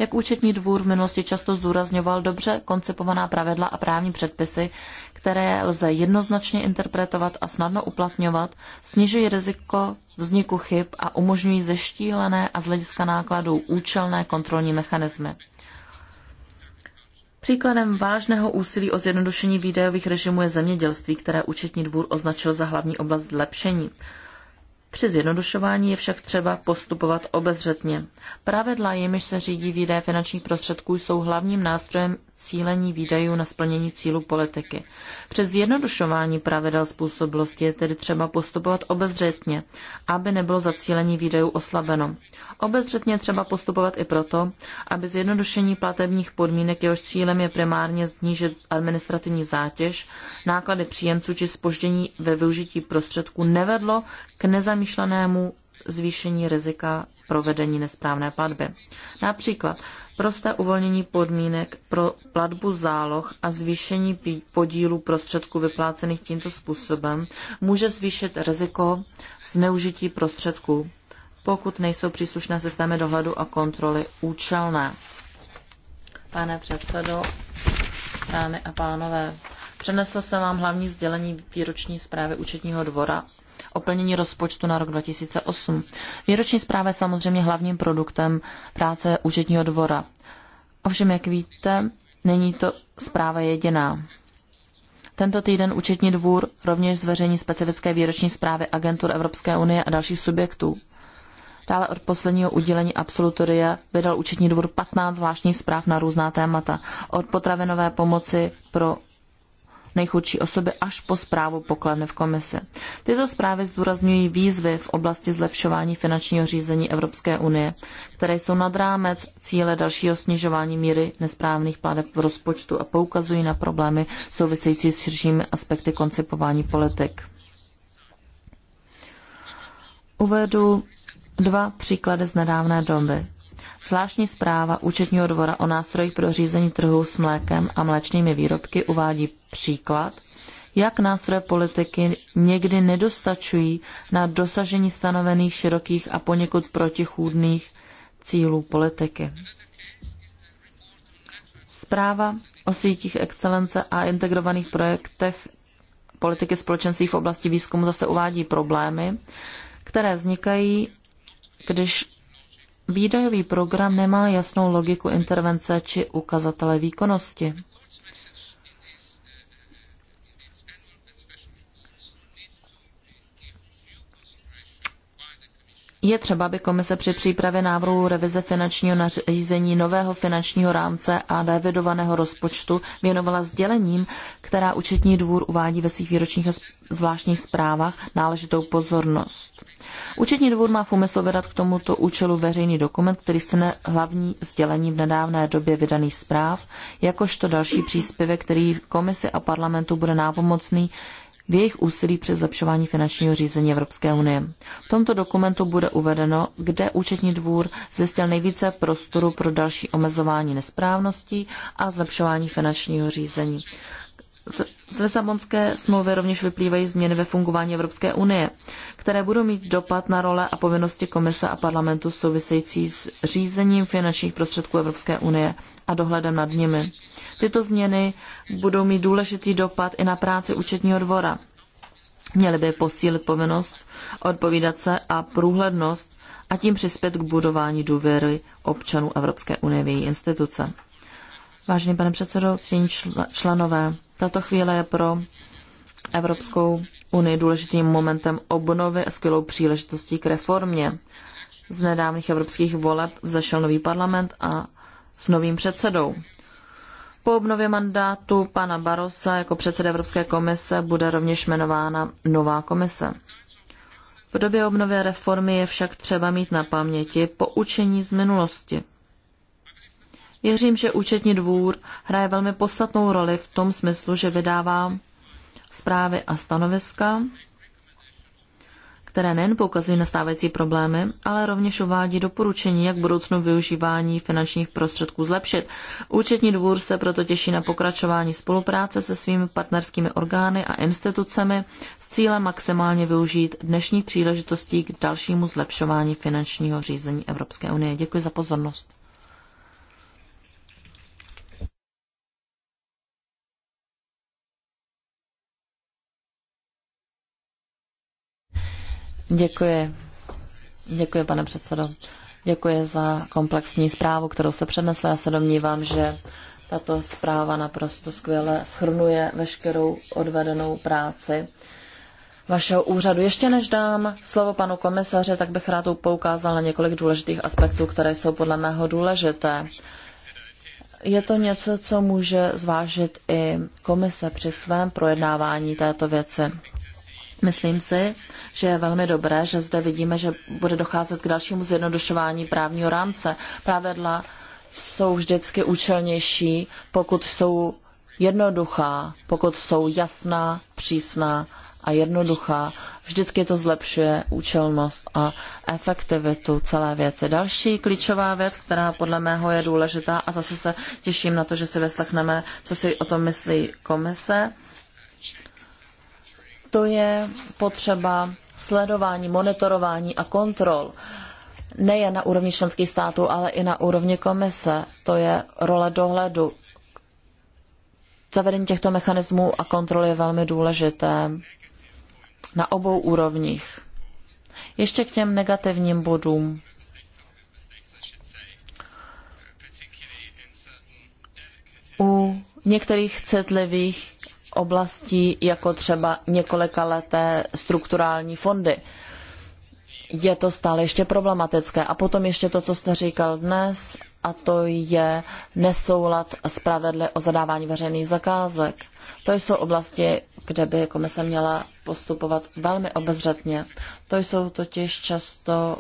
Jak účetní dvůr v minulosti často zdůrazňoval dobře koncipovaná pravidla a právní předpisy, které lze jednoznačně interpretovat a snadno uplatňovat, snižují riziko vzniku chyb a umožňují zeštílené a z hlediska nákladů účelné kontrolní mechanismy. Příkladem vážného úsilí o zjednodušení výdajových režimů je zemědělství, které účetní dvůr označil za hlavní oblast zlepšení. Při zjednodušování je však třeba postupovat obezřetně. Pravidla, jimiž se řídí výdaje finančních prostředků, jsou hlavním nástrojem cílení výdajů na splnění cílu politiky. Přes zjednodušování pravidel způsobilosti je tedy třeba postupovat obezřetně, aby nebylo zacílení výdajů oslabeno. Obezřetně třeba postupovat i proto, aby zjednodušení platebních podmínek jehož cílem je primárně znížit administrativní zátěž, náklady příjemců či spoždění ve využití prostředků nevedlo k nezamýšlenému zvýšení rizika provedení nesprávné platby. Například prosté uvolnění podmínek pro platbu záloh a zvýšení podílu prostředků vyplácených tímto způsobem může zvýšit riziko zneužití prostředků, pokud nejsou příslušné systémy dohledu a kontroly účelné. Pane předsedo, dámy a pánové, přenesl jsem vám hlavní sdělení výroční zprávy účetního dvora o plnění rozpočtu na rok 2008. Výroční zpráva je samozřejmě hlavním produktem práce účetního dvora. Ovšem, jak víte, není to zpráva jediná. Tento týden účetní dvůr rovněž zveřejní specifické výroční zprávy agentur Evropské unie a dalších subjektů. Dále od posledního udělení absolutoria vydal účetní dvůr 15 zvláštních zpráv na různá témata. Od potravinové pomoci pro nejchudší osoby až po zprávu pokladny v komise. Tyto zprávy zdůrazňují výzvy v oblasti zlepšování finančního řízení Evropské unie, které jsou nad rámec cíle dalšího snižování míry nesprávných pládeb v rozpočtu a poukazují na problémy související s širšími aspekty koncipování politik. Uvedu dva příklady z nedávné doby. Zvláštní zpráva účetního dvora o nástrojích pro řízení trhu s mlékem a mléčnými výrobky uvádí příklad, jak nástroje politiky někdy nedostačují na dosažení stanovených širokých a poněkud protichůdných cílů politiky. Zpráva o sítích excelence a integrovaných projektech politiky společenství v oblasti výzkumu zase uvádí problémy, které vznikají, když Výdajový program nemá jasnou logiku intervence či ukazatele výkonnosti. je třeba, aby komise při přípravě návrhu revize finančního nařízení nového finančního rámce a revidovaného rozpočtu věnovala sdělením, která účetní dvůr uvádí ve svých výročních a zvláštních zprávách náležitou pozornost. Účetní dvůr má v úmyslu vydat k tomuto účelu veřejný dokument, který se ne hlavní sdělení v nedávné době vydaných zpráv, jakožto další příspěvek, který komisi a parlamentu bude nápomocný v jejich úsilí při zlepšování finančního řízení Evropské unie. V tomto dokumentu bude uvedeno, kde účetní dvůr zjistil nejvíce prostoru pro další omezování nesprávností a zlepšování finančního řízení. Z Lisabonské smlouvy rovněž vyplývají změny ve fungování Evropské unie, které budou mít dopad na role a povinnosti komise a parlamentu související s řízením finančních prostředků Evropské unie a dohledem nad nimi. Tyto změny budou mít důležitý dopad i na práci účetního dvora. Měly by posílit povinnost odpovídat se a průhlednost a tím přispět k budování důvěry občanů Evropské unie v její instituce. Vážený pane předsedo, ctění členové, tato chvíle je pro Evropskou unii důležitým momentem obnovy a skvělou příležitostí k reformě. Z nedávných evropských voleb vzešel nový parlament a s novým předsedou. Po obnově mandátu pana Barosa jako předseda Evropské komise bude rovněž jmenována nová komise. V době obnovy reformy je však třeba mít na paměti poučení z minulosti. Věřím, že účetní dvůr hraje velmi podstatnou roli v tom smyslu, že vydává zprávy a stanoviska, které nejen poukazují na stávající problémy, ale rovněž uvádí doporučení, jak budoucnu využívání finančních prostředků zlepšit. Účetní dvůr se proto těší na pokračování spolupráce se svými partnerskými orgány a institucemi s cílem maximálně využít dnešní příležitostí k dalšímu zlepšování finančního řízení Evropské unie. Děkuji za pozornost. Děkuji. Děkuji, pane předsedo. Děkuji za komplexní zprávu, kterou se přednesla. Já se domnívám, že tato zpráva naprosto skvěle schrnuje veškerou odvedenou práci vašeho úřadu. Ještě než dám slovo panu komisaři, tak bych rád poukázal na několik důležitých aspektů, které jsou podle mého důležité. Je to něco, co může zvážit i komise při svém projednávání této věci. Myslím si, že je velmi dobré, že zde vidíme, že bude docházet k dalšímu zjednodušování právního rámce. Pravidla jsou vždycky účelnější, pokud jsou jednoduchá, pokud jsou jasná, přísná a jednoduchá. Vždycky to zlepšuje účelnost a efektivitu celé věci. Další klíčová věc, která podle mého je důležitá a zase se těším na to, že si vyslechneme, co si o tom myslí komise, to je potřeba sledování, monitorování a kontrol. Nejen na úrovni členských států, ale i na úrovni komise. To je role dohledu. Zavedení těchto mechanismů a kontrol je velmi důležité na obou úrovních. Ještě k těm negativním bodům. U některých citlivých oblastí, jako třeba několikaleté strukturální fondy. Je to stále ještě problematické. A potom ještě to, co jste říkal dnes, a to je nesoulad s pravidly o zadávání veřejných zakázek. To jsou oblasti, kde by komise měla postupovat velmi obezřetně. To jsou totiž často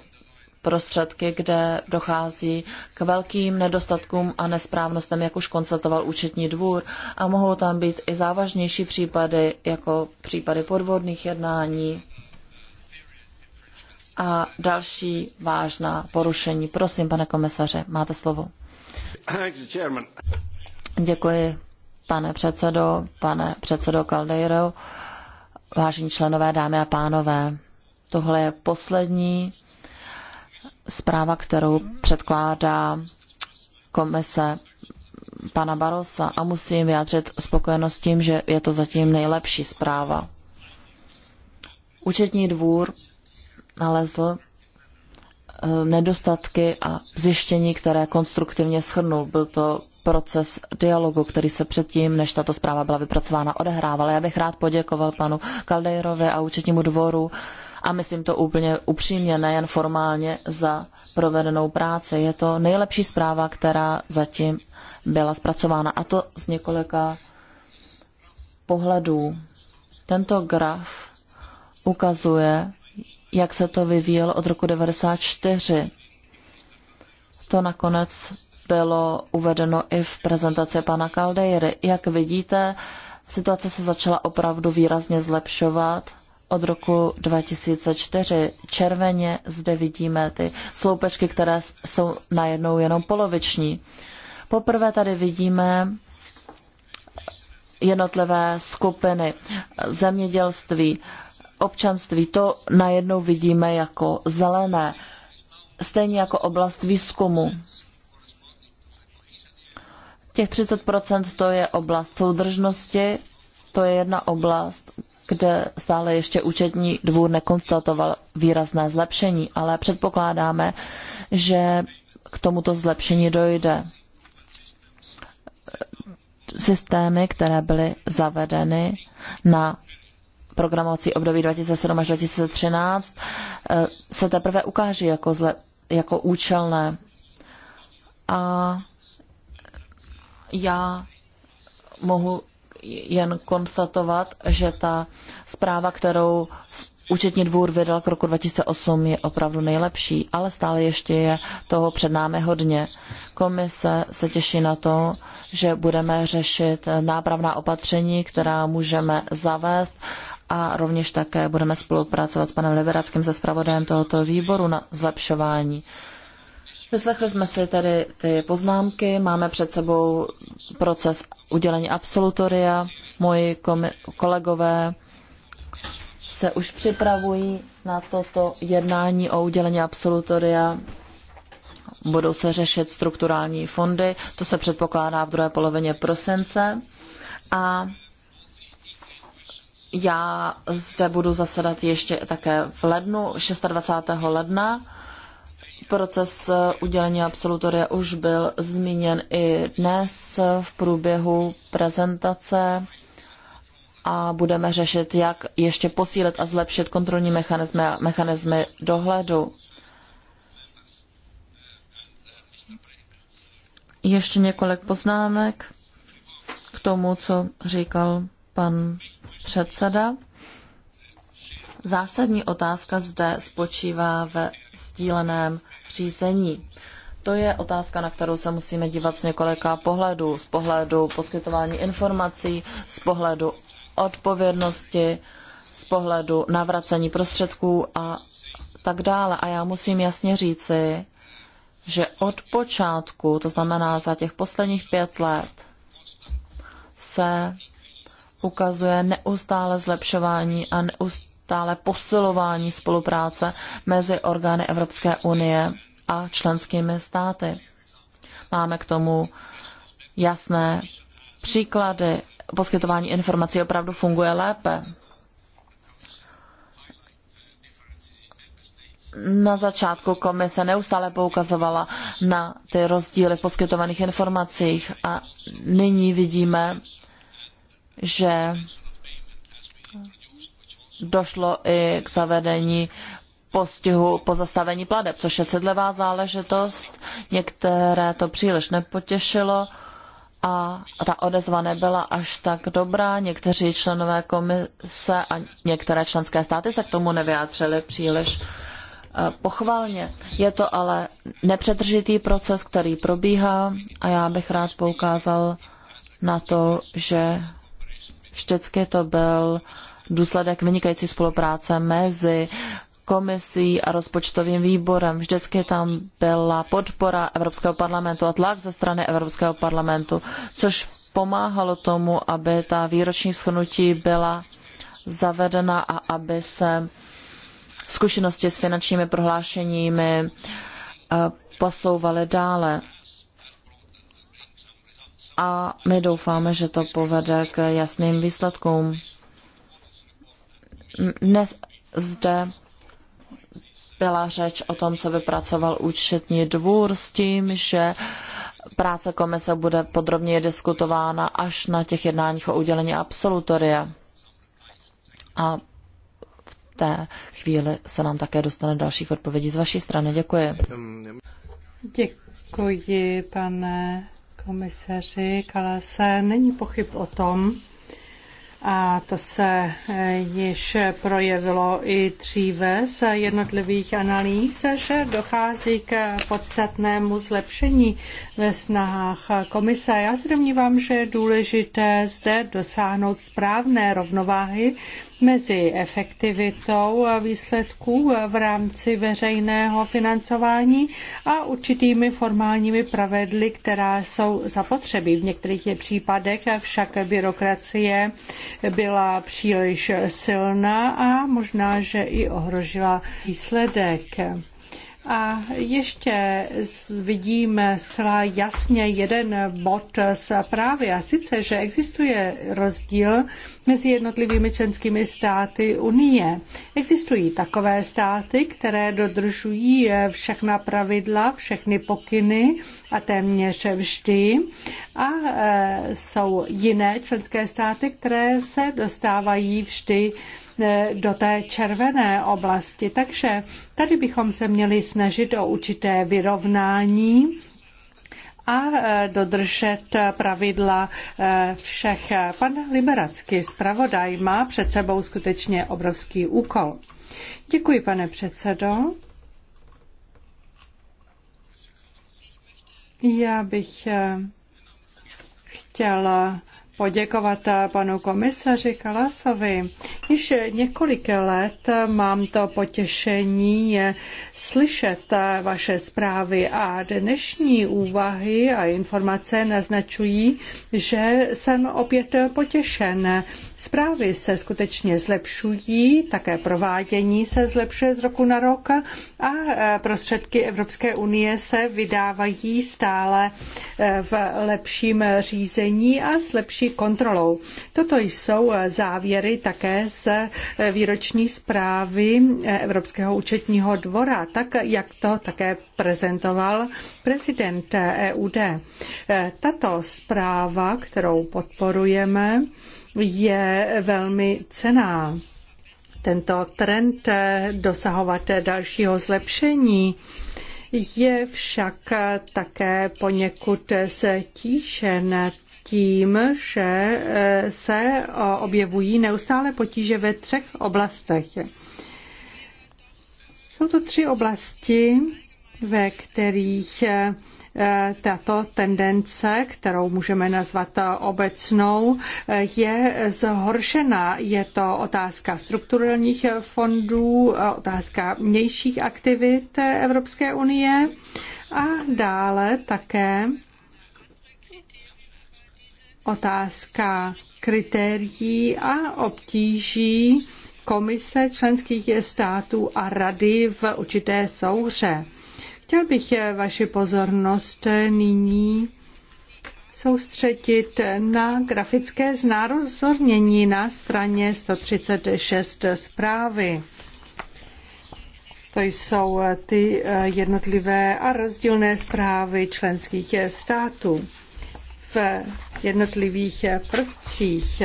prostředky, kde dochází k velkým nedostatkům a nesprávnostem, jak už konstatoval účetní dvůr. A mohou tam být i závažnější případy, jako případy podvodných jednání a další vážná porušení. Prosím, pane komisaře, máte slovo. Děkuji, pane předsedo, pane předsedo Caldeiro, vážení členové, dámy a pánové. Tohle je poslední zpráva, kterou předkládá komise pana Barosa a musím vyjádřit spokojenost tím, že je to zatím nejlepší zpráva. Účetní dvůr nalezl eh, nedostatky a zjištění, které konstruktivně schrnul. Byl to proces dialogu, který se předtím, než tato zpráva byla vypracována, odehrával. Já bych rád poděkoval panu Kaldejrovi a účetnímu dvoru a myslím to úplně upřímně, nejen formálně za provedenou práci. Je to nejlepší zpráva, která zatím byla zpracována a to z několika pohledů. Tento graf ukazuje, jak se to vyvíjelo od roku 1994. To nakonec bylo uvedeno i v prezentaci pana Caldeiry. Jak vidíte, situace se začala opravdu výrazně zlepšovat od roku 2004. Červeně zde vidíme ty sloupečky, které jsou najednou jenom poloviční. Poprvé tady vidíme jednotlivé skupiny zemědělství, občanství. To najednou vidíme jako zelené, stejně jako oblast výzkumu. Těch 30% to je oblast soudržnosti, to je jedna oblast, kde stále ještě účetní dvůr nekonstatoval výrazné zlepšení, ale předpokládáme, že k tomuto zlepšení dojde. Systémy, které byly zavedeny na programovací období 2007 až 2013, eh, se teprve ukáží jako, zle, jako účelné. A já mohu jen konstatovat, že ta zpráva, kterou Účetní dvůr vydal k roku 2008 je opravdu nejlepší, ale stále ještě je toho před námi hodně. Komise se těší na to, že budeme řešit nápravná opatření, která můžeme zavést a rovněž také budeme spolupracovat s panem Liberackým se zpravodajem tohoto výboru na zlepšování Vyslechli jsme si tedy ty poznámky, máme před sebou proces udělení absolutoria. Moji kolegové se už připravují na toto jednání o udělení absolutoria. Budou se řešit strukturální fondy, to se předpokládá v druhé polovině prosince. A já zde budu zasedat ještě také v lednu, 26. ledna Proces eh, udělení absolutoria už byl zmíněn i dnes v průběhu prezentace a budeme řešit, jak ještě posílit a zlepšit kontrolní mechanismy a mechanismy dohledu. Ještě několik poznámek k tomu, co říkal pan předseda. Zásadní otázka zde spočívá ve sdíleném řízení. To je otázka, na kterou se musíme dívat z několika pohledů. Z pohledu poskytování informací, z pohledu odpovědnosti, z pohledu navracení prostředků a tak dále. A já musím jasně říci, že od počátku, to znamená za těch posledních pět let, se ukazuje neustále zlepšování a neustále neustále posilování spolupráce mezi orgány Evropské unie a členskými státy. Máme k tomu jasné příklady. Poskytování informací opravdu funguje lépe. na začátku komise neustále poukazovala na ty rozdíly v poskytovaných informacích a nyní vidíme, že došlo i k zavedení postihu pozastavení pladeb, což je citlivá záležitost. Některé to příliš nepotěšilo a ta odezva nebyla až tak dobrá. Někteří členové komise a některé členské státy se k tomu nevyjádřili příliš eh, pochvalně. Je to ale nepřetržitý proces, který probíhá a já bych rád poukázal na to, že vždycky to byl důsledek vynikající spolupráce mezi komisí a rozpočtovým výborem. Vždycky tam byla podpora Evropského parlamentu a tlak ze strany Evropského parlamentu, což pomáhalo tomu, aby ta výroční schnutí byla zavedena a aby se zkušenosti s finančními prohlášeními eh, posouvaly dále. A my doufáme, že to povede k jasným výsledkům. Dnes zde byla řeč o tom, co vypracoval účetní dvůr s tím, že práce komise bude podrobněji diskutována až na těch jednáních o udělení absolutoria. A v té chvíli se nám také dostane dalších odpovědí z vaší strany. Děkuji. Děkuji, pane komisaři Kalase. Není pochyb o tom, a to se eh, již projevilo i dříve z jednotlivých analýz, že dochází k podstatnému zlepšení ve snahách komise. Já se domnívám, že je důležité zde dosáhnout správné rovnováhy mezi efektivitou výsledků v rámci veřejného financování a určitými formálními pravidly, která jsou zapotřebí. V některých případech však byrokracie byla příliš silná a možná, že i ohrožila výsledek. A ještě vidíme zcela jasně jeden bod zprávy a sice, že existuje rozdíl mezi jednotlivými členskými státy Unie. Existují takové státy, které dodržují všechna pravidla, všechny pokyny a téměř vždy a e, jsou jiné členské státy, které se dostávají vždy Vlastně do té červené oblasti. Takže tady bychom se měli snažit o určité vyrovnání a e, dodržet pravidla e, všech. Pan Liberacký zpravodaj má před sebou skutečně obrovský úkol. Děkuji, pane předsedo. Já bych e, chtěla poděkovat panu komisaři Kalasovi. Již několik let mám to potěšení slyšet vaše zprávy a dnešní úvahy a informace naznačují, že jsem opět potěšen. Zprávy se skutečně zlepšují, také provádění se zlepšuje z roku na rok a prostředky Evropské unie se vydávají stále e, v lepším řízení a s lepší kontrolou. Toto jsou e, závěry také z e, výroční zprávy Evropského účetního dvora, tak jak to také prezentoval prezident EUD. Tato zpráva, kterou podporujeme, je velmi cená. Tento trend dosahovat dalšího zlepšení je však také poněkud stížen tím, že eh, se eh, objevují neustále potíže ve třech oblastech. Jsou to tři oblasti, ve kterých eh, Eh, tato tendence, kterou můžeme nazvat eh, obecnou, eh, je zhoršena. Je to otázka strukturálních fondů, otázka vnějších aktivit Evropské unie a dále také otázka kritérií a obtíží komise členských států a rady v určité souhře. Chtěl bych eh, vaši pozornost eh, nyní soustředit na grafické znázornění na straně 136 zprávy. To jsou eh, ty jednotlivé a rozdílné zprávy členských států v jednotlivých prvcích.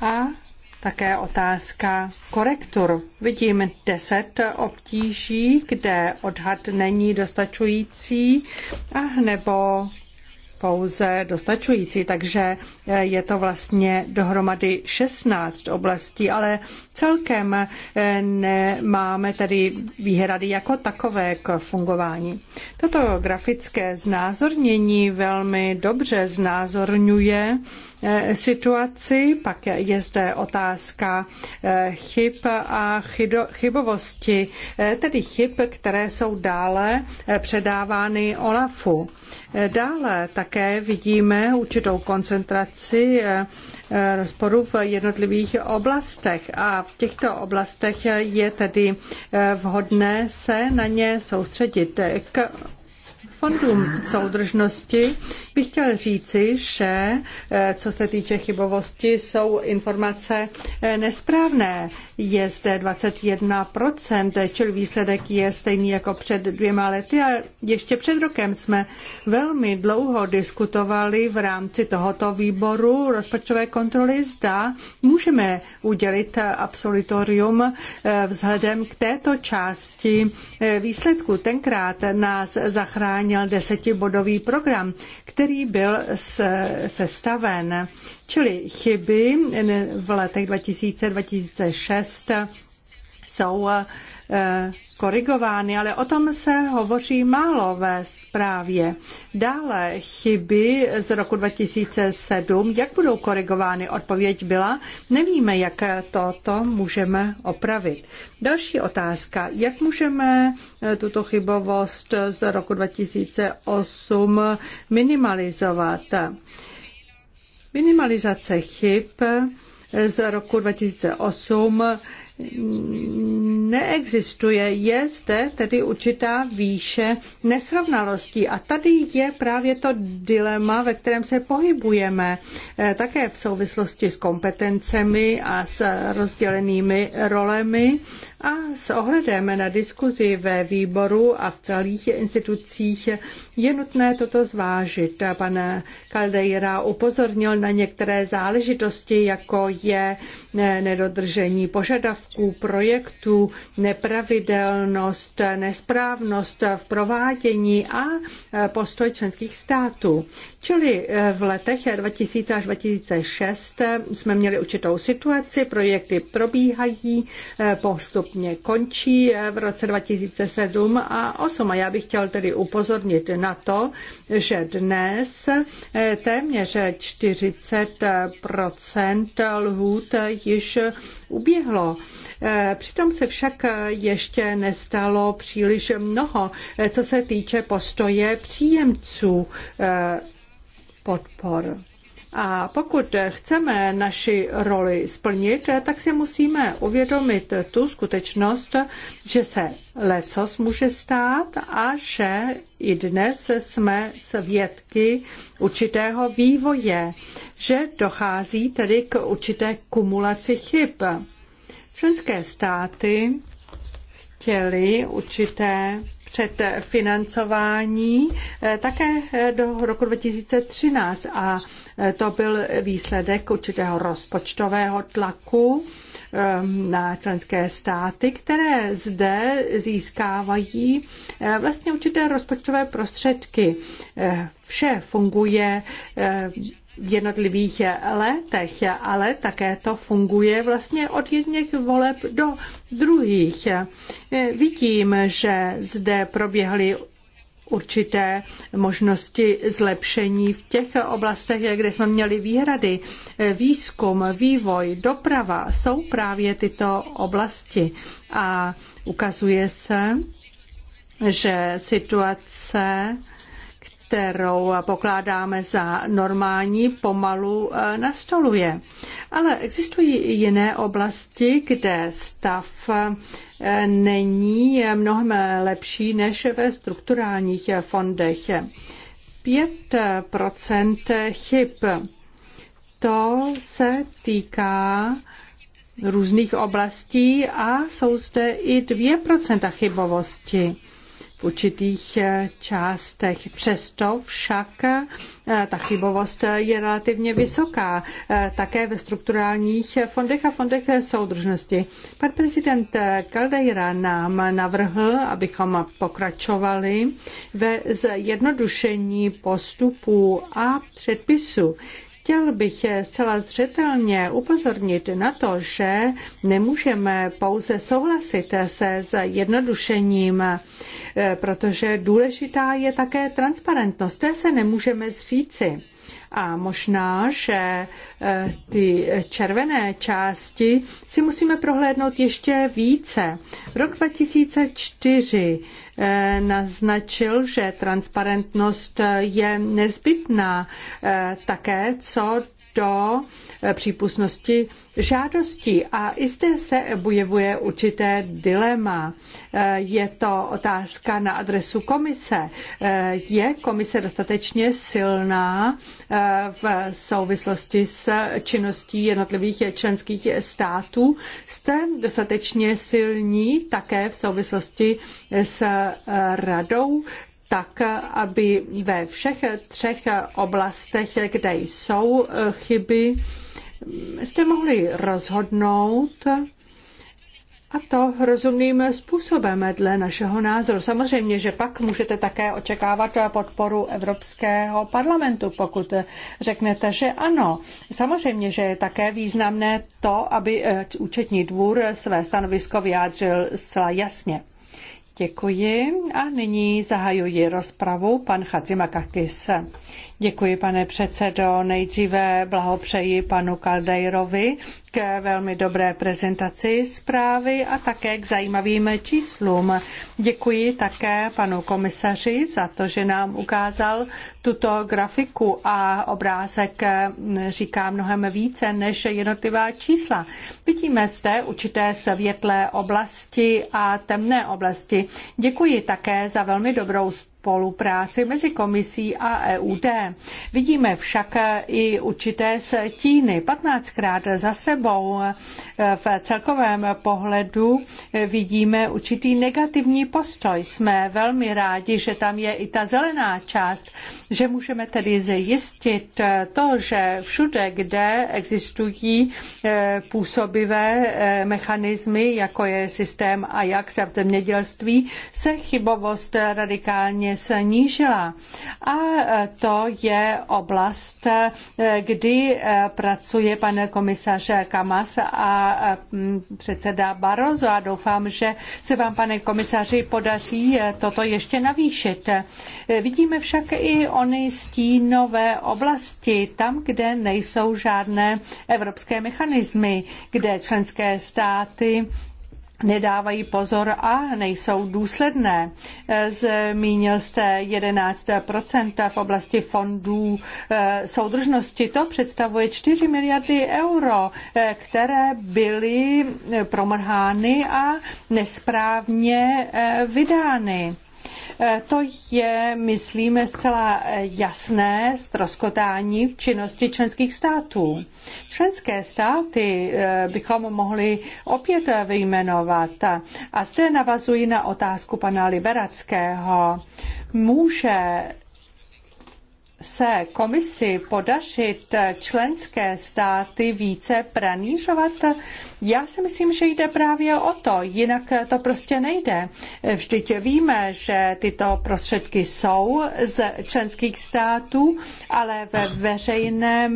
A také otázka korektur. Vidím deset obtíží, kde odhad není dostačující, a nebo pouze dostačující, takže eh, je to vlastně dohromady 16 oblastí, ale celkem eh, nemáme tedy výhrady jako takové k fungování. Toto grafické znázornění velmi dobře znázorňuje Eh, situaci. Pak je zde otázka eh, chyb a chybovosti, eh, tedy chyb, které jsou dále předávány OLAFu. Dále také vidíme určitou koncentraci rozporů v jednotlivých oblastech a v těchto oblastech je tedy vhodné se na ně soustředit. K fondům soudržnosti bych chtěl říci, že eh, co se týče chybovosti, jsou informace eh, nesprávné. Je zde 21%, čili výsledek je stejný jako před dvěma lety a ještě před rokem jsme velmi dlouho diskutovali v rámci tohoto výboru rozpočtové kontroly, zda můžeme udělit absolutorium eh, vzhledem k této části výsledku. Tenkrát nás zachránil měl desetibodový program, který byl sestaven. Čili chyby v letech 2000-2006 jsou eh, korigovány, ale o tom se hovoří málo ve zprávě. Dále chyby z roku 2007, jak budou korigovány, odpověď byla, nevíme, jak toto můžeme opravit. Další otázka, jak můžeme eh, tuto chybovost z roku 2008 minimalizovat? Minimalizace chyb z roku 2008 neexistuje. Je zde tedy určitá výše nesrovnalostí a tady je právě to dilema, ve kterém se pohybujeme, eh, také v souvislosti s kompetencemi a s rozdělenými rolemi a s ohledem na diskuzi ve výboru a v celých institucích je nutné toto zvážit. Pan Caldeira upozornil na některé záležitosti, jako je nedodržení požadavků projektů, nepravidelnost, nesprávnost v provádění a postoj členských států. Čili eh, v letech 2000 až 2006 eh, jsme měli určitou situaci, projekty probíhají, eh, postupně končí v roce 2007 a 2008. A já bych chtěl tedy upozornit na to, že dnes téměř 40 lhůt již uběhlo. Přitom se však ještě nestalo příliš mnoho, co se týče postoje příjemců podpor. A pokud chceme naši roli splnit, tak si musíme uvědomit tu skutečnost, že se lecos může stát a že i dnes jsme svědky určitého vývoje, že dochází tedy k určité kumulaci chyb. Členské státy chtěly určité předfinancování eh, také eh, do roku 2013 a eh, to byl výsledek určitého rozpočtového tlaku ehm, na členské státy, které zde získávají vlastně určité rozpočtové prostředky. Vše funguje v jednotlivých letech, ale také to funguje vlastně od jedněch voleb do druhých. Vidím, že zde proběhly určité možnosti zlepšení v těch oblastech, kde jsme měli výhrady. Výzkum, vývoj, doprava jsou právě tyto oblasti a ukazuje se, že situace kterou pokládáme za normální, pomalu eh, nastoluje. Ale existují jiné oblasti, kde stav eh, není mnohem lepší než ve strukturálních fondech. 5 eh, chyb. To se týká různých oblastí a jsou zde i 2% chybovosti v určitých eh, částech. Přesto však eh, ta chybovost eh, je relativně vysoká, také ve strukturálních fondech a fondech soudržnosti. Pan prezident Caldeira nám navrhl, abychom pokračovali ve zjednodušení postupů a předpisů. Chtěl bych zcela zřetelně upozornit na to, že nemůžeme pouze souhlasit se zjednodušením, eh, protože důležitá je také transparentnost. Té se nemůžeme zříci. A možná, že eh, ty červené části si musíme prohlédnout ještě více. Rok 2004 eh, naznačil, že transparentnost eh, je nezbytná také co do eh, přípustnosti žádostí. A i zde se objevuje určité dilema. Eh, je to otázka na adresu komise. Eh, je komise dostatečně silná v souvislosti s činností jednotlivých členských států? Jste dostatečně silní také v souvislosti s radou? tak, aby ve všech třech oblastech, kde jsou chyby, jste mohli rozhodnout a to rozumným způsobem dle našeho názoru. Samozřejmě, že pak můžete také očekávat podporu Evropského parlamentu, pokud řeknete, že ano. Samozřejmě, že je také významné to, aby účetní dvůr své stanovisko vyjádřil zcela jasně. Děkuji a nyní zahajuji rozpravu pan Chadzimakakis. Děkuji, pane předsedo. Nejdříve blahopřeji panu Kaldejrovi k velmi dobré prezentaci zprávy a také k zajímavým číslům. Děkuji také panu komisaři za to, že nám ukázal tuto grafiku a obrázek říká mnohem více než jednotlivá čísla. Vidíme zde určité světlé oblasti a temné oblasti. Děkuji také za velmi dobrou spolupráci spolupráci mezi komisí a EUD. Vidíme však i určité stíny. 15krát za sebou v celkovém pohledu vidíme určitý negativní postoj. Jsme velmi rádi, že tam je i ta zelená část, že můžeme tedy zjistit to, že všude, kde existují eh, působivé eh, mechanismy, jako je systém a jak se v zemědělství, se chybovost radikálně snížila. A to je oblast, kdy pracuje pan komisař Kamas a mm, předseda Barroso a doufám, že se vám, pane komisaři, podaří toto ještě navýšit. Vidíme však i ony stínové oblasti, tam, kde nejsou žádné evropské mechanismy, kde členské státy nedávají pozor a nejsou důsledné. E, zmínil jste 11 v oblasti fondů e, soudržnosti. To představuje 4 miliardy euro, e, které byly promrhány a nesprávně vydány. Eh, to je, myslím, zcela eh, jasné ztroskotání v činnosti členských států. Členské státy eh, bychom mohli opět vyjmenovat. A zde navazuji na otázku pana Liberackého. Může se komisi podařit členské státy více pranířovat? Já si myslím, že jde právě o to, jinak to prostě nejde. Vždyť víme, že tyto prostředky jsou z členských států, ale ve veřejném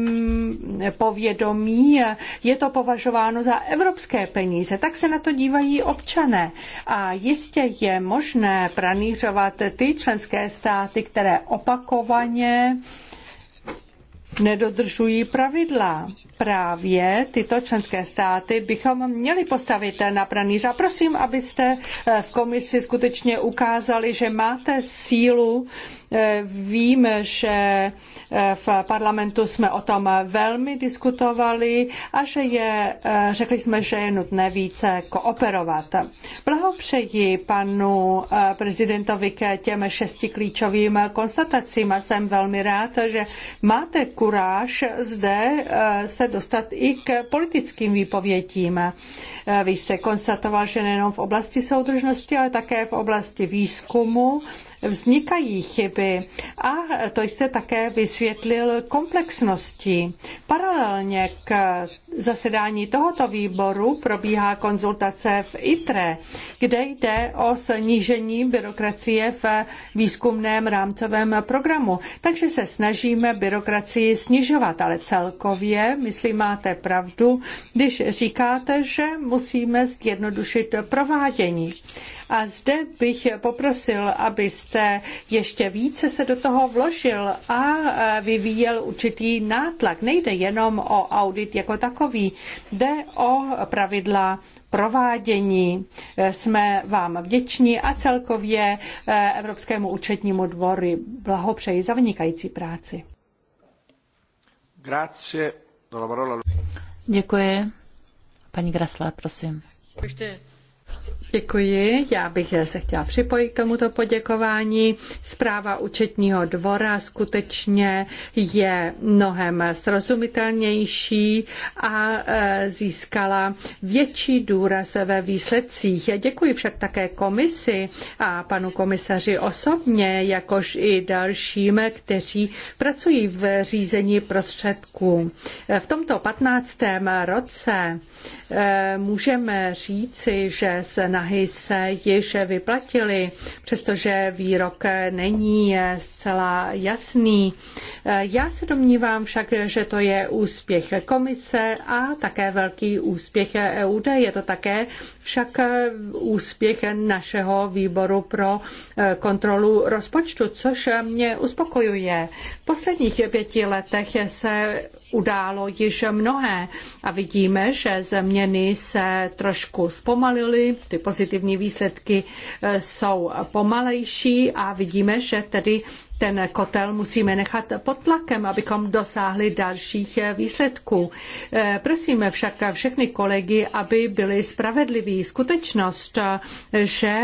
povědomí je to považováno za evropské peníze. Tak se na to dívají občané. A jistě je možné pranířovat ty členské státy, které opakovaně nedodržují pravidla. Právě tyto členské státy bychom měli postavit na pranýř. A prosím, abyste eh, v komisi skutečně ukázali, že máte sílu. Eh, vím, že eh, v parlamentu jsme o tom velmi diskutovali a že je, řekli jsme, že je nutné více kooperovat. Blahopřeji panu prezidentovi k těm šesti klíčovým konstatacím a jsem velmi rád, že máte kuráž zde eh, se dostat i k politickým výpovědím. Eh, vy jste konstatoval, že nejenom v oblasti soudržnosti, ale také v oblasti výzkumu vznikají chyby a to jste také vysvětlil komplexností. Paralelně k zasedání tohoto výboru probíhá konzultace v ITRE, kde jde o snížení byrokracie v výzkumném rámcovém programu. Takže se snažíme byrokracii snižovat, ale celkově, myslím, máte pravdu, když říkáte, že musíme zjednodušit provádění. A zde bych poprosil, abyste jste ještě více se do toho vložil a e, vyvíjel určitý nátlak. Nejde jenom o audit jako takový, jde o pravidla provádění. E, jsme vám vděční a celkově e, Evropskému účetnímu dvory blahopřeji za vynikající práci. Grazie. Děkuji. Paní Grasla, prosím. Ještě Děkuji. Já bych se chtěla připojit k tomuto poděkování. Zpráva účetního dvora skutečně je mnohem srozumitelnější a e, získala větší důraz ve výsledcích. Děkuji však také komisi a panu komisaři osobně, jakož i dalším, kteří pracují v řízení prostředků. V tomto 15. roce e, můžeme říci, že snahy se již vyplatily, přestože výrok není zcela jasný. Já se domnívám však, že to je úspěch komise a také velký úspěch EUD. Je to také však úspěch našeho výboru pro eh, kontrolu rozpočtu, což mě uspokojuje. V posledních pěti letech se událo již mnohé a vidíme, že změny se trošku zpomalily, ty pozitivní výsledky e, jsou pomalejší a vidíme, že tedy ten kotel musíme nechat pod tlakem, abychom dosáhli dalších výsledků. E, prosíme však všechny kolegy, aby byli spravedliví. Skutečnost, že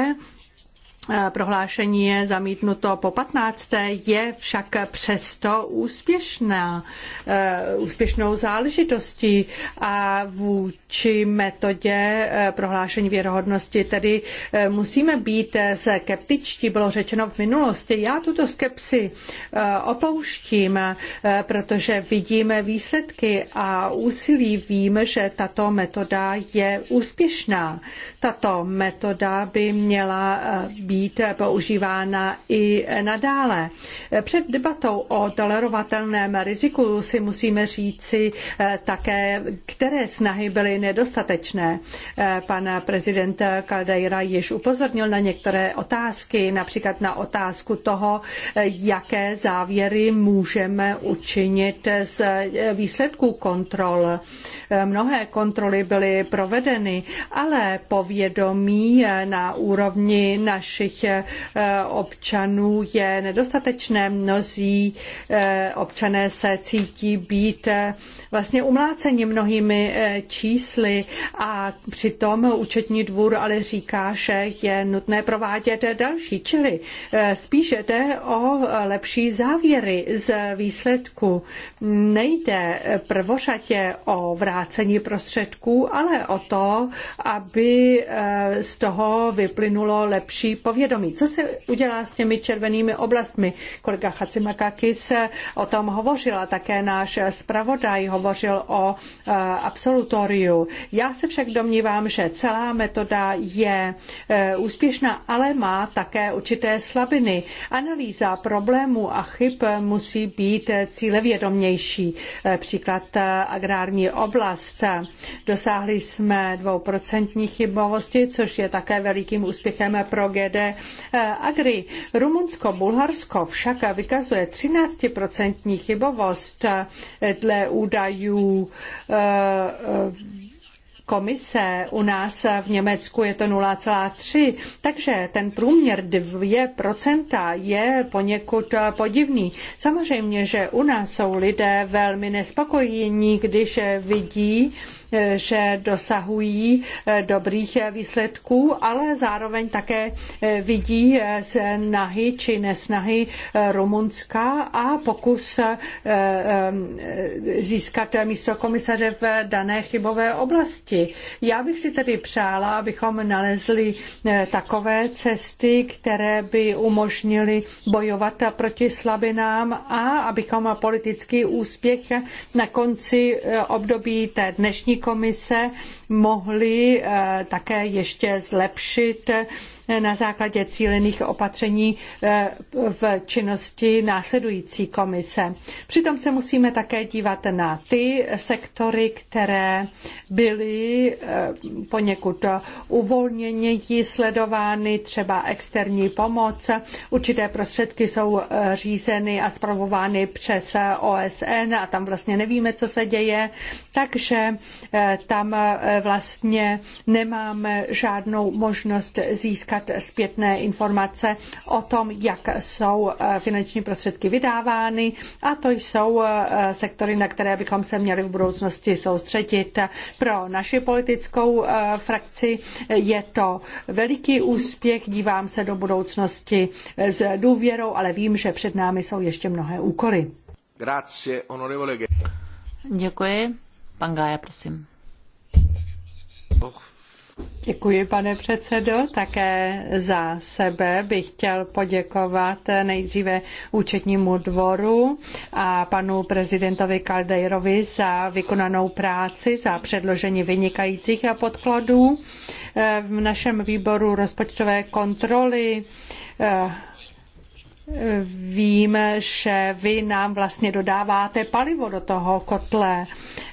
Eh, prohlášení je zamítnuto po 15. je však přesto úspěšná, eh, úspěšnou záležitostí a vůči metodě eh, prohlášení věrohodnosti. Tedy musíme být skeptičtí, bylo řečeno v minulosti. Já tuto skepsi opouštím, protože vidíme výsledky a úsilí vím, že tato metoda je úspěšná. Tato metoda by měla být být používána i nadále. Před debatou o tolerovatelném riziku si musíme říci eh, také, které snahy byly nedostatečné. Eh, pan prezident Caldeira již upozornil na některé otázky, například na otázku toho, eh, jaké závěry můžeme učinit z výsledků kontrol. Mnohé kontroly byly provedeny, ale povědomí na úrovni naší našich eh, občanů je nedostatečné. Mnozí eh, občané se cítí být eh, vlastně umláceni mnohými čísly a přitom účetní dvůr ale říká, že je nutné provádět další, čili spíše jde o lepší závěry z výsledku. Nejde prvořadě o vrácení prostředků, ale o to, aby z toho vyplynulo lepší povědomí povědomí. Co se udělá s těmi červenými oblastmi? Kolega Chacimakakis o tom hovořila, také náš zpravodaj hovořil o eh, absolutoriu. Já se však domnívám, že celá metoda je eh, úspěšná, ale má také určité slabiny. Analýza problémů a chyb musí být cílevědomější. Eh, příklad agrární oblast. Dosáhli jsme dvouprocentní chybovosti, což je také velikým úspěchem pro GD DG eh, Agri. Rumunsko, Bulharsko však vykazuje 13% chybovost eh, dle údajů eh, komise, u nás v Německu je to 0,3, takže ten průměr 2% je poněkud podivný. Samozřejmě, že u nás jsou lidé velmi nespokojení, když vidí, že dosahují eh, dobrých eh, výsledků, ale zároveň také eh, vidí snahy či nesnahy Rumunska a pokus získat místo komisaře v dané chybové oblasti. Já bych si tedy přála, abychom nalezli takové cesty, které by umožnily bojovat proti slabinám a abychom politický úspěch na konci období té dnešní komise mohli eh, také ještě zlepšit eh, na základě cílených opatření eh, v činnosti následující komise. Přitom se musíme také dívat na ty sektory, které byly poněkud uvolněněji sledovány, třeba externí pomoc. Určité prostředky jsou řízeny a zpravovány přes OSN a tam vlastně nevíme, co se děje, takže tam vlastně nemáme žádnou možnost získat zpětné informace o tom, jak jsou eh, finanční prostředky vydávány a to jsou eh, sektory, na které bychom se měli v budoucnosti soustředit. Pro naši politickou eh, frakci je to veliký úspěch, dívám se do budoucnosti s důvěrou, ale vím, že před námi jsou ještě mnohé úkoly. Grazie, onorevole. Děkuji. Pan Gaja, prosím. Děkuji, pane předsedo. Také za sebe bych chtěl poděkovat nejdříve účetnímu dvoru a panu prezidentovi Kaldejrovi za vykonanou práci, za předložení vynikajících podkladů v našem výboru rozpočtové kontroly eh, Vím, že vy nám vlastně dodáváte palivo do toho kotle,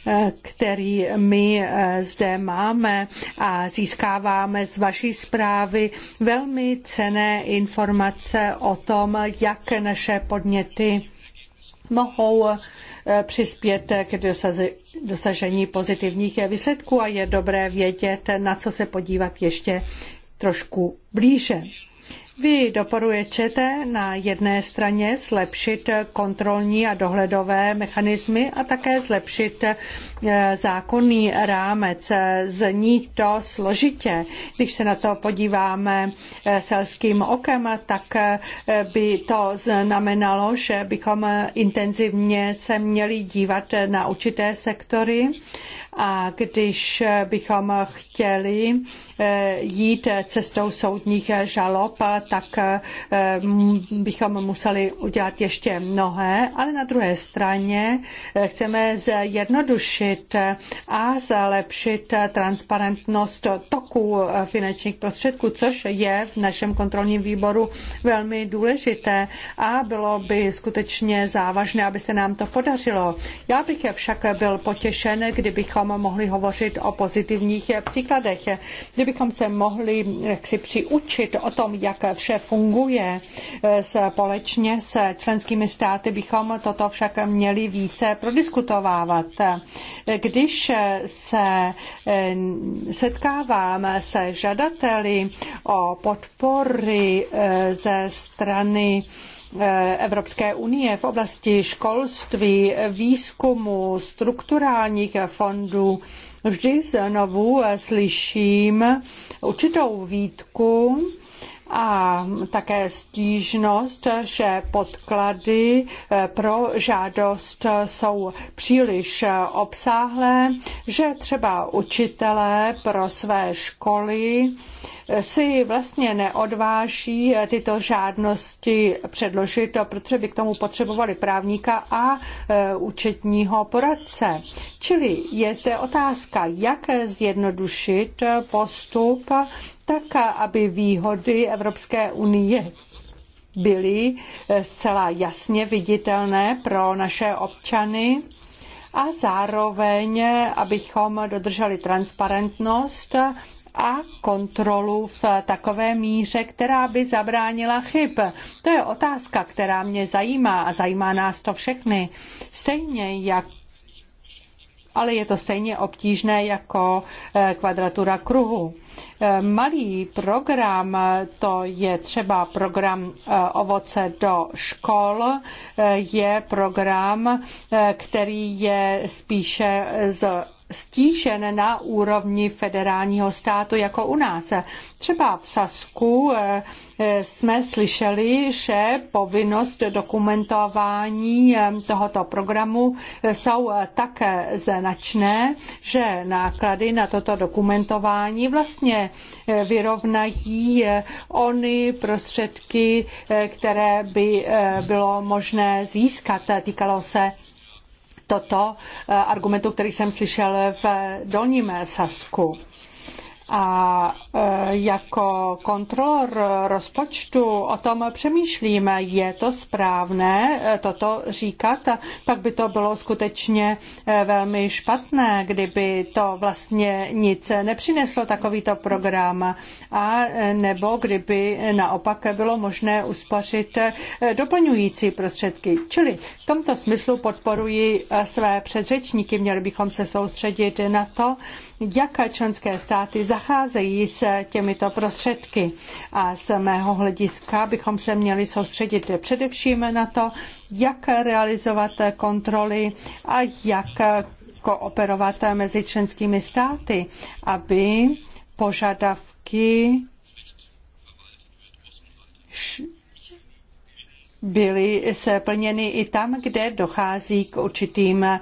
eh, který my eh, zde máme a získáváme z vaší zprávy velmi cené informace o tom, jak naše podněty mohou eh, přispět k dosažení pozitivních výsledků a je dobré vědět, na co se podívat ještě trošku blíže. Vy doporučujete na jedné straně zlepšit kontrolní a dohledové mechanismy a také zlepšit eh, zákonný rámec. Zní to složitě. Když se na to podíváme eh, selským okem, tak eh, by to znamenalo, že bychom intenzivně se měli dívat na určité sektory a když bychom chtěli eh, jít cestou soudních žalob, tak eh, bychom museli udělat ještě mnohé, ale na druhé straně eh, chceme zjednodušit a zlepšit transparentnost toku finančních prostředků, což je v našem kontrolním výboru velmi důležité a bylo by skutečně závažné, aby se nám to podařilo. Já bych však byl potěšen, kdybychom bychom mohli hovořit o pozitivních příkladech, kdybychom se mohli si přiučit o tom, jak vše funguje eh, společně s členskými státy, bychom toto však měli více prodiskutovávat. Když se eh, setkávám se žadateli o podpory eh, ze strany Eh, Evropské unie v oblasti školství, výzkumu, strukturálních fondů vždy znovu eh, slyším určitou výtku, a také stížnost, že podklady eh, pro žádost jsou příliš obsáhlé, že třeba učitelé pro své školy eh, si vlastně neodváží eh, tyto žádnosti předložit, protože by k tomu potřebovali právníka a účetního poradce. Čili je zde otázka, jak zjednodušit postup tak aby výhody Evropské unie byly eh, zcela jasně viditelné pro naše občany a zároveň, abychom dodrželi transparentnost a kontrolu v takové míře, která by zabránila chyb. To je otázka, která mě zajímá a zajímá nás to všechny. Stejně jako ale je to stejně obtížné jako eh, kvadratura kruhu. Eh, malý program, eh, to je třeba program ovoce do škol, je program, který je spíše z stížen na úrovni federálního státu jako u nás. Třeba v Sasku eh, eh, jsme slyšeli, že povinnost dokumentování eh, tohoto programu jsou tak značné, že náklady na toto dokumentování vlastně vyrovnají ony prostředky, které by bylo možné získat. Týkalo se toto eh, argumentu, který jsem slyšel v eh, Dolním Sasku. A e, jako kontrolor rozpočtu o tom přemýšlíme, je to správné e, toto říkat, pak by to bylo skutečně e, velmi špatné, kdyby to vlastně nic nepřineslo takovýto program a nebo kdyby naopak bylo možné uspořit doplňující prostředky. Čili v tomto smyslu podporuji své předřečníky, měli bychom se soustředit na to, jak členské státy zahraničí zacházejí s těmito prostředky. A z mého hlediska bychom se měli soustředit především na to, jak realizovat kontroly a jak kooperovat mezi členskými státy, aby požadavky byly splněny i tam, kde dochází k určitým eh,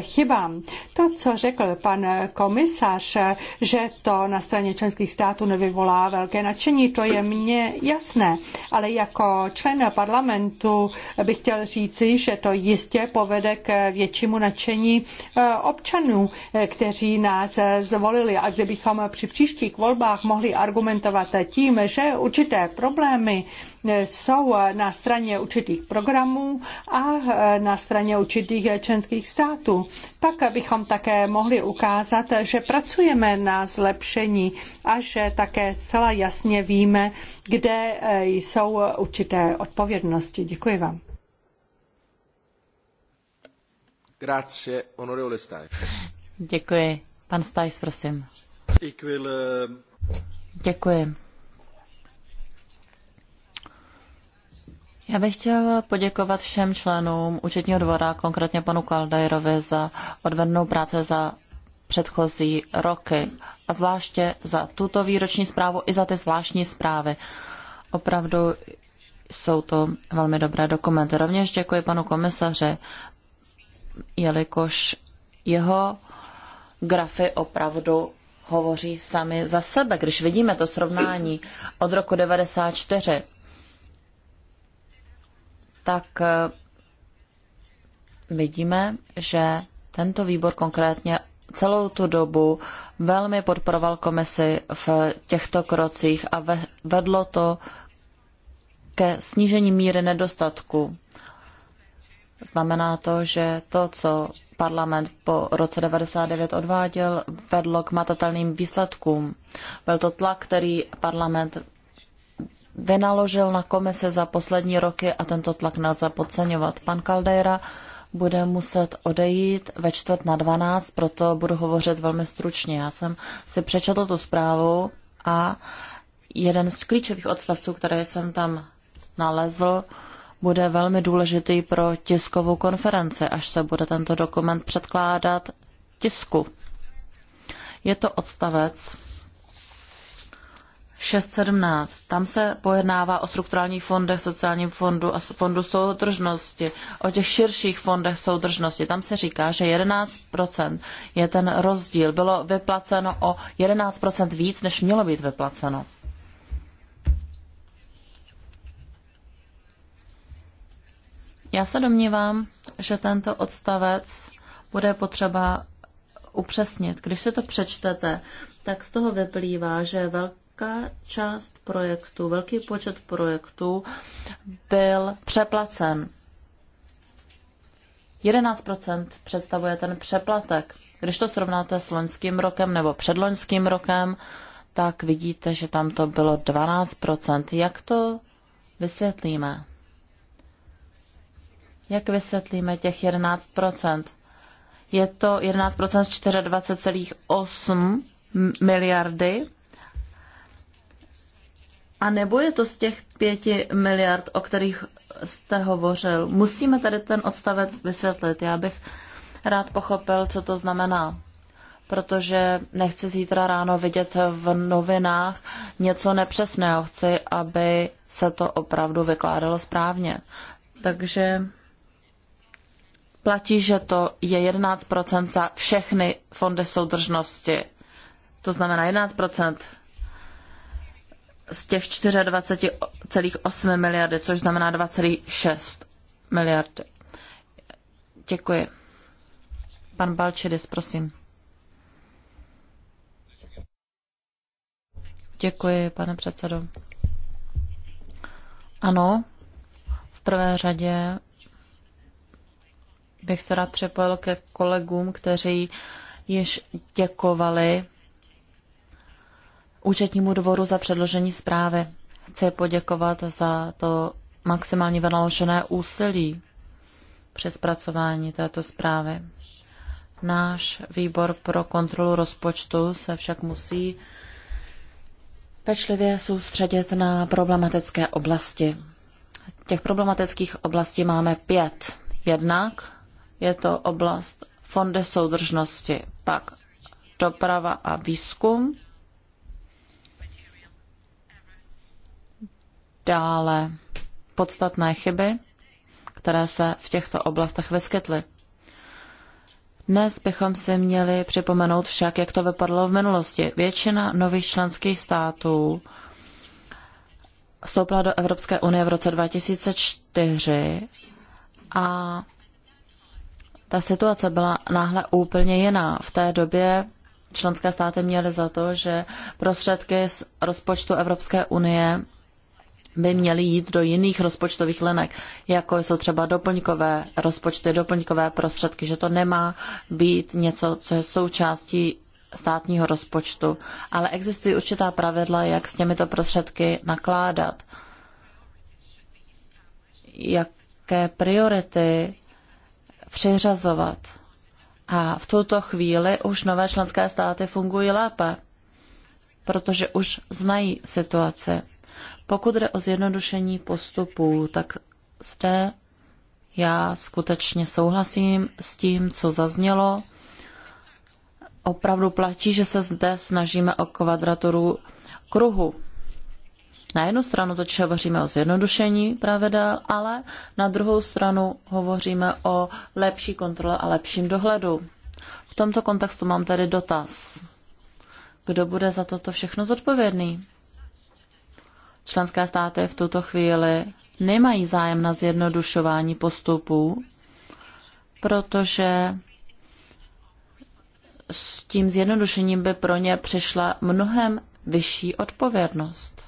chybám. To, co řekl pan komisař, že to na straně členských států nevyvolá velké nadšení, to je mně jasné, ale jako člen parlamentu bych chtěl říci, že to jistě povede k většímu nadšení eh, občanů, eh, kteří nás zvolili. A kdybychom při příštích volbách mohli argumentovat tím, že určité problémy jsou na straně určitých programů a na straně určitých členských států. Pak bychom také mohli ukázat, že pracujeme na zlepšení a že také zcela jasně víme, kde jsou určité odpovědnosti. Děkuji vám. Grazie, onorevole Stajf. Děkuji. Pan Stajs, prosím. Eh, Děkuji. Já bych chtěl poděkovat všem členům účetního dvora, konkrétně panu Kaldajerovi, za odvednou práci za předchozí roky a zvláště za tuto výroční zprávu i za ty zvláštní zprávy. Opravdu jsou to velmi dobré dokumenty. Rovněž děkuji panu komisaře, jelikož jeho grafy opravdu hovoří sami za sebe. Když vidíme to srovnání od roku 94 tak eh, vidíme, že tento výbor konkrétně celou tu dobu velmi podporoval komisi v těchto krocích a vedlo to ke snížení míry nedostatku. Znamená to, že to, co parlament po roce 99 odváděl, vedlo k matatelným výsledkům. Byl to tlak, který parlament vynaložil na komise za poslední roky a tento tlak nelze podceňovat. Pan Caldera bude muset odejít ve čtvrt na 12, proto budu hovořit velmi stručně. Já jsem si přečetl tu zprávu a jeden z klíčových odstavců, které jsem tam nalezl, bude velmi důležitý pro tiskovou konferenci, až se bude tento dokument předkládat tisku. Je to odstavec, 6.17. Tam se pojednává o strukturálních fondech, sociálním fondu a fondu soudržnosti, o těch širších fondech soudržnosti. Tam se říká, že 11% je ten rozdíl. Bylo vyplaceno o 11% víc, než mělo být vyplaceno. Já se domnívám, že tento odstavec bude potřeba upřesnit. Když se to přečtete, tak z toho vyplývá, že velký velká část projektů, velký počet projektů byl přeplacen. 11% představuje ten přeplatek. Když to srovnáte s loňským rokem nebo předloňským rokem, tak vidíte, že tam to bylo 12%. Jak to vysvětlíme? Jak vysvětlíme těch 11%? Je to 11% z 24,8 miliardy a nebo je to z těch pěti miliard, o kterých jste hovořil? Musíme tady ten odstavec vysvětlit. Já bych rád pochopil, co to znamená. Protože nechci zítra ráno vidět v novinách něco nepřesného. Chci, aby se to opravdu vykládalo správně. Takže platí, že to je 11% za všechny fondy soudržnosti. To znamená 11% z těch 24,8 miliardy, což znamená 2,6 miliardy. Děkuji. Pan Balčidis, prosím. Děkuji, pane předsedo. Ano, v prvé řadě bych se rád připojil ke kolegům, kteří již děkovali účetnímu dvoru za předložení zprávy. Chci poděkovat za to maximálně vynaložené úsilí při zpracování této zprávy. Náš výbor pro kontrolu rozpočtu se však musí pečlivě soustředit na problematické oblasti. Těch problematických oblastí máme pět. Jednak je to oblast fondy soudržnosti, pak doprava a výzkum, dále podstatné chyby, které se v těchto oblastech vyskytly. Dnes bychom si měli připomenout však, jak to vypadalo v minulosti. Většina nových členských států vstoupila do Evropské unie v roce 2004 a ta situace byla náhle úplně jiná. V té době členské státy měly za to, že prostředky z rozpočtu Evropské unie by měly jít do jiných rozpočtových linek, jako jsou třeba doplňkové rozpočty, doplňkové prostředky, že to nemá být něco, co je součástí státního rozpočtu, ale existují určitá pravidla, jak s těmito prostředky nakládat, jaké priority přiřazovat. A v tuto chvíli už nové členské státy fungují lépe, protože už znají situaci. Pokud jde o zjednodušení postupů, tak zde já skutečně souhlasím s tím, co zaznělo. Opravdu platí, že se zde snažíme o kvadraturu kruhu. Na jednu stranu totiž hovoříme o zjednodušení pravidel, ale na druhou stranu hovoříme o lepší kontrole a lepším dohledu. V tomto kontextu mám tedy dotaz. Kdo bude za toto všechno zodpovědný? Členské státy v tuto chvíli nemají zájem na zjednodušování postupů, protože s tím zjednodušením by pro ně přišla mnohem vyšší odpovědnost.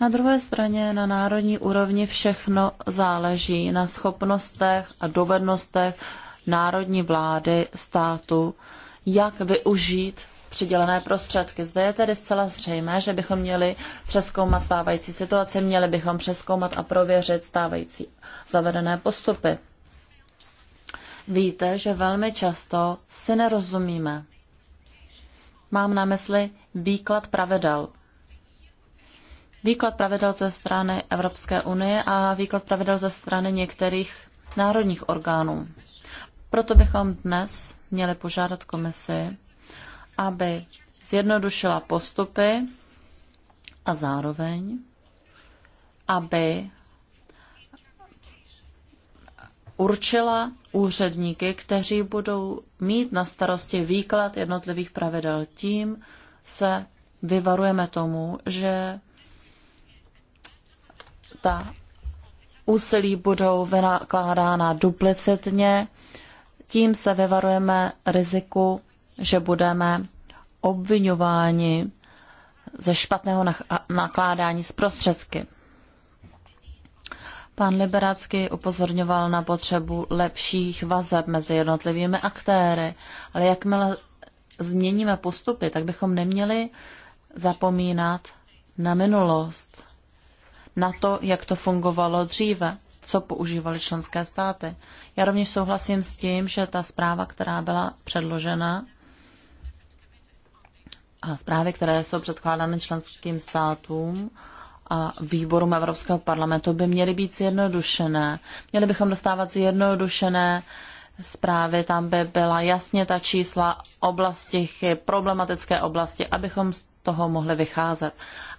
Na druhé straně na národní úrovni všechno záleží na schopnostech a dovednostech národní vlády státu, jak využít přidělené prostředky. Zde je tedy zcela zřejmé, že bychom měli přeskoumat stávající situaci, měli bychom přeskoumat a prověřit stávající zavedené postupy. Víte, že velmi často si nerozumíme. Mám na mysli výklad pravidel. Výklad pravidel ze strany Evropské unie a výklad pravidel ze strany některých národních orgánů. Proto bychom dnes měli požádat komisi, aby zjednodušila postupy a zároveň, aby určila úředníky, kteří budou mít na starosti výklad jednotlivých pravidel. Tím se vyvarujeme tomu, že ta úsilí budou vynakládána duplicitně, tím se vyvarujeme riziku že budeme obvinováni ze špatného nakládání s prostředky. Pan liberácký upozorňoval na potřebu lepších vazeb mezi jednotlivými aktéry, ale jakmile změníme postupy, tak bychom neměli zapomínat na minulost, na to, jak to fungovalo dříve, co používaly členské státy. Já rovněž souhlasím s tím, že ta zpráva, která byla předložena, a zprávy, které jsou předkládány členským státům a výborům Evropského parlamentu, by měly být zjednodušené. Měli bychom dostávat zjednodušené zprávy, tam by byla jasně ta čísla oblasti problematické oblasti, abychom z toho mohli vycházet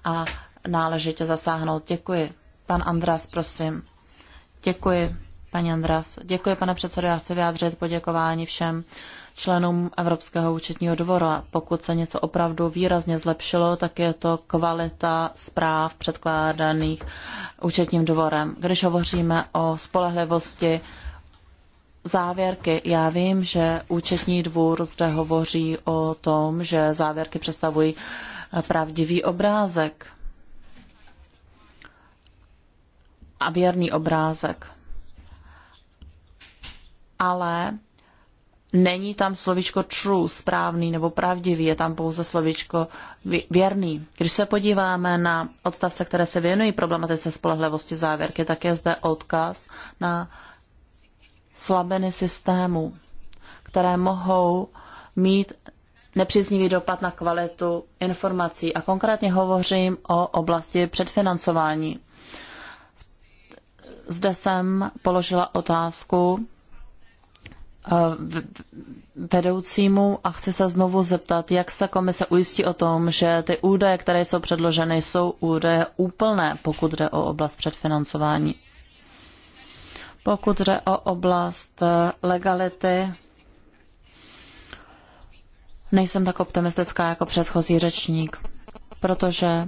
a náležitě zasáhnout. Děkuji. Pan Andras, prosím. Děkuji, paní Andras. Děkuji, pane předsedo. Já chci vyjádřit poděkování všem členům Evropského účetního dvora. Pokud se něco opravdu výrazně zlepšilo, tak je to kvalita zpráv předkládaných účetním dvorem. Když hovoříme o spolehlivosti závěrky, já vím, že účetní dvůr zde hovoří o tom, že závěrky představují pravdivý obrázek a věrný obrázek. Ale Není tam slovičko true, správný nebo pravdivý, je tam pouze slovičko věrný. Když se podíváme na odstavce, které se věnují problematice spolehlivosti závěrky, tak je zde odkaz na slabiny systému, které mohou mít nepříznivý dopad na kvalitu informací. A konkrétně hovořím o oblasti předfinancování. Zde jsem položila otázku, vedoucímu a chci se znovu zeptat, jak se komise ujistí o tom, že ty údaje, které jsou předloženy, jsou údaje úplné, pokud jde o oblast předfinancování. Pokud jde o oblast eh, legality, nejsem tak optimistická jako předchozí řečník, protože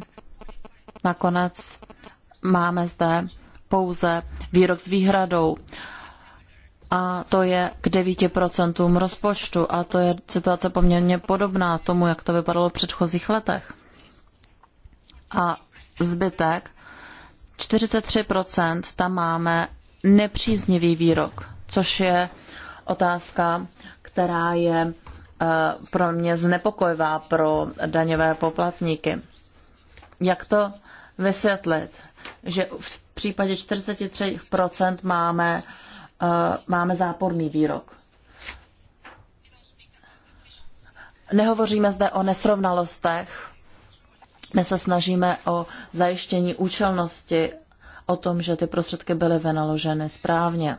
nakonec máme zde pouze výrok s výhradou a to je k 9% rozpočtu a to je situace poměrně podobná tomu, jak to vypadalo v předchozích letech. A zbytek, 43% tam máme nepříznivý výrok, což je otázka, která je eh, pro mě znepokojivá pro daňové poplatníky. Jak to vysvětlit, že v případě 43% máme uh, Eh, máme záporný výrok. Nehovoříme zde o nesrovnalostech, my se snažíme o zajištění účelnosti, o tom, že ty prostředky byly vynaloženy správně.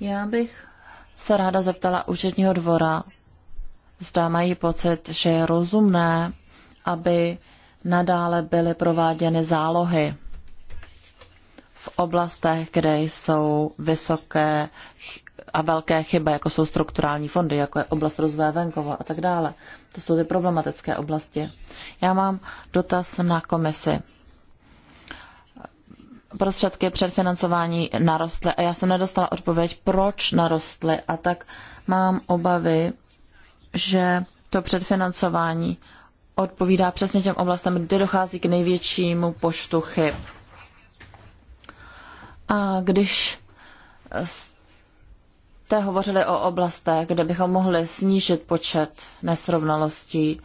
Já bych se ráda zeptala účetního dvora, zda mají pocit, že je rozumné, aby nadále byly prováděny zálohy v oblastech, kde jsou vysoké a velké chyby, jako jsou strukturální fondy, jako je oblast rozvoje venkova a tak dále. To jsou ty problematické oblasti. Já mám dotaz na komisi. Prostředky předfinancování narostly a já jsem nedostala odpověď, proč narostly a tak mám obavy, že to předfinancování odpovídá přesně těm oblastem, kde dochází k největšímu počtu chyb. A když jste hovořili o oblastech, kde bychom mohli snížit počet nesrovnalostí,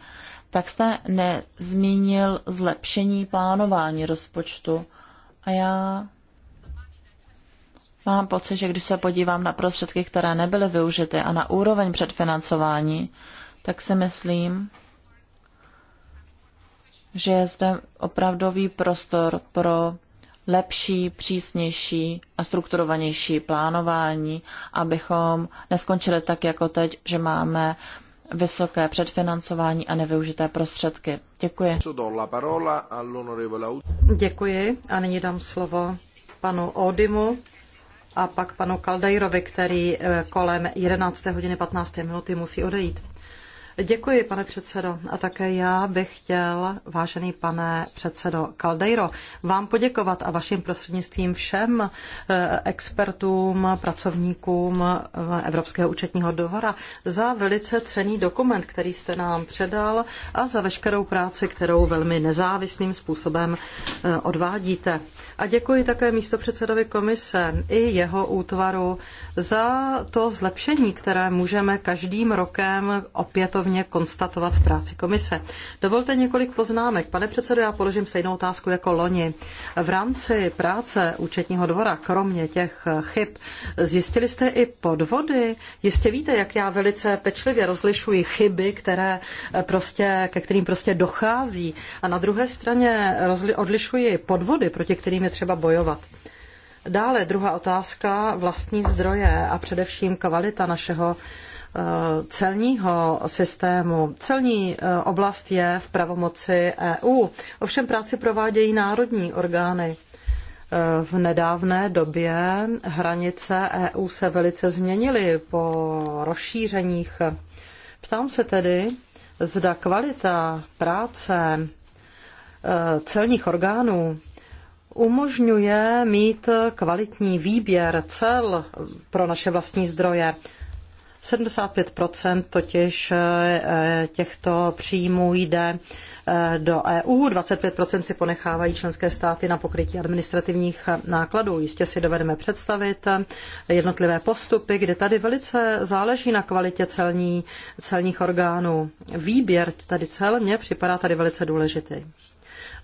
tak jste nezmínil zlepšení plánování rozpočtu. A já mám pocit, že když se podívám na prostředky, které nebyly využity a na úroveň předfinancování, tak si myslím, že je zde opravdový prostor pro lepší, přísnější a strukturovanější plánování, abychom neskončili tak jako teď, že máme vysoké předfinancování a nevyužité prostředky. Děkuji. Děkuji a nyní dám slovo panu Odimu a pak panu Kaldejrovi, který eh, kolem 11. hodiny 15. minuty musí odejít. Děkuji, pane předsedo. A také já bych chtěl, vážený pane předsedo Caldeiro, vám poděkovat a vaším prostřednictvím všem eh, expertům, pracovníkům eh, Evropského účetního dvora za velice cený dokument, který jste nám předal a za veškerou práci, kterou velmi nezávislým způsobem eh, odvádíte. A děkuji také místopředsedovi komise i jeho útvaru za to zlepšení, které můžeme každým rokem opětovně konstatovat v práci komise. Dovolte několik poznámek. Pane předsedo, já položím stejnou otázku jako loni. V rámci práce účetního dvora, kromě těch chyb, zjistili jste i podvody? Jistě víte, jak já velice pečlivě rozlišuji chyby, které prostě, ke kterým prostě dochází. A na druhé straně rozli- odlišuji podvody, proti kterým je třeba bojovat. Dále druhá otázka, vlastní zdroje a především kvalita našeho eh, celního systému. Celní eh, oblast je v pravomoci EU, ovšem práci provádějí národní orgány. Eh, v nedávné době hranice EU se velice změnily po rozšířeních. Ptám se tedy, zda kvalita práce celních orgánů umožňuje mít kvalitní výběr cel pro naše vlastní zdroje. 75 totiž eh, těchto příjmů jde eh, do EU, 25 si ponechávají členské státy na pokrytí administrativních nákladů. Jistě si dovedeme představit eh, jednotlivé postupy, kde tady velice záleží na kvalitě celní, celních orgánů. Výběr tady cel mně připadá tady velice důležitý.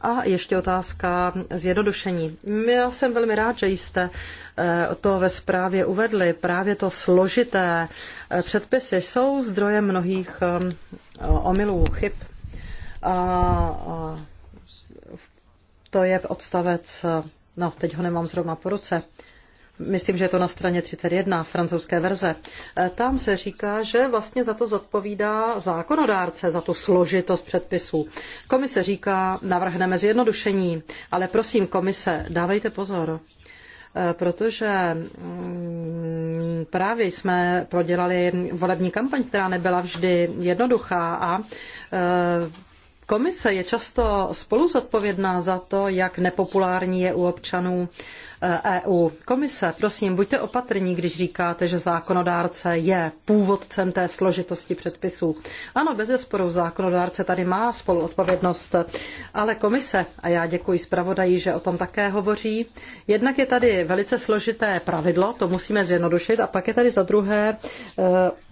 A ještě otázka zjednodušení. Já jsem velmi rád, že jste eh, to ve zprávě uvedli. Právě to složité eh, předpisy jsou zdrojem mnohých eh, omylů, chyb. A to je odstavec, no teď ho nemám zrovna po ruce, myslím, že je to na straně 31 francouzské verze, e, tam se říká, že vlastně za to zodpovídá zákonodárce, za tu složitost předpisů. Komise říká, navrhneme zjednodušení, ale prosím komise, dávejte pozor e, protože mm, právě jsme prodělali volební kampaň, která nebyla vždy jednoduchá a e, komise je často spoluzodpovědná za to, jak nepopulární je u občanů EU. E komise, prosím, buďte opatrní, když říkáte, že zákonodárce je původcem té složitosti předpisů. Ano, bez zesporu zákonodárce tady má spoluodpovědnost, ale komise, a já děkuji zpravodaji, že o tom také hovoří, jednak je tady velice složité pravidlo, to musíme zjednodušit, a pak je tady za druhé e,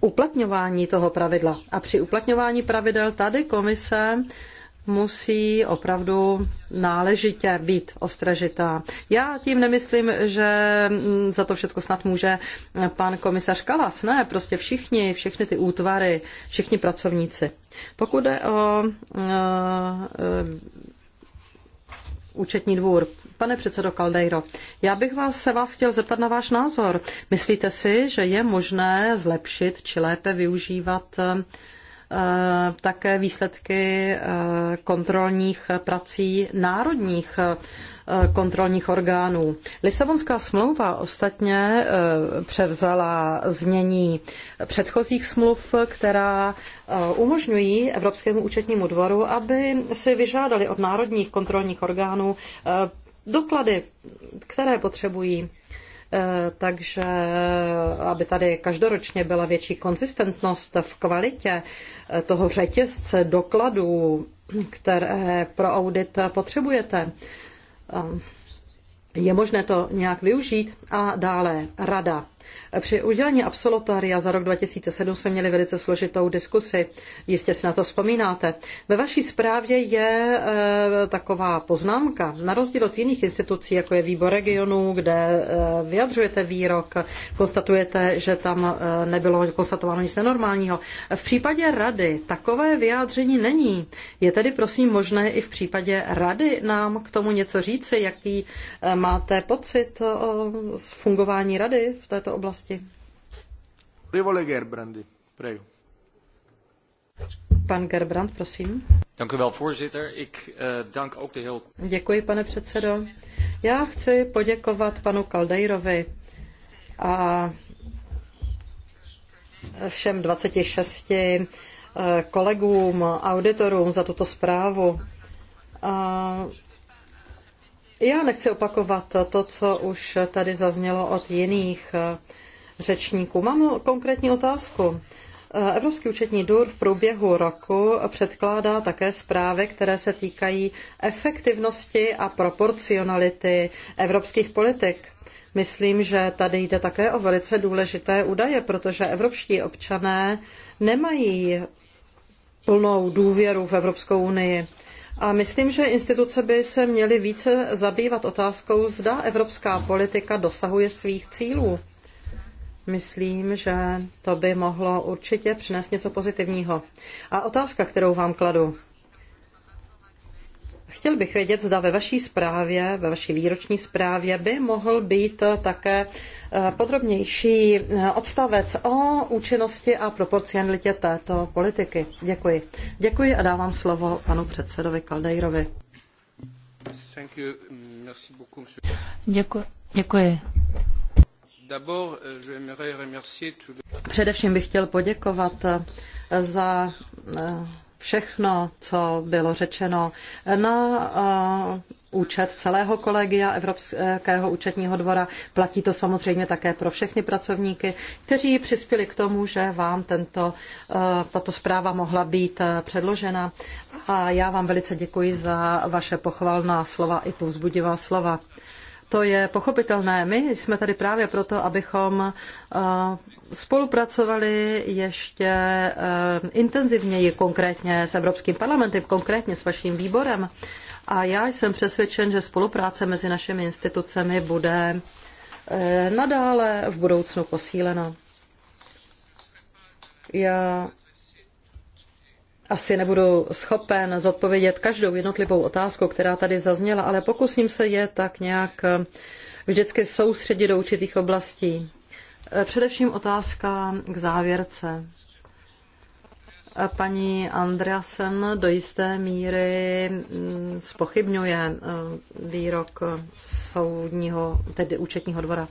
uplatňování toho pravidla. A při uplatňování pravidel tady komise musí opravdu náležitě být ostražitá. Já tím nemyslím, že za to všechno snad může pan komisař Kalas. Ne, prostě všichni, všechny ty útvary, všichni pracovníci. Pokud jde o uh, uh, účetní dvůr, Pane předsedo Kaldejro, já bych vás, se vás chtěl zeptat na váš názor. Myslíte si, že je možné zlepšit či lépe využívat eh, Eh, také výsledky eh, kontrolních prací národních eh, kontrolních orgánů. Lisabonská smlouva ostatně převzala znění předchozích smluv, která umožňují Evropskému účetnímu dvoru, aby si vyžádali od národních kontrolních orgánů doklady, které potřebují Eh, takže eh, aby tady každoročně byla větší konzistentnost v kvalitě eh, toho řetězce dokladů, které pro audit potřebujete. Je možné to nějak využít a dále rada. Při udělení absolutoria za rok 2007 jsme měli velice složitou diskusi. Jistě si na to vzpomínáte. Ve vaší zprávě je e, taková poznámka. Na rozdíl od jiných institucí, jako je výbor regionů, kde e, vyjadřujete výrok, konstatujete, že tam e, nebylo konstatováno nic nenormálního. V případě rady takové vyjádření není. Je tedy prosím možné i v případě rady nám k tomu něco říci, jaký máte pocit o, z fungování rady v této oblasti. Rivole Gerbrandy, prego. Pan Gerbrand, prosím. Eh, Děkuji, pane předsedo. Já chci poděkovat panu Kaldejrovi a všem 26 eh, kolegům, auditorům za tuto zprávu. A já nechci opakovat to, co už tady zaznělo od jiných eh, řečníků. Mám konkrétní otázku. Eh, Evropský účetní důr v průběhu roku předkládá také zprávy, které se týkají efektivnosti a proporcionality evropských politik. Myslím, že tady jde také o velice důležité údaje, protože evropští občané nemají plnou důvěru v Evropskou unii. A myslím, že instituce by se měly více zabývat otázkou, zda evropská politika dosahuje svých cílů. Myslím, že to by mohlo určitě přinést něco pozitivního. A otázka, kterou vám kladu. Chtěl bych vědět, zda ve vaší zprávě, ve vaší výroční zprávě by mohl být také eh, podrobnější eh, odstavec o účinnosti a proporcionalitě této politiky. Děkuji. Děkuji a dávám slovo panu předsedovi Kaldejrovi. Děkuji. Děkuji. Euh, Především bych chtěl poděkovat eh, za všechno, co bylo řečeno na účet celého kolegia Evropského účetního dvora. Platí to samozřejmě také pro všechny pracovníky, kteří přispěli k tomu, že vám tento, tato zpráva mohla být předložena. A já vám velice děkuji za vaše pochvalná slova i povzbudivá slova. To je pochopitelné. My jsme tady právě proto, abychom spolupracovali ještě eh, intenzivněji, konkrétně s Evropským parlamentem, konkrétně s vaším výborem. A já jsem přesvědčen, že spolupráce mezi našimi institucemi bude eh, nadále v budoucnu posílena. Já asi nebudu schopen zodpovědět každou jednotlivou otázku, která tady zazněla, ale pokusím se je tak nějak eh, vždycky soustředit do určitých oblastí. Především otázka k závěrce. Paní Andreasen do jisté míry mm, spochybňuje eh, výrok soudního, tedy účetního dvora.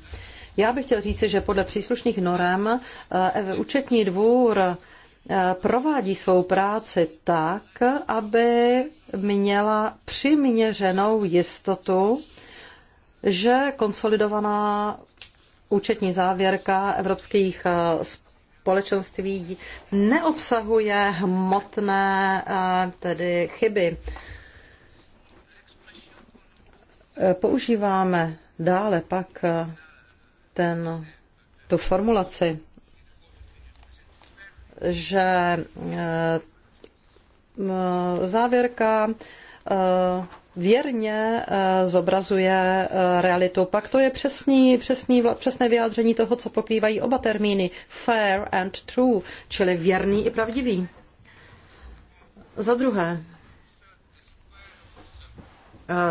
Já bych chtěl říci, že podle příslušných norem eh, účetní dvůr eh, provádí svou práci tak, aby měla přiměřenou jistotu, že konsolidovaná účetní závěrka evropských eh, společenství neobsahuje hmotné eh, tedy chyby. Eh, používáme dále pak ten, tu formulaci, že závěrka věrně eh, zobrazuje eh, realitu. Pak to je přesný, přesný, přesné vyjádření toho, co pokrývají oba termíny fair and true, čili věrný i pravdivý. Za druhé,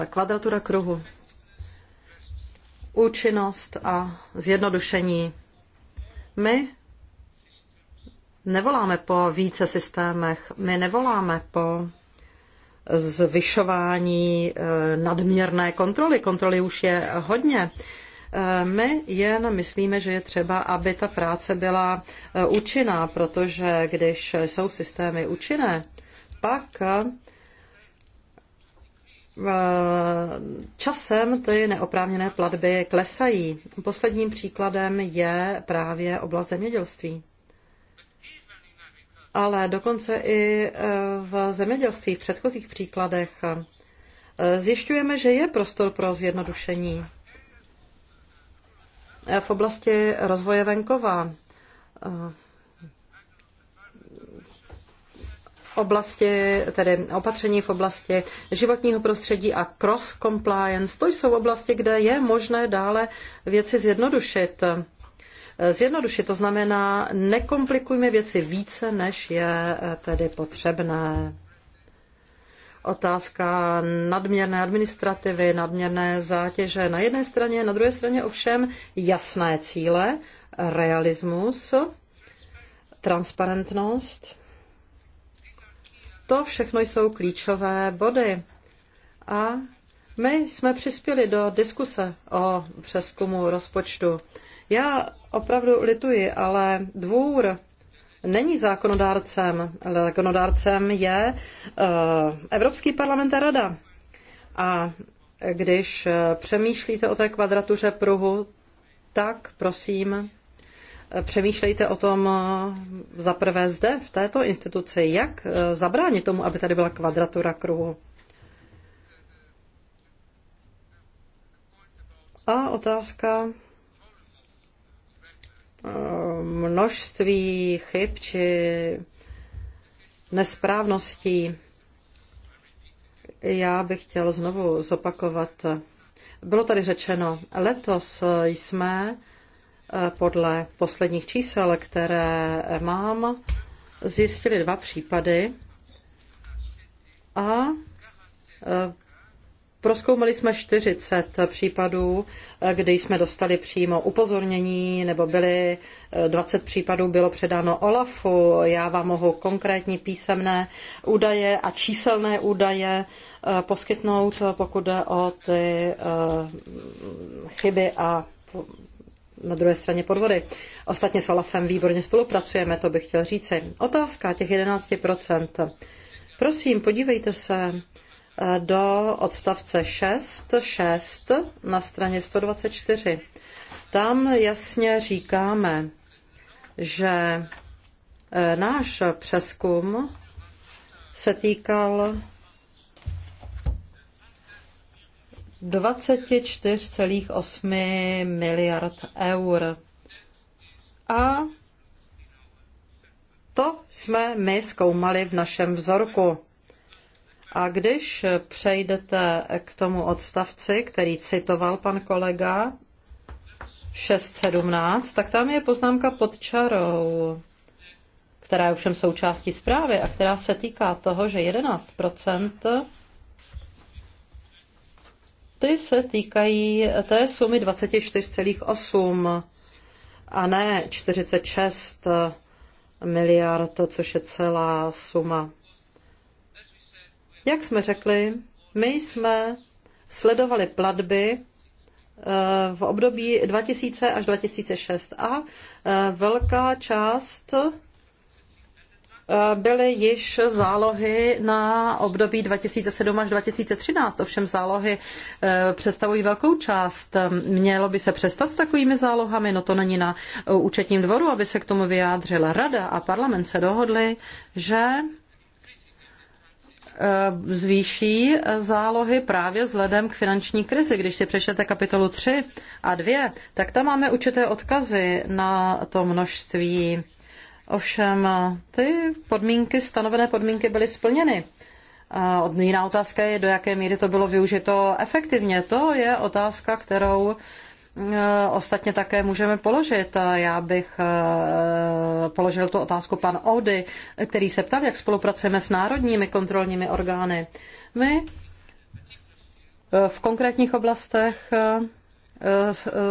eh, kvadratura kruhu. Účinnost a zjednodušení. My nevoláme po více systémech, my nevoláme po zvyšování eh, nadměrné kontroly. Kontroly už je hodně. Eh, my jen myslíme, že je třeba, aby ta práce byla eh, účinná, protože když jsou systémy účinné, pak časem ty neoprávněné platby klesají. Posledním příkladem je právě oblast zemědělství ale dokonce i e, v zemědělství, v předchozích příkladech, e, zjišťujeme, že je prostor pro zjednodušení. E, v oblasti rozvoje venkova, oblasti, tedy opatření v oblasti životního prostředí a cross compliance, to jsou oblasti, kde je možné dále věci zjednodušit. Eh, zjednodušit. To znamená, nekomplikujme věci více, než je eh, tedy potřebné. Otázka nadměrné administrativy, nadměrné zátěže na jedné straně, na druhé straně ovšem jasné cíle, realismus, transparentnost. To všechno jsou klíčové body. A my jsme přispěli do diskuse o přeskumu rozpočtu. Já opravdu lituji, ale dvůr není zákonodárcem. Zákonodárcem je eh, Evropský parlament a rada. A když eh, přemýšlíte o té kvadratuře pruhu, tak prosím, eh, přemýšlejte o tom zaprvé zde, v této instituci, jak zabránit tomu, aby tady byla kvadratura kruhu. A otázka množství chyb či nesprávností. Já bych chtěl znovu zopakovat. Bylo tady řečeno, letos jsme eh, podle posledních čísel, které mám, zjistili dva případy a eh, Proskoumali jsme 40 případů, kde jsme dostali přímo upozornění, nebo byly 20 eh, případů bylo předáno OLAFu. Já vám mohu konkrétní písemné údaje a číselné údaje eh, poskytnout, pokud jde o ty eh, chyby a na druhé straně podvody. Ostatně s OLAFem výborně spolupracujeme, to bych chtěl říci. Otázka těch 11%. Prosím, podívejte se do odstavce 6, 6 na straně 124. Tam jasně říkáme, že eh, náš přeskum se týkal 24,8 miliard eur. A to jsme my zkoumali v našem vzorku. A když přejdete k tomu odstavci, který citoval pan kolega, 6.17, tak tam je poznámka pod čarou, která je ovšem součástí zprávy a která se týká toho, že 11 ty se týkají té sumy 24,8 a ne 46 miliard, což je celá suma jak jsme řekli, my jsme sledovali platby eh, v období 2000 až 2006 a eh, velká část eh, byly již zálohy na období 2007 až 2013. Ovšem zálohy představují velkou část. Mělo by se přestat s takovými zálohami, no to není na účetním dvoru, aby se k tomu vyjádřila rada a parlament se dohodli, že Eh, zvýší zálohy právě vzhledem k finanční krizi. Když si přečtete kapitolu 3 a 2, tak tam máme určité odkazy na to množství. Ovšem ty podmínky, stanovené podmínky byly splněny. Eh, jiná otázka je, do jaké míry to bylo využito efektivně. To je otázka, kterou Eh, ostatně také můžeme položit. Eh, já bych eh, položil tu otázku pan Ody, který se ptal, jak spolupracujeme s národními kontrolními orgány. My v konkrétních oblastech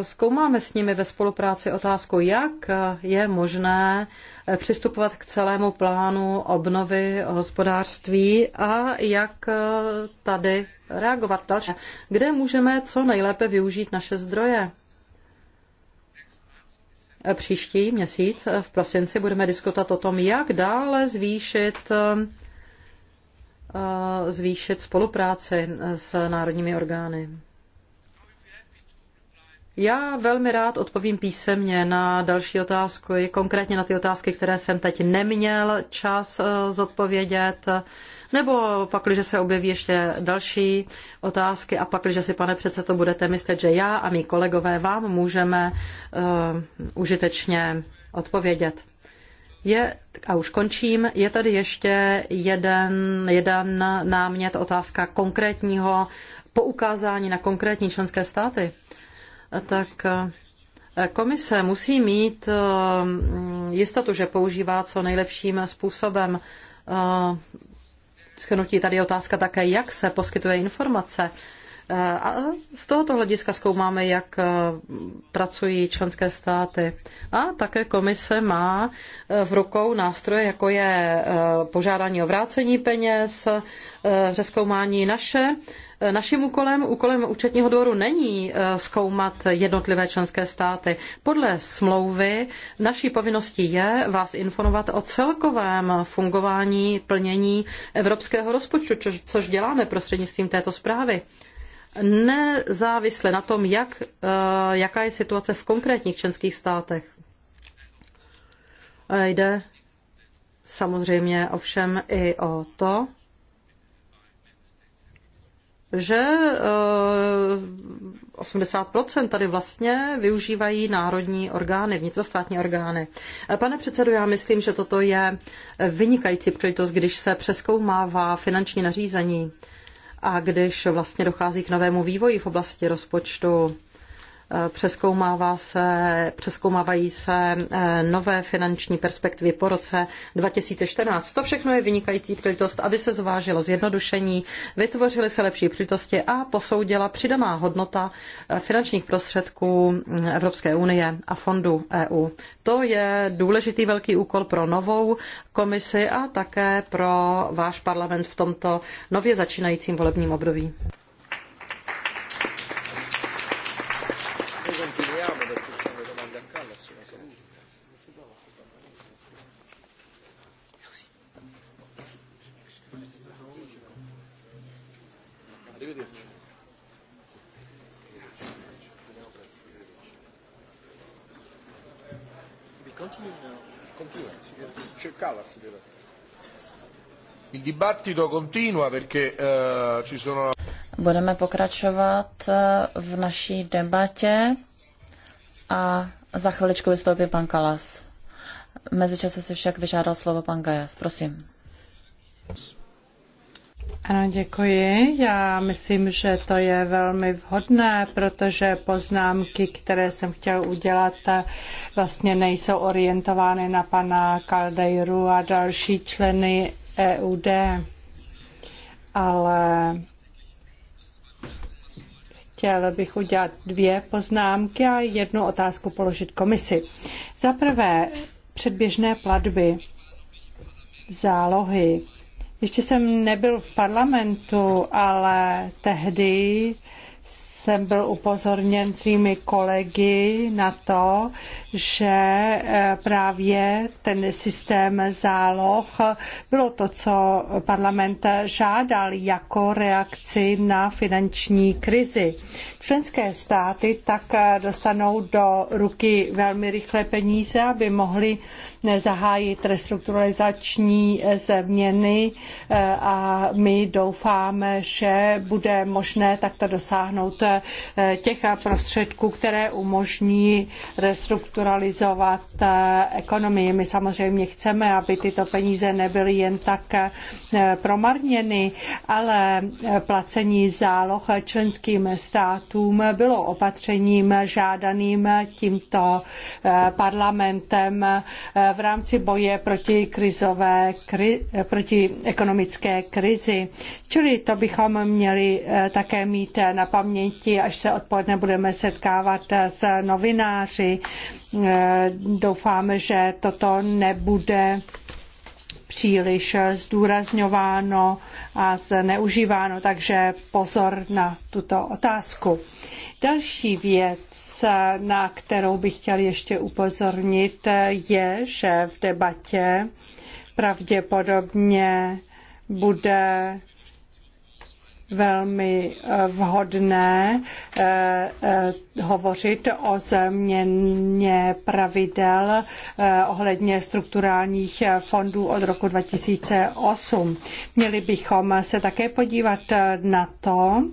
zkoumáme s nimi ve spolupráci otázku, jak je možné přistupovat k celému plánu obnovy hospodářství a jak tady reagovat další, kde můžeme co nejlépe využít naše zdroje. Příští měsíc eh, v prosinci budeme diskutovat o tom, jak dále zvýšit eh, zvýšit spolupráci s národními orgány. Já velmi rád odpovím písemně na další otázku, konkrétně na ty otázky, které jsem teď neměl čas eh, zodpovědět, nebo pak, když se objeví ještě další otázky a pak, když si, pane předsedo, budete myslet, že já a mý kolegové vám můžeme uh, užitečně odpovědět. Je, a už končím, je tady ještě jeden, jeden námět, otázka konkrétního poukázání na konkrétní členské státy tak eh, komise musí mít eh, jistotu, že používá co nejlepším způsobem eh, schnutí. Tady je otázka také, jak se poskytuje informace. A z tohoto hlediska zkoumáme, jak pracují členské státy. A také komise má v rukou nástroje, jako je požádání o vrácení peněz, přeskoumání naše Naším úkolem, úkolem účetního dvoru není eh, zkoumat jednotlivé členské státy. Podle smlouvy naší povinností je vás informovat o celkovém fungování plnění evropského rozpočtu, což děláme prostřednictvím této zprávy nezávisle na tom, jak, eh, jaká je situace v konkrétních členských státech. Eh, jde samozřejmě ovšem i o to, že 80% eh, tady vlastně využívají národní orgány, vnitrostátní orgány. Eh, pane předsedu, já myslím, že toto je vynikající příležitost, když se přeskoumává finanční nařízení a když vlastně dochází k novému vývoji v oblasti rozpočtu přeskoumává se, přeskoumávají se eh, nové finanční perspektivy po roce 2014. To všechno je vynikající příležitost, aby se zvážilo zjednodušení, vytvořily se lepší příležitosti a posoudila přidaná hodnota eh, finančních prostředků mm, Evropské unie a fondu EU. To je důležitý velký úkol pro novou komisi a také pro váš parlament v tomto nově začínajícím volebním období. Il dibattito continua perché uh, ci sono... Budeme pokračovat eh, v naší debatě a za chviličku vystoupí pan Kalas. Mezičase se však vyžádal slovo pan Gajas. Prosím. Ano, děkuji. Já myslím, že to je velmi vhodné, protože poznámky, které jsem chtěl udělat, eh, vlastně nejsou orientovány na pana Kaldejru a další členy EUD, ale chtěla bych udělat dvě poznámky a jednu otázku položit komisi. Za prvé, předběžné platby, zálohy. Ještě jsem nebyl v parlamentu, ale tehdy jsem byl upozorněn svými kolegy na to, že eh, právě ten systém záloh bylo to, co parlament žádal jako reakci na finanční krizi. Členské státy tak eh, dostanou do ruky velmi rychle peníze, aby mohly zahájit restrukturalizační eh, změny eh, a my doufáme, že bude možné takto dosáhnout eh, těch prostředků, které umožní restrukturalizovat ekonomii. My samozřejmě chceme, aby tyto peníze nebyly jen tak promarněny, ale placení záloh členským státům bylo opatřením žádaným tímto parlamentem v rámci boje proti krizové, kri, proti ekonomické krizi. Čili to bychom měli eh, také mít na paměti, až se odpoledne budeme setkávat s novináři. Eh, Doufáme, že toto nebude příliš zdůrazňováno a zneužíváno, takže pozor na tuto otázku. Další věc Věc, na kterou bych chtěl ještě upozornit, je, že v debatě pravděpodobně bude velmi eh, vhodné eh, eh, hovořit o změně pravidel ohledně strukturálních fondů od roku 2008. Měli bychom se také podívat na to,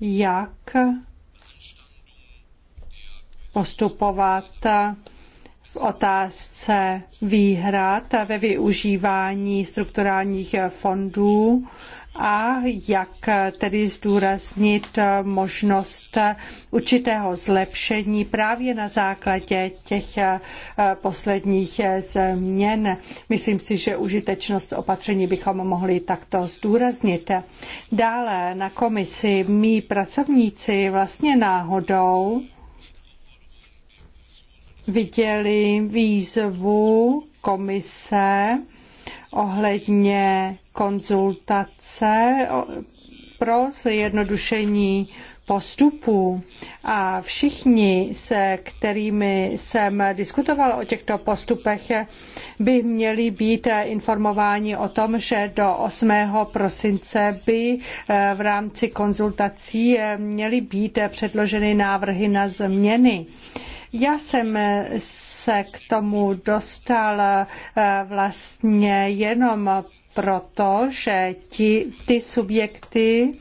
jak postupovat v otázce výhrad ve využívání strukturálních fondů a jak tedy zdůraznit možnost určitého zlepšení právě na základě těch posledních změn. Myslím si, že užitečnost opatření bychom mohli takto zdůraznit. Dále na komisi mý pracovníci vlastně náhodou viděli výzvu komise ohledně konzultace pro zjednodušení postupů a všichni, se kterými jsem diskutoval o těchto postupech, by měli být informováni o tom, že do 8. prosince by eh, v rámci konzultací eh, měly být předloženy návrhy na změny. Já jsem se k tomu dostal eh, vlastně jenom proto, že ti, ty subjekty,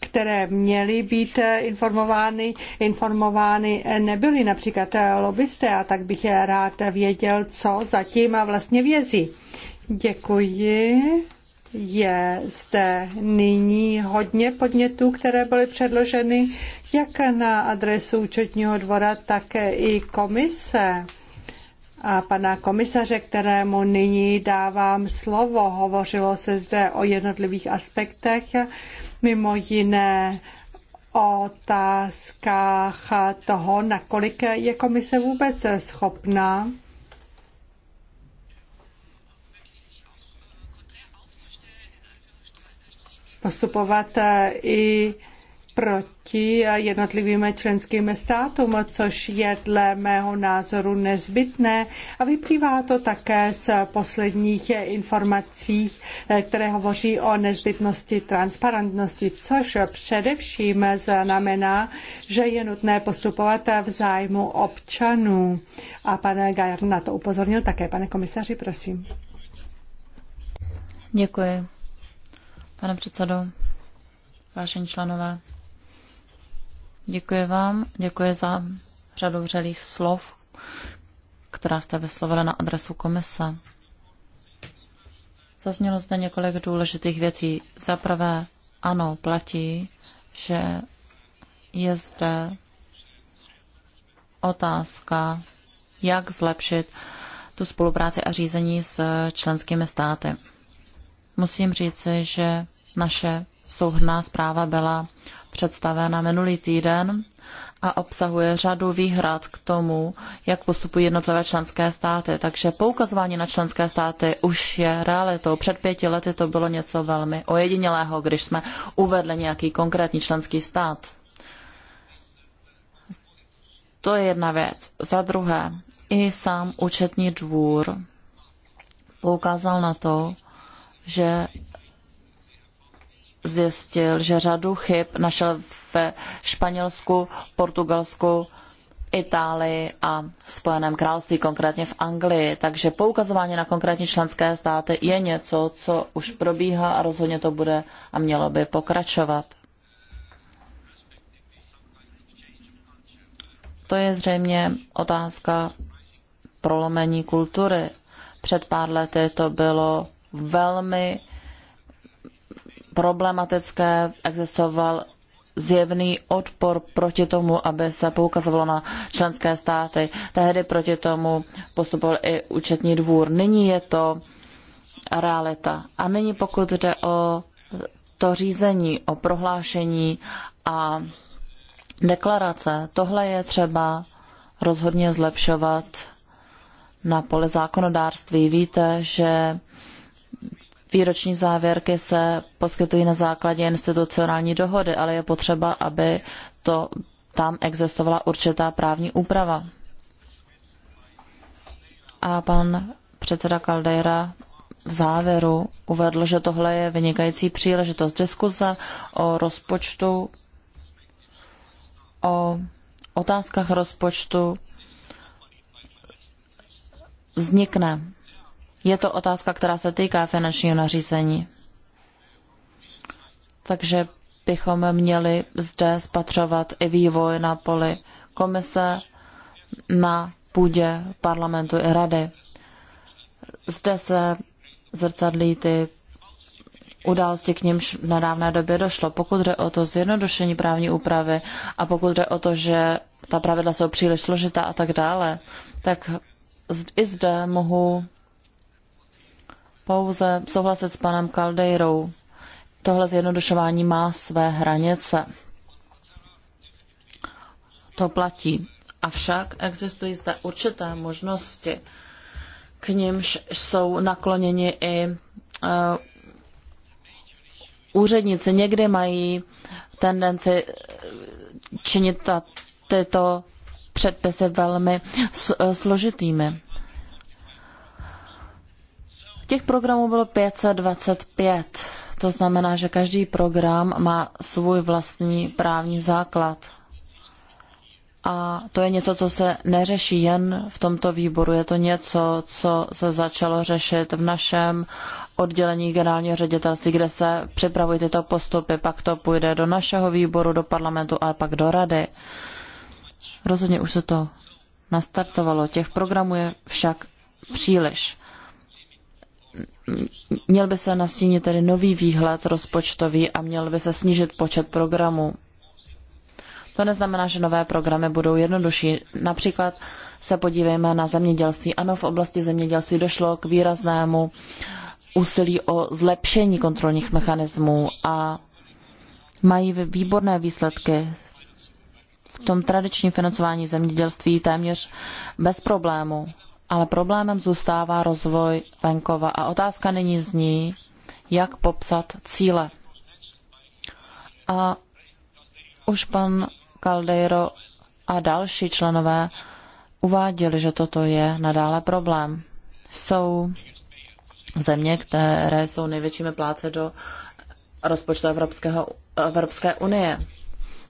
které měly být eh, informovány, informovány eh, nebyly například lobbysté a tak bych rád věděl, co zatím vlastně vězí. Děkuji. Je zde nyní hodně podnětů, které byly předloženy jak na adresu účetního dvora, tak i komise a pana komisaře, kterému nyní dávám slovo. Hovořilo se zde o jednotlivých aspektech, mimo jiné o otázkách toho, nakolik je komise vůbec schopná postupovat i proti jednotlivým členským státům, což je dle mého názoru nezbytné a vyplývá to také z posledních informací, které hovoří o nezbytnosti transparentnosti, což především znamená, že je nutné postupovat v zájmu občanů. A pan Gajar na to upozornil také. Pane komisaři, prosím. Děkuji. Pane předsedo, vážení členové Děkuji vám, děkuji za řadu vřelých slov, která jste vyslovila na adresu komise. Zaznělo zde několik důležitých věcí. Za prvé, ano, platí, že je zde otázka, jak zlepšit tu spolupráci a řízení s členskými státy. Musím říci, že naše souhrná zpráva byla představena minulý týden a obsahuje řadu výhrad k tomu, jak postupují jednotlivé členské státy. Takže poukazování na členské státy už je realitou. Před pěti lety to bylo něco velmi ojedinělého, když jsme uvedli nějaký konkrétní členský stát. To je jedna věc. Za druhé, i sám účetní dvůr poukázal na to, že zjistil, že řadu chyb našel ve Španělsku, Portugalsku, Itálii a Spojeném království, konkrétně v Anglii. Takže poukazování na konkrétní členské státy je něco, co už probíhá a rozhodně to bude a mělo by pokračovat. To je zřejmě otázka prolomení kultury. Před pár lety to bylo velmi problematické, existoval zjevný odpor proti tomu, aby se poukazovalo na členské státy. Tehdy proti tomu postupoval i účetní dvůr. Nyní je to realita. A nyní pokud jde o to řízení, o prohlášení a deklarace, tohle je třeba rozhodně zlepšovat na poli zákonodárství. Víte, že Výroční závěrky se poskytují na základě institucionální dohody, ale je potřeba, aby to tam existovala určitá právní úprava. A pan předseda Caldera v závěru uvedl, že tohle je vynikající příležitost diskuze o rozpočtu, o otázkách rozpočtu vznikne je to otázka, která se týká finančního nařízení. Takže bychom měli zde spatřovat i vývoj na poli komise, na půdě parlamentu i rady. Zde se zrcadlí ty události, k nímž v nedávné době došlo. Pokud jde o to zjednodušení právní úpravy a pokud jde o to, že ta pravidla jsou příliš složitá a tak dále, tak i zde mohu pouze souhlasit s panem Kaldejrou. Tohle zjednodušování má své hranice. To platí. Avšak existují zde určité možnosti, k nímž jsou nakloněni i uh, úředníci. Někdy mají tendenci e, činit ta, tyto předpisy velmi e, složitými. Těch programů bylo 525. To znamená, že každý program má svůj vlastní právní základ. A to je něco, co se neřeší jen v tomto výboru. Je to něco, co se začalo řešit v našem oddělení generálního ředitelství, kde se připravují tyto postupy, pak to půjde do našeho výboru, do parlamentu a pak do rady. Rozhodně už se to nastartovalo. Těch programů je však příliš měl by se nastínit tedy nový výhled rozpočtový a měl by se snížit počet programů. To neznamená, že nové programy budou jednodušší. Například se podívejme na zemědělství. Ano, v oblasti zemědělství došlo k výraznému úsilí o zlepšení kontrolních mechanismů a mají výborné výsledky v tom tradičním financování zemědělství téměř bez problému ale problémem zůstává rozvoj venkova a otázka není zní, jak popsat cíle. A už pan Caldeiro a další členové uváděli, že toto je nadále problém. Jsou země, které jsou největšími pláce do rozpočtu Evropského, Evropské unie,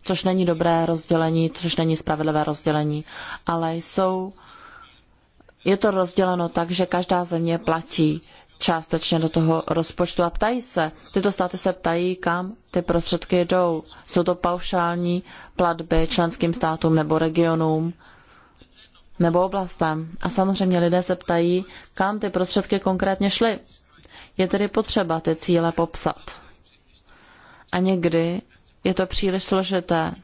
což není dobré rozdělení, což není spravedlivé rozdělení, ale jsou je to rozděleno tak, že každá země platí částečně do toho rozpočtu a ptají se. Tyto státy se ptají, kam ty prostředky jdou. Jsou to paušální platby členským státům nebo regionům nebo oblastem. A samozřejmě lidé se ptají, kam ty prostředky konkrétně šly. Je tedy potřeba ty cíle popsat. A někdy je to příliš složité.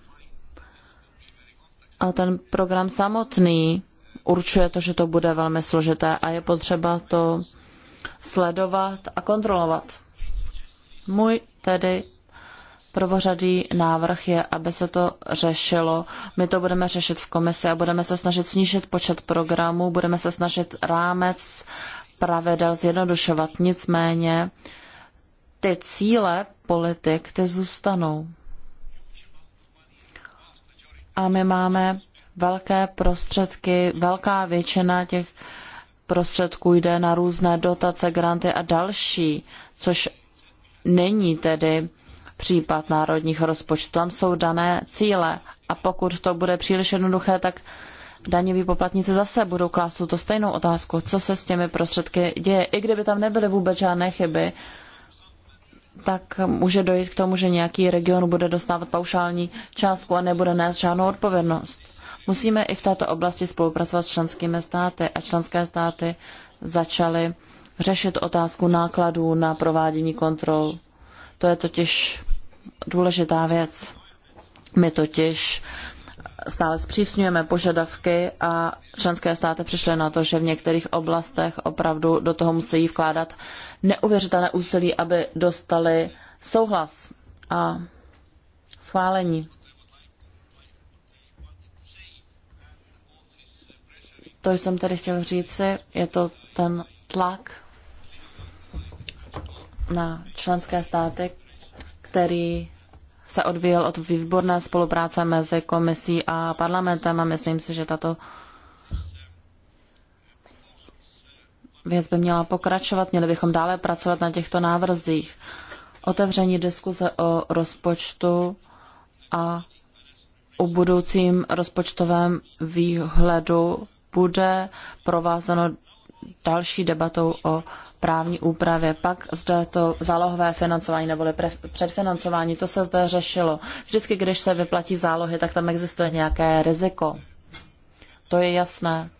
A ten program samotný určuje to, že to bude velmi složité a je potřeba to sledovat a kontrolovat. Můj tedy prvořadý návrh je, aby se to řešilo. My to budeme řešit v komisi a budeme se snažit snížit počet programů, budeme se snažit rámec pravidel zjednodušovat. Nicméně ty cíle politik, ty zůstanou. A my máme velké prostředky, velká většina těch prostředků jde na různé dotace, granty a další, což není tedy případ národních rozpočtů. Tam jsou dané cíle a pokud to bude příliš jednoduché, tak daňoví poplatníci zase budou klást tuto stejnou otázku, co se s těmi prostředky děje. I kdyby tam nebyly vůbec žádné chyby, tak může dojít k tomu, že nějaký region bude dostávat paušální částku a nebude nést žádnou odpovědnost. Musíme i v této oblasti spolupracovat s členskými státy a členské státy začaly řešit otázku nákladů na provádění kontrol. To je totiž důležitá věc. My totiž stále zpřísňujeme požadavky a členské státy přišly na to, že v některých oblastech opravdu do toho musí vkládat neuvěřitelné úsilí, aby dostali souhlas a schválení. To jsem tady chtěl říct, je to ten tlak na členské státy, který se odvíjel od výborné spolupráce mezi komisí a parlamentem a myslím si, že tato věc by měla pokračovat. Měli bychom dále pracovat na těchto návrzích. Otevření diskuze o rozpočtu a o budoucím rozpočtovém výhledu bude provázeno další debatou o právní úpravě. Pak zde to zálohové financování neboli předfinancování, to se zde řešilo. Vždycky, když se vyplatí zálohy, tak tam existuje nějaké riziko. To je jasné.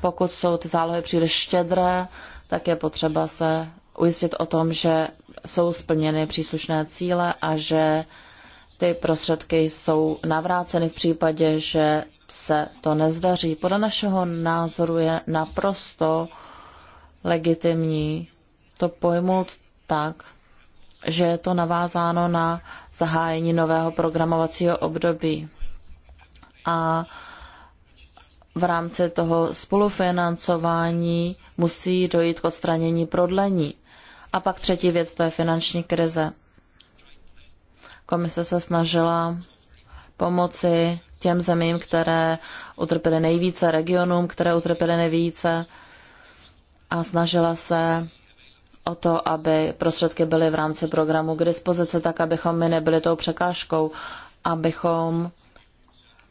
Pokud jsou ty zálohy příliš štědré, tak je potřeba se ujistit o tom, že jsou splněny příslušné cíle a že ty prostředky jsou navráceny v případě, že se to nezdaří. Podle našeho názoru je naprosto legitimní to pojmout tak, že je to navázáno na zahájení nového programovacího období. A v rámci toho spolufinancování musí dojít k odstranění prodlení. A pak třetí věc, to je finanční krize. Komise se snažila pomoci těm zemím, které utrpěly nejvíce, regionům, které utrpěly nejvíce a snažila se o to, aby prostředky byly v rámci programu k dispozici, tak abychom my nebyli tou překážkou, abychom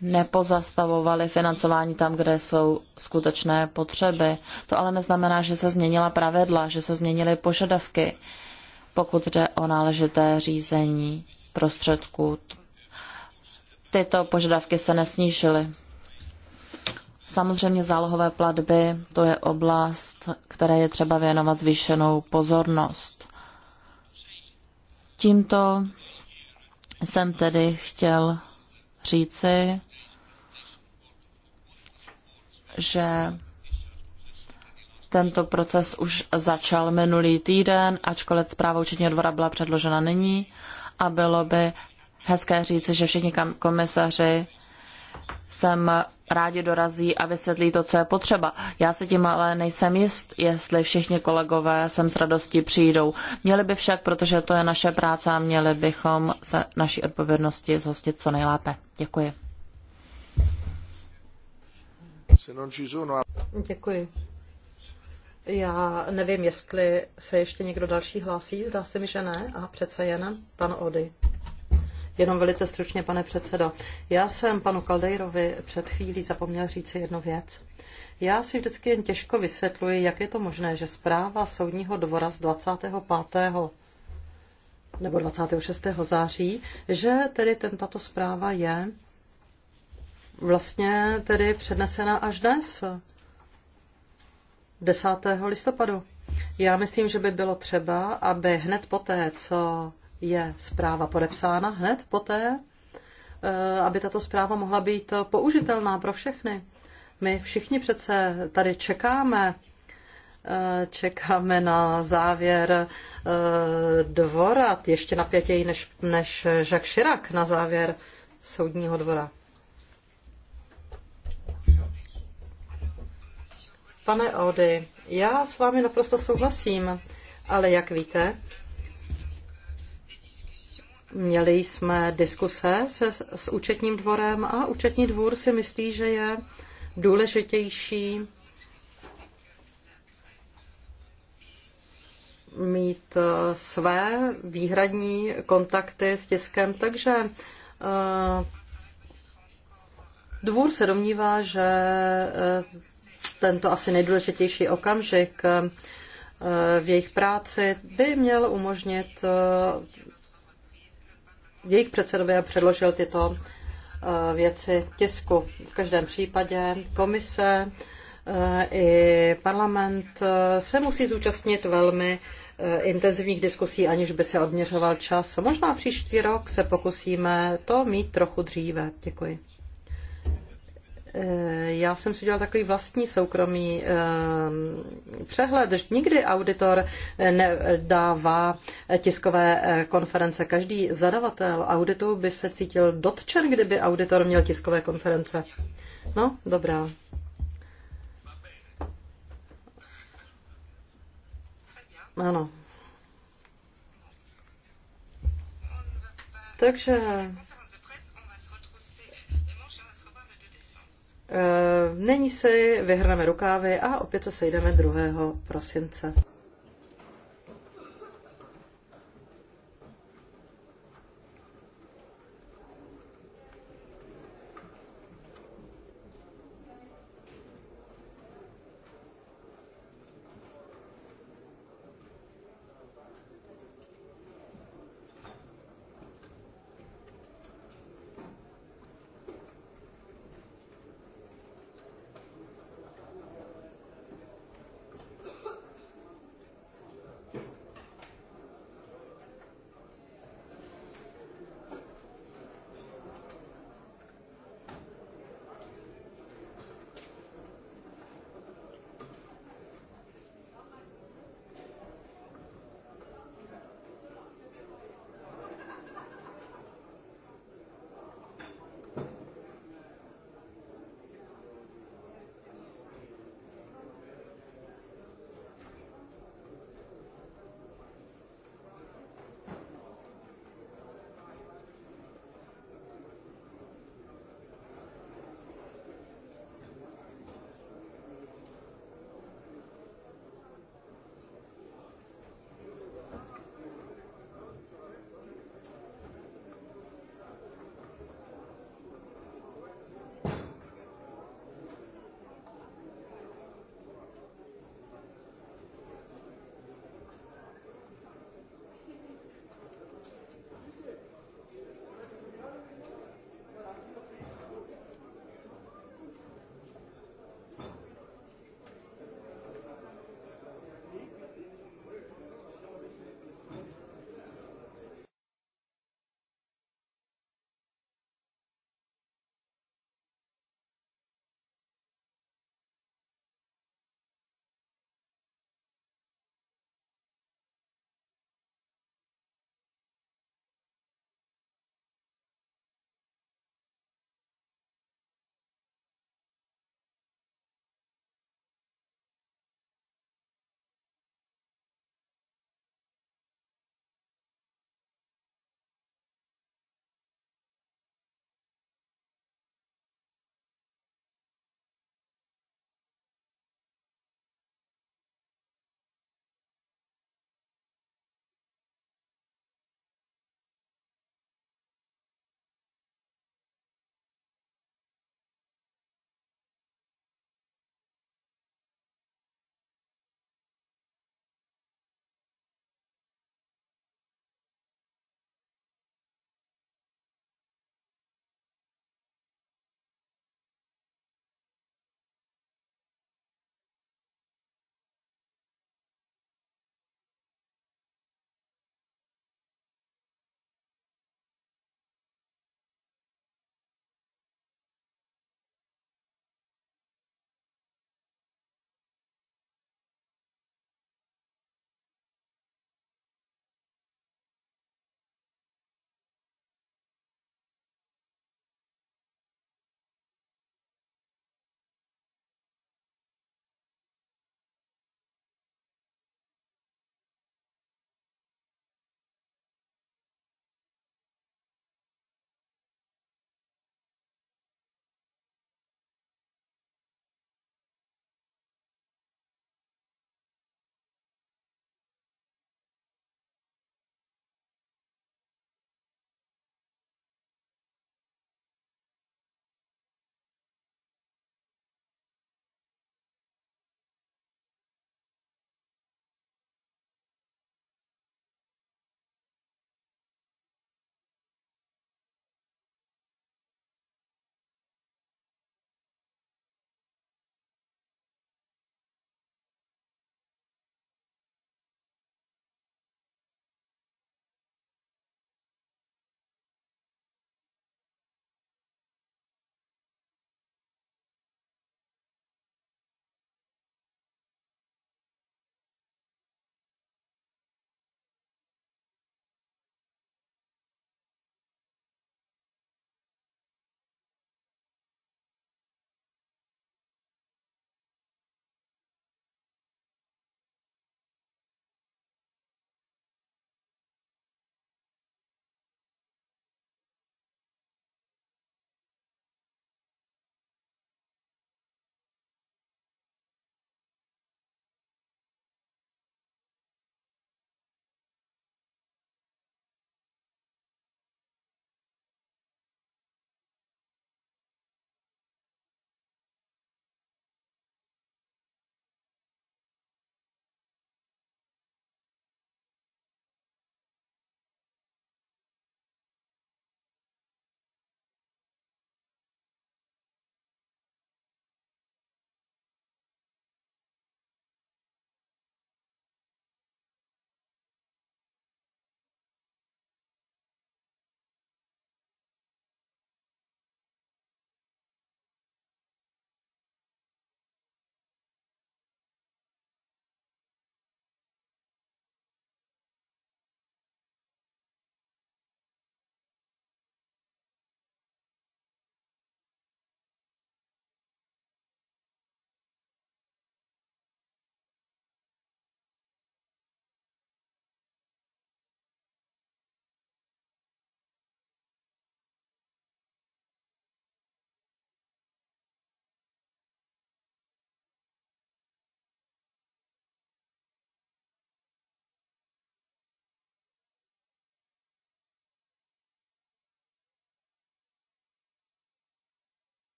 nepozastavovali financování tam, kde jsou skutečné potřeby. To ale neznamená, že se změnila pravidla, že se změnily požadavky, pokud jde o náležité řízení prostředků tyto požadavky se nesnížily. Samozřejmě zálohové platby, to je oblast, které je třeba věnovat zvýšenou pozornost. Tímto jsem tedy chtěl říci, že tento proces už začal minulý týden, ačkoliv zpráva účetního dvora byla předložena nyní a bylo by hezké říci, že všichni komisaři sem rádi dorazí a vysvětlí to, co je potřeba. Já se tím ale nejsem jist, jestli všichni kolegové sem s radostí přijdou. Měli by však, protože to je naše práce a měli bychom se naší odpovědnosti zhostit co nejlépe. Děkuji. Děkuji. Já nevím, jestli se ještě někdo další hlásí. Zdá se mi, že ne. A přece jen pan Ody. Jenom velice stručně, pane předsedo. Já jsem panu Kaldejrovi před chvílí zapomněl říci jednu věc. Já si vždycky jen těžko vysvětluji, jak je to možné, že zpráva soudního dvora z 25. nebo 26. září, že tedy ten, tato zpráva je vlastně tedy přednesena až dnes, 10. listopadu. Já myslím, že by bylo třeba, aby hned poté, co je zpráva podepsána hned poté, eh, aby tato zpráva mohla být použitelná pro všechny. My všichni přece tady čekáme, eh, čekáme na závěr eh, dvora, ještě napětěji než, než Jacques Chirac na závěr soudního dvora. Pane Ody, já s vámi naprosto souhlasím, ale jak víte, Měli jsme diskuse se, s účetním dvorem a účetní dvůr si myslí, že je důležitější mít eh, své výhradní kontakty s tiskem, takže eh, dvůr se domnívá, že eh, tento asi nejdůležitější okamžik v jejich práci by měl umožnit jejich předsedové předložil tyto eh, věci tisku. V každém případě komise eh, i parlament eh, se musí zúčastnit velmi intenzivních diskusí, aniž by se odměřoval čas. Možná příští rok se pokusíme to mít trochu dříve. Děkuji. Eh, já jsem si udělal takový vlastní soukromý eh, přehled, že nikdy auditor eh, nedává tiskové konference. Každý zadavatel auditu by se cítil dotčen, kdyby auditor měl tiskové konference. No, dobrá. Ano. Takže Eh, Není si, vyhrneme rukávy a opět se sejdeme 2. prosince.